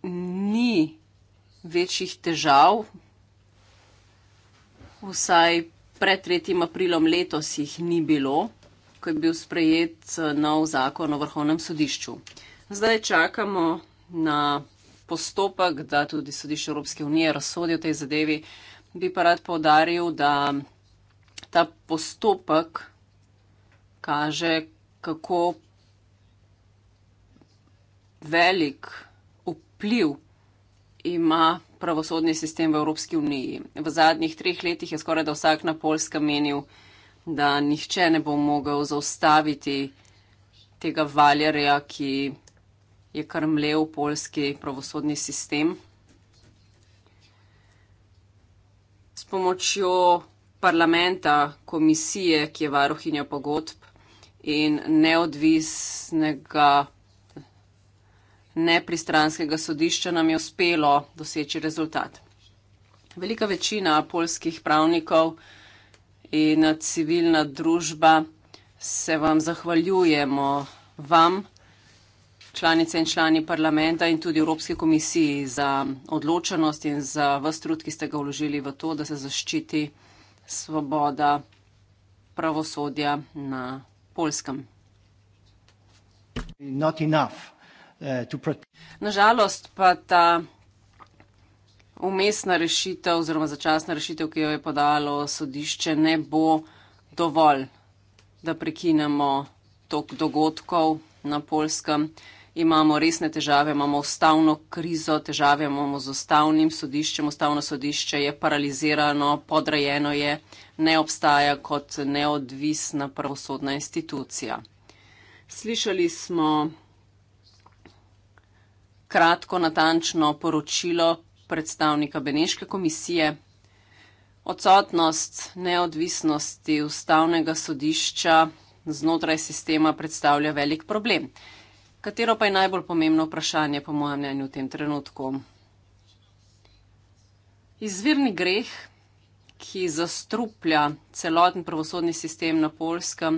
ni večjih težav, vsaj pred 3. aprilom letos jih ni bilo, ko je bil sprejet eh, nov zakon o vrhovnem sodišču. Zdaj čakamo na postopek, da tudi sodišče Evropske unije razsodi o tej zadevi, bi pa rad povdaril, da ta postopek kaže, kako velik vpliv ima pravosodni sistem v Evropski uniji. V zadnjih treh letih je skoraj da vsak na Poljska menil, da nihče ne bo mogel zaustaviti tega valjarja, ki je kar mlev polski pravosodni sistem. S pomočjo parlamenta, komisije, ki je varuhinja pogodb in neodvisnega, nepristranskega sodišča nam je uspelo doseči rezultat. Velika večina polskih pravnikov in civilna družba se vam zahvaljujemo, vam članice in člani parlamenta in tudi Evropske komisiji za odločenost in za vse trud, ki ste ga vložili v to, da se zaščiti svoboda pravosodja na polskem. Nažalost uh, pa ta umestna rešitev oziroma začasna rešitev, ki jo je podalo sodišče, ne bo dovolj, da prekinemo tok dogodkov na polskem imamo resne težave, imamo ustavno krizo, težave imamo z ustavnim sodiščem. Ustavno sodišče je paralizirano, podrejeno je, ne obstaja kot neodvisna pravosodna institucija. Slišali smo kratko, natančno poročilo predstavnika Beneške komisije. Odsotnost neodvisnosti ustavnega sodišča znotraj sistema predstavlja velik problem. Katero pa je najbolj pomembno vprašanje, po mojem mnenju, v tem trenutku? Izvirni greh, ki zastruplja celoten pravosodni sistem na Polskem,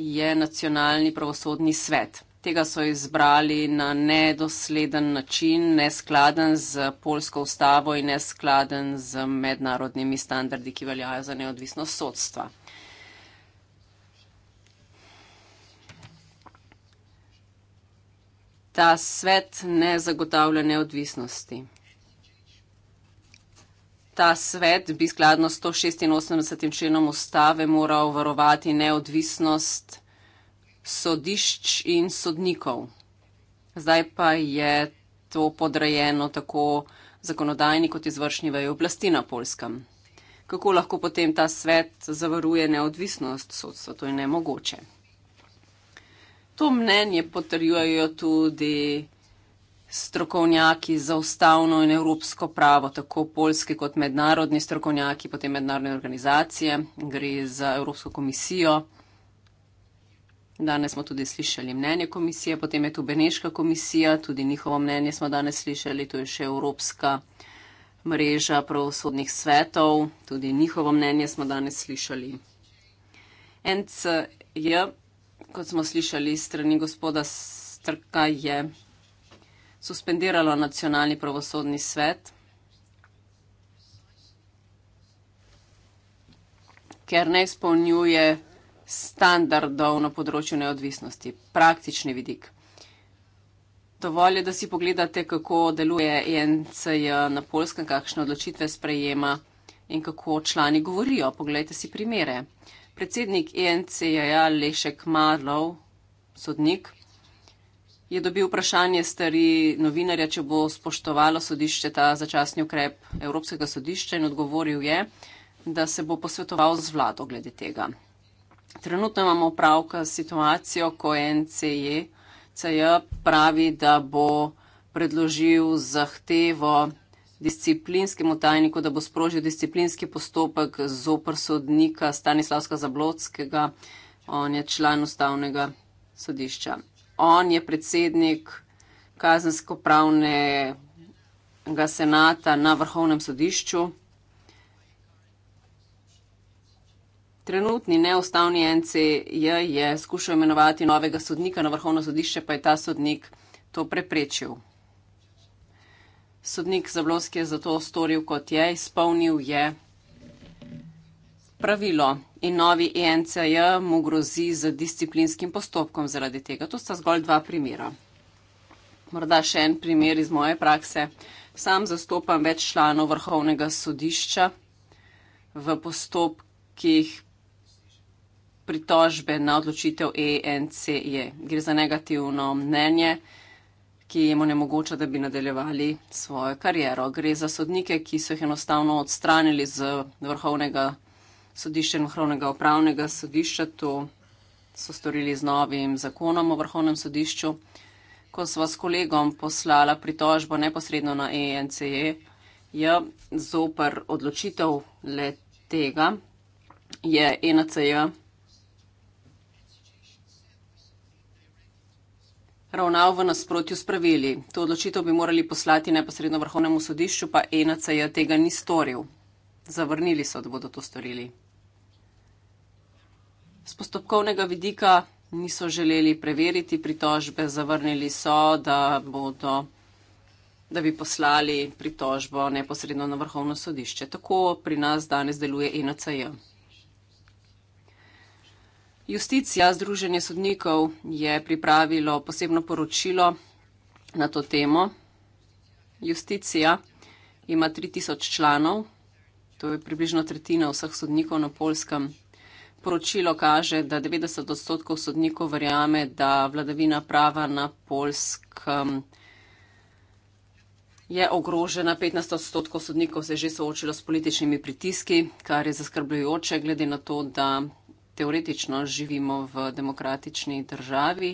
je nacionalni pravosodni svet. Tega so izbrali na nedosleden način, neskladen z polsko ustavo in neskladen z mednarodnimi standardi, ki veljajo za neodvisnost sodstva. ta svet ne zagotavlja neodvisnosti. Ta svet bi skladno s 186. členom ustave moral varovati neodvisnost sodišč in sodnikov. Zdaj pa je to podrejeno tako zakonodajni kot izvršni vej oblasti na polskem. Kako lahko potem ta svet zavaruje neodvisnost sodstva? To je nemogoče. To mnenje potrjujejo tudi strokovnjaki za ustavno in evropsko pravo, tako polski kot mednarodni strokovnjaki, potem mednarodne organizacije, gre za Evropsko komisijo. Danes smo tudi slišali mnenje komisije, potem je tu Beneška komisija, tudi njihovo mnenje smo danes slišali, tu je še Evropska mreža pravosodnih svetov, tudi njihovo mnenje smo danes slišali. NCJ kot smo slišali strani gospoda Strka, je suspendiralo nacionalni pravosodni svet, ker ne izpolnjuje standardov na področju neodvisnosti, praktični vidik. Dovolj je, da si pogledate, kako deluje ENCJ na Polskem, kakšne odločitve sprejema in kako člani govorijo. Poglejte si primere. Predsednik ENCJ-ja Lešek Marlov, sodnik, je dobil vprašanje stari novinarja, če bo spoštovalo sodišče ta začasni ukrep Evropskega sodišča in odgovoril je, da se bo posvetoval z vlado glede tega. Trenutno imamo upravka s situacijo, ko ENCJ pravi, da bo predložil zahtevo disciplinskemu tajniku, da bo sprožil disciplinski postopek zoper sodnika Stanislavska Zablockega. On je član ustavnega sodišča. On je predsednik kazensko-pravnega senata na vrhovnem sodišču. Trenutni neustavni NCJ je skušal imenovati novega sodnika na vrhovno sodišče, pa je ta sodnik to preprečil sodnik Zablovski je zato storil, kot je, izpolnil je pravilo in novi ENCJ mu grozi z disciplinskim postopkom zaradi tega. To sta zgolj dva primera. Morda še en primer iz moje prakse. Sam zastopam več članov vrhovnega sodišča v postopkih pritožbe na odločitev ENCJ. Gre za negativno mnenje ki jim onemogoča, da bi nadaljevali svojo kariero. Gre za sodnike, ki so jih enostavno odstranili z vrhovnega sodišča in vrhovnega upravnega sodišča. To so storili z novim zakonom o vrhovnem sodišču. Ko sva s kolegom poslala pritožbo neposredno na ENCE, e, je zoper odločitev le tega, je ENCE ravnal v nasprotju s pravili. To odločitev bi morali poslati neposredno vrhovnemu sodišču, pa ENACJ tega ni storil. Zavrnili so, da bodo to storili. Z postopkovnega vidika niso želeli preveriti pritožbe, zavrnili so, da, bodo, da bi poslali pritožbo neposredno na vrhovno sodišče. Tako pri nas danes deluje ENACJ. Justicija, Združenje sodnikov je pripravilo posebno poročilo na to temo. Justicija ima 3000 članov, to je približno tretjina vseh sodnikov na polskem. Poročilo kaže, da 90 odstotkov sodnikov verjame, da vladavina prava na polskem je ogrožena. 15 odstotkov sodnikov se je že soočilo s političnimi pritiski, kar je zaskrbljujoče glede na to, da teoretično živimo v demokratični državi,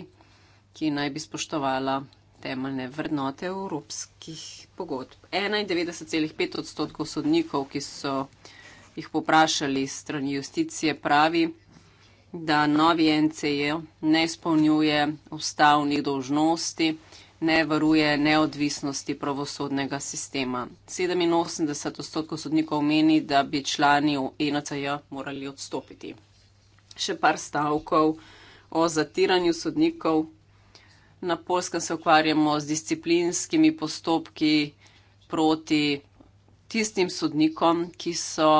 ki naj bi spoštovala temeljne vrednote evropskih pogodb. 91,5 odstotkov sodnikov, ki so jih poprašali strani justicije, pravi, da novi NCE ne izpolnjuje ustavnih dožnosti, ne varuje neodvisnosti pravosodnega sistema. 87 odstotkov sodnikov meni, da bi člani NCE morali odstopiti še par stavkov o zatiranju sodnikov. Na polskem se ukvarjamo z disciplinskimi postopki proti tistim sodnikom, ki so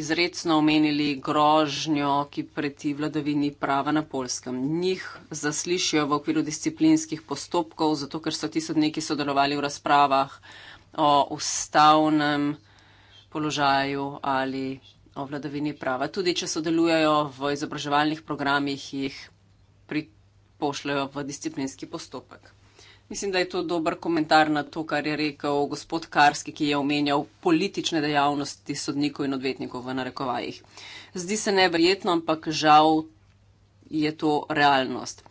izredno omenili grožnjo, ki preti vladavini prava na polskem. Njih zaslišijo v okviru disciplinskih postopkov, zato ker so ti sodniki sodelovali v razpravah o ustavnem položaju ali o vladavini prava. Tudi, če sodelujejo v izobraževalnih programih, jih pripošljajo v disciplinski postopek. Mislim, da je to dober komentar na to, kar je rekel gospod Karski, ki je omenjal politične dejavnosti sodnikov in odvetnikov v narekovajih. Zdi se neverjetno, ampak žal je to realnost.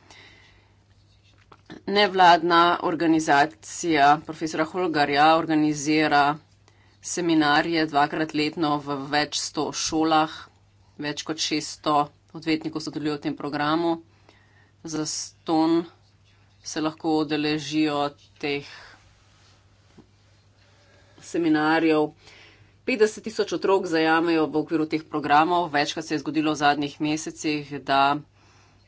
Nevladna organizacija profesora Holgarja organizira seminarje dvakrat letno v več sto šolah, več kot 600 odvetnikov sodeluje v tem programu. Za ston se lahko odeležijo teh seminarjev. 50 tisoč otrok zajamejo v okviru teh programov, večkrat se je zgodilo v zadnjih mesecih, da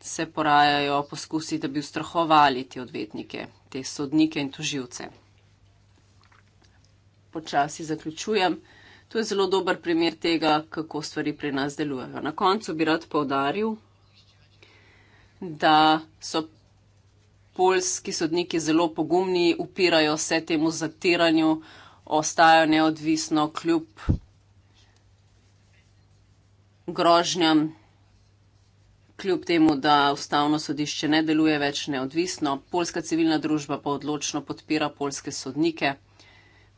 se porajajo poskusi, da bi ustrahovali te odvetnike, te sodnike in tuživce počasi zaključujem. To je zelo dober primer tega, kako stvari pri nas delujejo. Na koncu bi rad povdaril, da so polski sodniki zelo pogumni, upirajo se temu zatiranju, ostajajo neodvisno kljub grožnjam, kljub temu, da ustavno sodišče ne deluje več neodvisno. Polska civilna družba pa odločno podpira polske sodnike.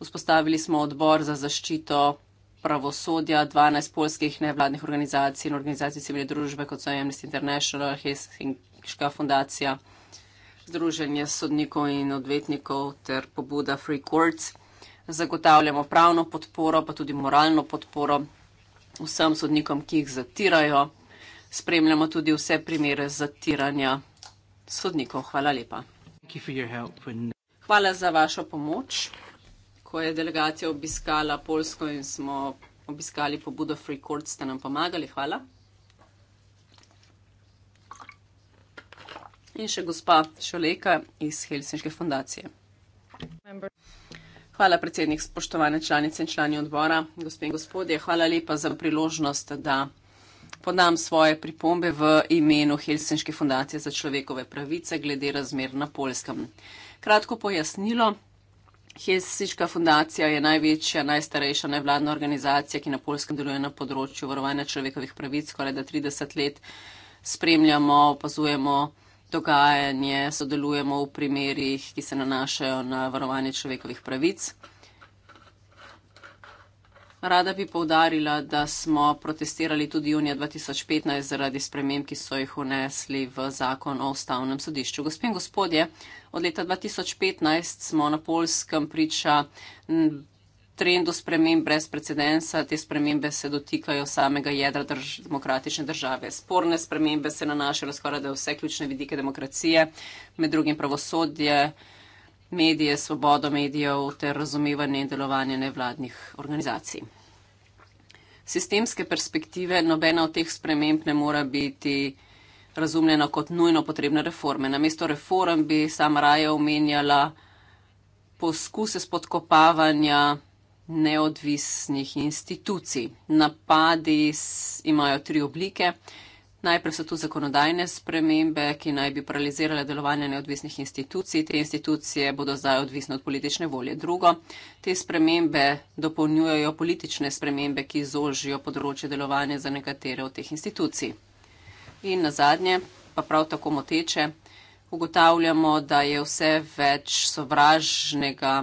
Vzpostavili smo odbor za zaščito pravosodja 12 polskih nevladnih organizacij in organizacij civilne družbe, kot so Amnesty International, Helsinkiška fundacija, Združenje sodnikov in odvetnikov ter pobuda Free Courts. Zagotavljamo pravno podporo, pa tudi moralno podporo vsem sodnikom, ki jih zatirajo. Spremljamo tudi vse primere zatiranja sodnikov. Hvala lepa. Hvala za vašo pomoč ko je delegacija obiskala Polsko in smo obiskali pobudo Free Court, ste nam pomagali. Hvala. In še gospa Šoleka iz Helsinške fundacije. Hvala, predsednik, spoštovane članice in člani odbora, gospe in gospodje. Hvala lepa za priložnost, da podam svoje pripombe v imenu Helsinške fundacije za človekove pravice glede razmer na Polskem. Kratko pojasnilo. Helsinška fundacija je največja, najstarejša nevladna organizacija, ki na polskem deluje na področju varovanja človekovih pravic. Skoraj da 30 let spremljamo, opazujemo dogajanje, sodelujemo v primerih, ki se nanašajo na varovanje človekovih pravic. Rada bi povdarila, da smo protestirali tudi junija 2015 zaradi sprememb, ki so jih unesli v zakon o ustavnem sodišču. Gospe in gospodje, od leta 2015 smo na polskem priča trendu sprememb brez precedensa. Te spremembe se dotikajo samega jedra drž demokratične države. Sporne spremembe se nanašajo skoraj da vse ključne vidike demokracije, med drugim pravosodje medije, svobodo medijev ter razumevanje in delovanje nevladnih organizacij. Sistemske perspektive nobena od teh sprememb ne mora biti razumljena kot nujno potrebne reforme. Namesto reform bi sam raje omenjala poskuse spodkopavanja neodvisnih institucij. Napadi imajo tri oblike. Najprej so tu zakonodajne spremembe, ki naj bi paralizirale delovanje neodvisnih institucij. Te institucije bodo zdaj odvisne od politične volje. Drugo, te spremembe dopolnjujejo politične spremembe, ki zožijo področje delovanja za nekatere od teh institucij. In na zadnje, pa prav tako moteče, ugotavljamo, da je vse več sovražnega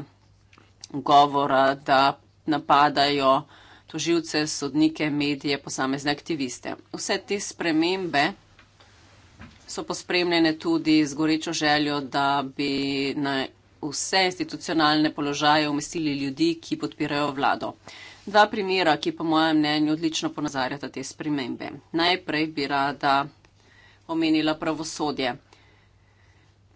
govora, da napadajo toživce, sodnike, medije, posamezne aktiviste. Vse te spremembe so pospremljene tudi z gorečo željo, da bi na vse institucionalne položaje umestili ljudi, ki podpirajo vlado. Dva primera, ki po mojem mnenju odlično ponazarjata te spremembe. Najprej bi rada omenila pravosodje.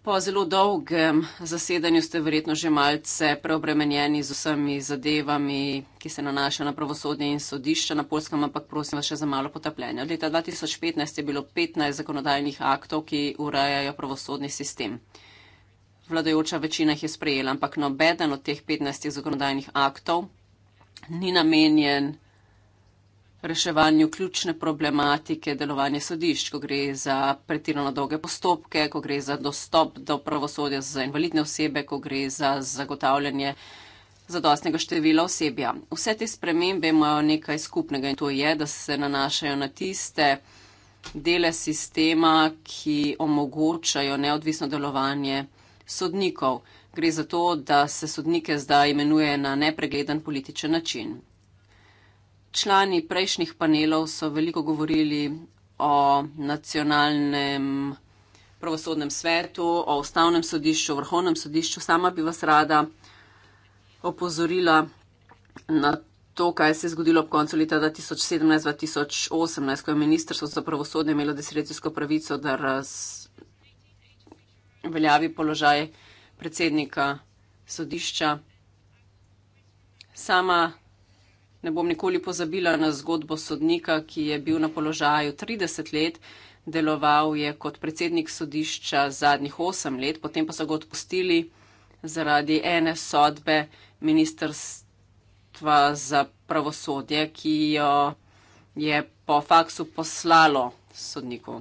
Po zelo dolgem zasedanju ste verjetno že malce preobremenjeni z vsemi zadevami, ki se nanašajo na pravosodje in sodišče na Polskem, ampak prosim vas še za malo potapljanja. Od leta 2015 je bilo 15 zakonodajnih aktov, ki urejajo pravosodni sistem. Vladajoča večina jih je sprejela, ampak nobeden od teh 15 zakonodajnih aktov ni namenjen reševanju ključne problematike delovanja sodišč, ko gre za pretirano dolge postopke, ko gre za dostop do pravosodja za invalidne osebe, ko gre za zagotavljanje zadostnega števila osebja. Vse te spremembe imajo nekaj skupnega in to je, da se nanašajo na tiste dele sistema, ki omogočajo neodvisno delovanje sodnikov. Gre za to, da se sodnike zdaj imenuje na nepregleden političen način člani prejšnjih panelov so veliko govorili o nacionalnem pravosodnem svetu, o ustavnem sodišču, vrhovnem sodišču. Sama bi vas rada opozorila na to, kaj se je zgodilo ob koncu leta 2017-2018, ko je Ministrstvo za pravosodje imelo desiretijsko pravico, da razveljavi položaj predsednika sodišča. Sama Ne bom nikoli pozabila na zgodbo sodnika, ki je bil na položaju 30 let, deloval je kot predsednik sodišča zadnjih 8 let, potem pa so ga odpustili zaradi ene sodbe Ministrstva za pravosodje, ki jo je po faksu poslalo sodniku.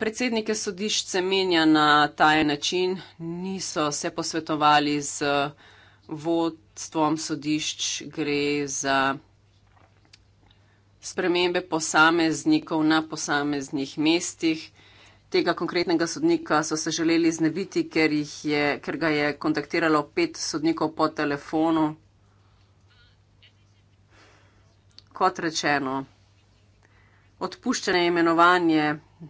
Predsednike sodišče menja na ta način, niso se posvetovali z vodstvom sodišč gre za spremembe posameznikov na posameznih mestih. Tega konkretnega sodnika so se želeli znebiti, ker, je, ker ga je kontaktiralo pet sodnikov po telefonu. Kot rečeno, odpuščanje imenovanje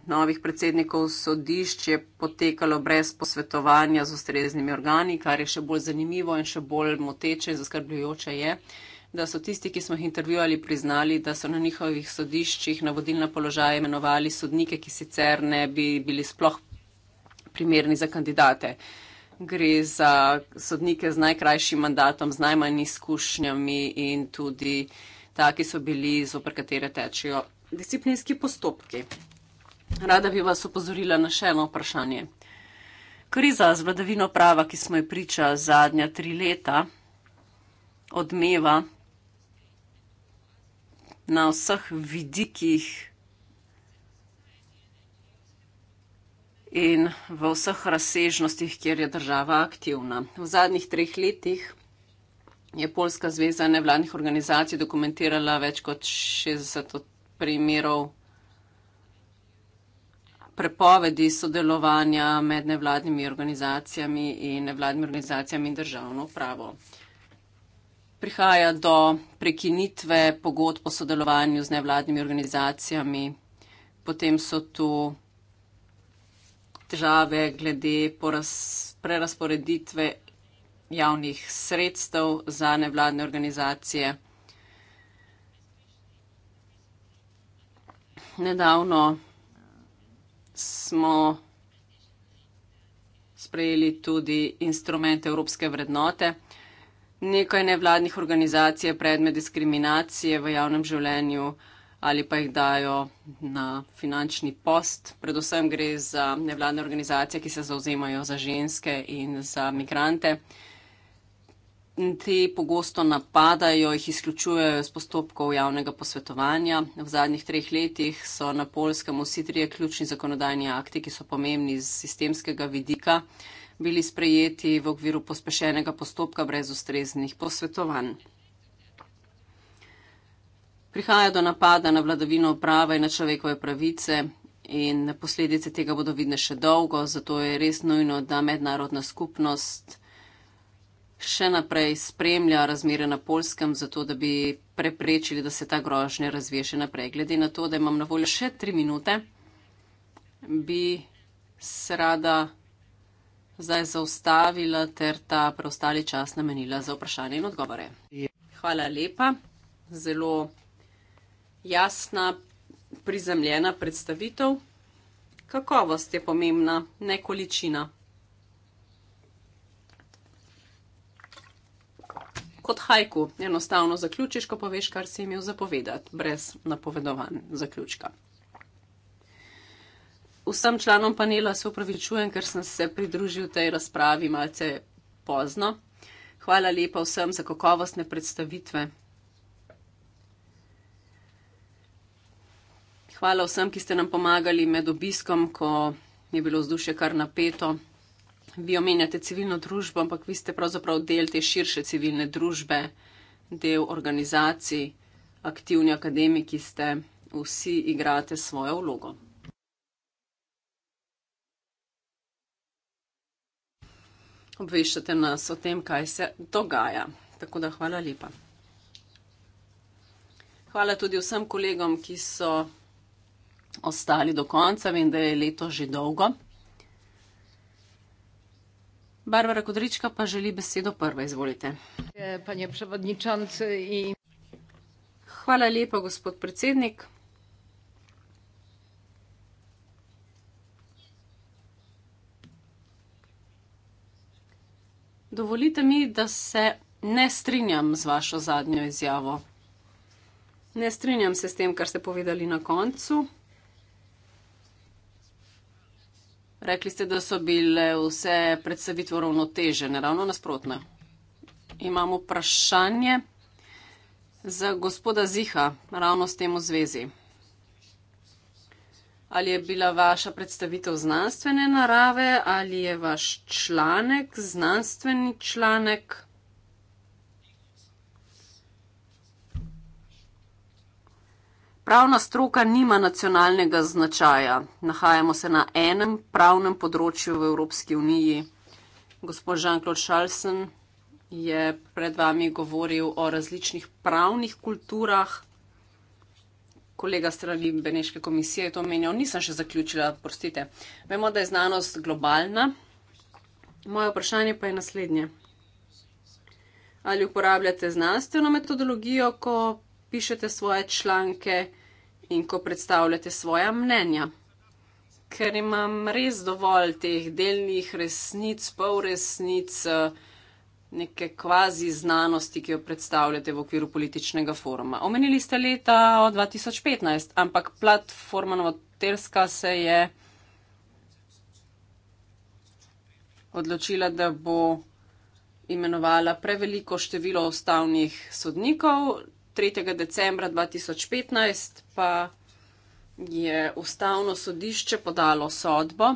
novih predsednikov sodišč je potekalo brez posvetovanja z ustreznimi organi, kar je še bolj zanimivo in še bolj moteče in zaskrbljujoče je, da so tisti, ki smo jih intervjuali, priznali, da so na njihovih sodiščih na vodilna položaja imenovali sodnike, ki sicer ne bi bili sploh primerni za kandidate. Gre za sodnike z najkrajšim mandatom, z najmanj izkušnjami in tudi taki so bili, zopr katere tečejo disciplinski postopki. Rada bi vas opozorila na še eno vprašanje. Kriza z vladavino prava, ki smo jo priča zadnja tri leta, odmeva na vseh vidikih in v vseh razsežnostih, kjer je država aktivna. V zadnjih treh letih je Poljska zveza nevladnih organizacij dokumentirala več kot 60 primerov prepovedi sodelovanja med nevladnimi organizacijami in nevladnimi organizacijami in državno upravo. Prihaja do prekinitve pogodb o sodelovanju z nevladnimi organizacijami, potem so tu težave glede prerasporeditve javnih sredstev za nevladne organizacije. Nedavno smo sprejeli tudi instrument evropske vrednote. Nekaj nevladnih organizacij je predmet diskriminacije v javnem življenju ali pa jih dajo na finančni post. Predvsem gre za nevladne organizacije, ki se zauzemajo za ženske in za migrante in te pogosto napadajo, jih izključujejo iz postopkov javnega posvetovanja. V zadnjih treh letih so na Polskem vsi trije ključni zakonodajni akti, ki so pomembni z sistemskega vidika, bili sprejeti v okviru pospešenega postopka brez ustreznih posvetovanj. Prihaja do napada na vladavino prava in na človekove pravice. In posledice tega bodo vidne še dolgo, zato je res nujno, da mednarodna skupnost še naprej spremlja razmere na polskem, zato da bi preprečili, da se ta grožnja razvije še naprej. Glede na to, da imam na voljo še tri minute, bi se rada zdaj zaustavila ter ta preostali čas namenila za vprašanje in odgovore. Hvala lepa, zelo jasna, prizemljena predstavitev. Kakovost je pomembna, ne količina. kot hajku, enostavno zaključiš, ko poveš, kar si imel zapovedati, brez napovedovanj zaključka. Vsem članom panela se upravičujem, ker sem se pridružil tej razpravi malce pozno. Hvala lepa vsem za kakovostne predstavitve. Hvala vsem, ki ste nam pomagali med obiskom, ko je bilo vzdušje kar napeto vi omenjate civilno družbo, ampak vi ste pravzaprav del te širše civilne družbe, del organizacij, aktivni akademiki ste, vsi igrate svojo vlogo. Obveščate nas o tem, kaj se dogaja. Tako da hvala lepa. Hvala tudi vsem kolegom, ki so ostali do konca. Vem, da je leto že dolgo. Barbara Kodrička pa želi besedo prva. Izvolite. Hvala lepa, gospod predsednik. Dovolite mi, da se ne strinjam z vašo zadnjo izjavo. Ne strinjam se s tem, kar ste povedali na koncu. Rekli ste, da so bile vse predstavitve ravnotežene, ravno nasprotne. Imamo vprašanje za gospoda Ziha, ravno s tem v zvezi. Ali je bila vaša predstavitev znanstvene narave, ali je vaš članek znanstveni članek? Pravna stroka nima nacionalnega značaja. Nahajamo se na enem pravnem področju v Evropski uniji. Gospod Jean-Claude Schalsen je pred vami govoril o različnih pravnih kulturah. Kolega strani Beneške komisije je to omenjal, nisem še zaključila, prostite. Vemo, da je znanost globalna. Moje vprašanje pa je naslednje. Ali uporabljate znanstveno metodologijo, ko pišete svoje članke in ko predstavljate svoja mnenja. Ker imam res dovolj teh delnih resnic, pol resnic, eh, neke kvazi znanosti, ki jo predstavljate v okviru političnega foruma. Omenili ste leta 2015, ampak platforma Novotelska se je odločila, da bo imenovala preveliko število ustavnih sodnikov, 3. decembra 2015 pa je ustavno sodišče podalo sodbo,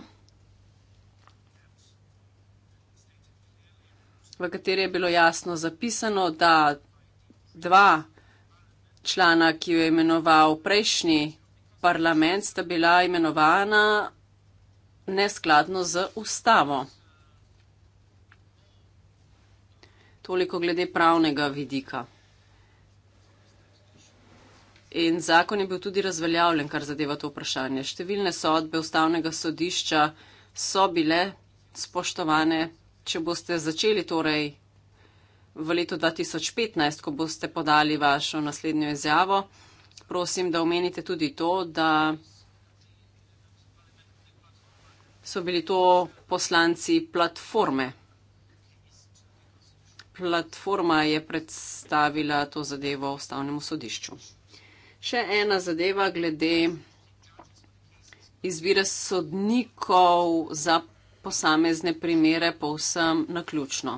v kateri je bilo jasno zapisano, da dva člana, ki jo je imenoval prejšnji parlament, sta bila imenovana neskladno z ustavo. Toliko glede pravnega vidika. In zakon je bil tudi razveljavljen, kar zadeva to vprašanje. Številne sodbe ustavnega sodišča so bile spoštovane. Če boste začeli torej v letu 2015, ko boste podali vašo naslednjo izjavo, prosim, da omenite tudi to, da so bili to poslanci platforme. Platforma je predstavila to zadevo ustavnemu sodišču. Še ena zadeva glede izbire sodnikov za posamezne primere, povsem na ključno.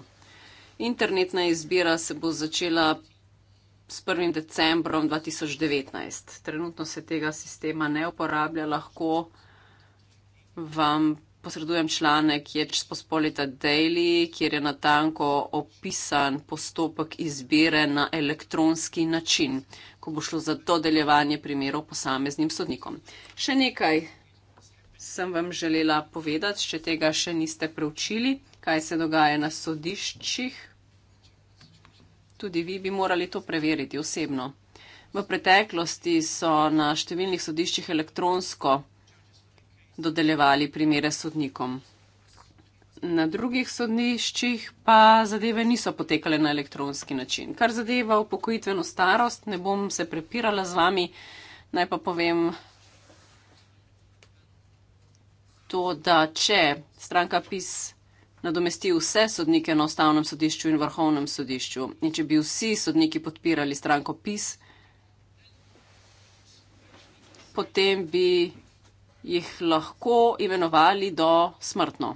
Internetna izbira se bo začela s 1. decembrom 2019. Trenutno se tega sistema ne uporablja, lahko vam pa posredujem članek, ki je čez pospolita Daily, kjer je natanko opisan postopek izbire na elektronski način, ko bo šlo za dodeljevanje primerov posameznim sodnikom. Še nekaj sem vam želela povedati, če tega še niste preučili, kaj se dogaja na sodiščih. Tudi vi bi morali to preveriti osebno. V preteklosti so na številnih sodiščih elektronsko dodeljevali primere sodnikom. Na drugih sodniščih pa zadeve niso potekale na elektronski način. Kar zadeva upokojitveno starost, ne bom se prepirala z vami, naj pa povem to, da če stranka PIS nadomesti vse sodnike na ustavnem sodišču in vrhovnem sodišču in če bi vsi sodniki podpirali stranko PIS, potem bi jih lahko imenovali do smrtno.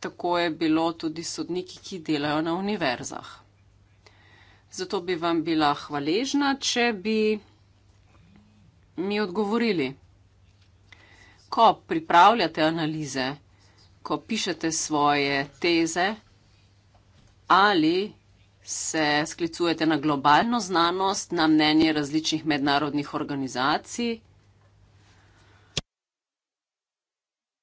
Tako je bilo tudi sodniki, ki delajo na univerzah. Zato bi vam bila hvaležna, če bi mi odgovorili. Ko pripravljate analize, ko pišete svoje teze ali se sklicujete na globalno znanost, na mnenje različnih mednarodnih organizacij.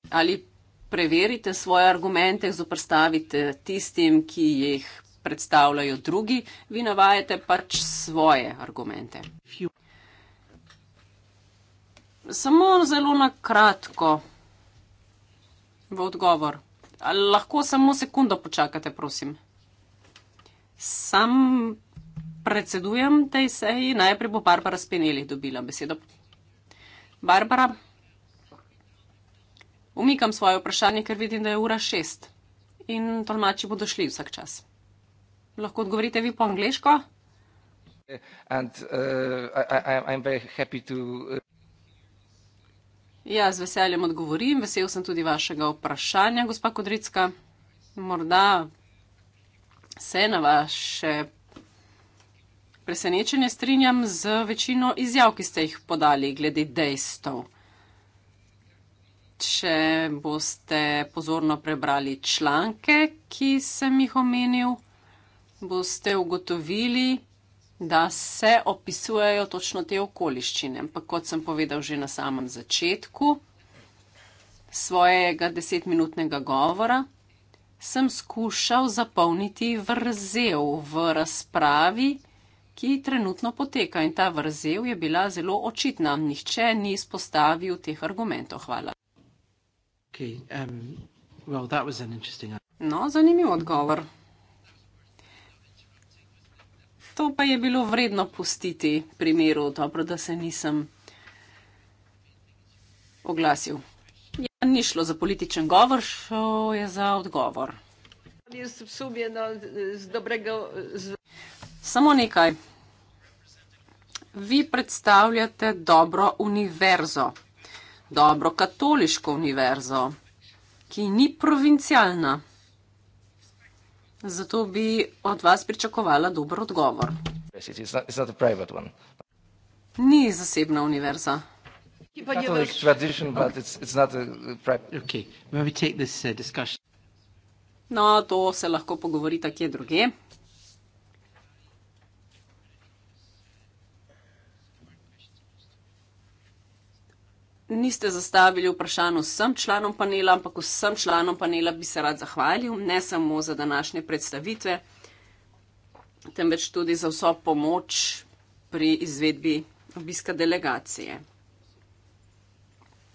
Ali preverite svoje argumente, zoprstavite tistim, ki jih predstavljajo drugi, vi navajate pač svoje argumente. Samo zelo na kratko v odgovor. Lahko samo sekundo počakate, prosim. Sam predsedujem tej seji, najprej bo Barbara Spinelih dobila besedo. Barbara, umikam svoje vprašanje, ker vidim, da je ura šest in tolmači bodo šli vsak čas. Lahko odgovorite vi po angliško? And, uh, I, I, to... Uh, ja, z veseljem odgovorim. Vesel sem tudi vašega vprašanja, gospa Kodricka. Morda se na vaše presenečenje strinjam z večino izjav, ki ste jih podali glede dejstev. Če boste pozorno prebrali članke, ki sem jih omenil, boste ugotovili, da se opisujejo točno te okoliščine. Ampak kot sem povedal že na samem začetku svojega desetminutnega govora, sem skušal zapolniti vrzel v razpravi, ki trenutno poteka. In ta vrzel je bila zelo očitna. Nihče ni izpostavil teh argumentov. Hvala. Okay, um, well, interesting... No, zanimiv odgovor. To pa je bilo vredno pustiti primeru, dobro, da se nisem oglasil. Ni šlo za političen govor, šlo je za odgovor. Samo nekaj. Vi predstavljate dobro univerzo, dobro katoliško univerzo, ki ni provincialna. Zato bi od vas pričakovala dober odgovor. Ni zasebna univerza. Catholic tradition, but okay. it's it's not a prep. Okay, when we take this uh, discussion. No, to se lahko pogovorita kje druge. Niste zastavili vprašanj vsem članom panela, ampak vsem članom panela bi se rad zahvalil, ne samo za današnje predstavitve, temveč tudi za vso pomoč pri izvedbi obiska delegacije.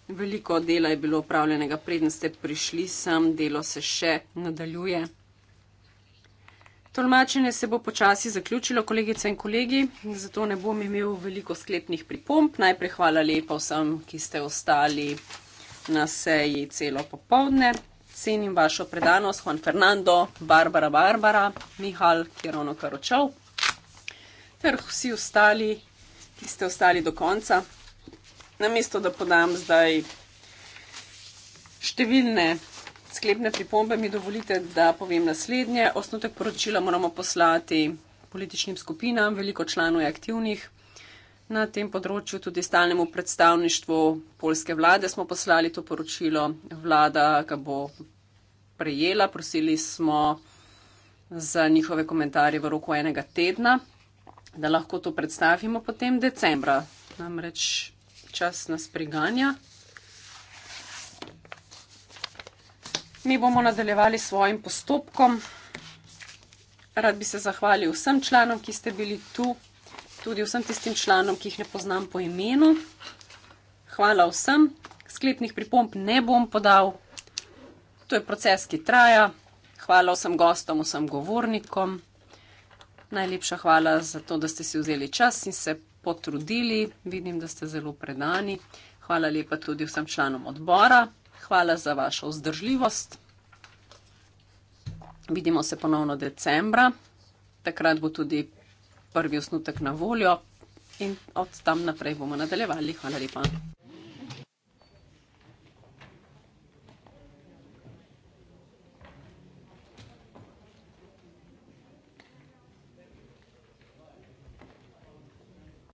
Veliko dela je bilo upravljenega, preden ste prišli sem, delo se še nadaljuje. Tolmačenje se bo počasi zaključilo, kolegice in kolegi, zato ne bom imel veliko sklepnih pripomp. Najprej hvala lepa vsem, ki ste ostali na seji celo popovdne. Cenim vašo predanost, Juan Fernando, Barbara Barbara, Mihal, ki je ravno kar očel, ter vsi ostali, ki ste ostali do konca. Na mesto, da podam zdaj številne sklepne pripombe, mi dovolite, da povem naslednje. Osnotek poročila moramo poslati političnim skupinam, veliko članov je aktivnih. Na tem področju tudi stalnemu predstavništvu polske vlade smo poslali to poročilo. Vlada ga bo prejela, prosili smo za njihove komentarje v roku enega tedna, da lahko to predstavimo potem decembra. Namreč čas nas preganja. Mi bomo nadaljevali s svojim postopkom. Rad bi se zahvalil vsem članom, ki ste bili tu, tudi vsem tistim članom, ki jih ne poznam po imenu. Hvala vsem, sklepnih pripomb ne bom podal. To je proces, ki traja. Hvala vsem gostom, vsem govornikom. Najlepša hvala za to, da ste si vzeli čas in se potrudili, vidim, da ste zelo predani. Hvala lepa tudi vsem članom odbora, hvala za vašo vzdržljivost. Vidimo se ponovno decembra, takrat bo tudi prvi osnutek na voljo in od tam naprej bomo nadaljevali. Hvala lepa.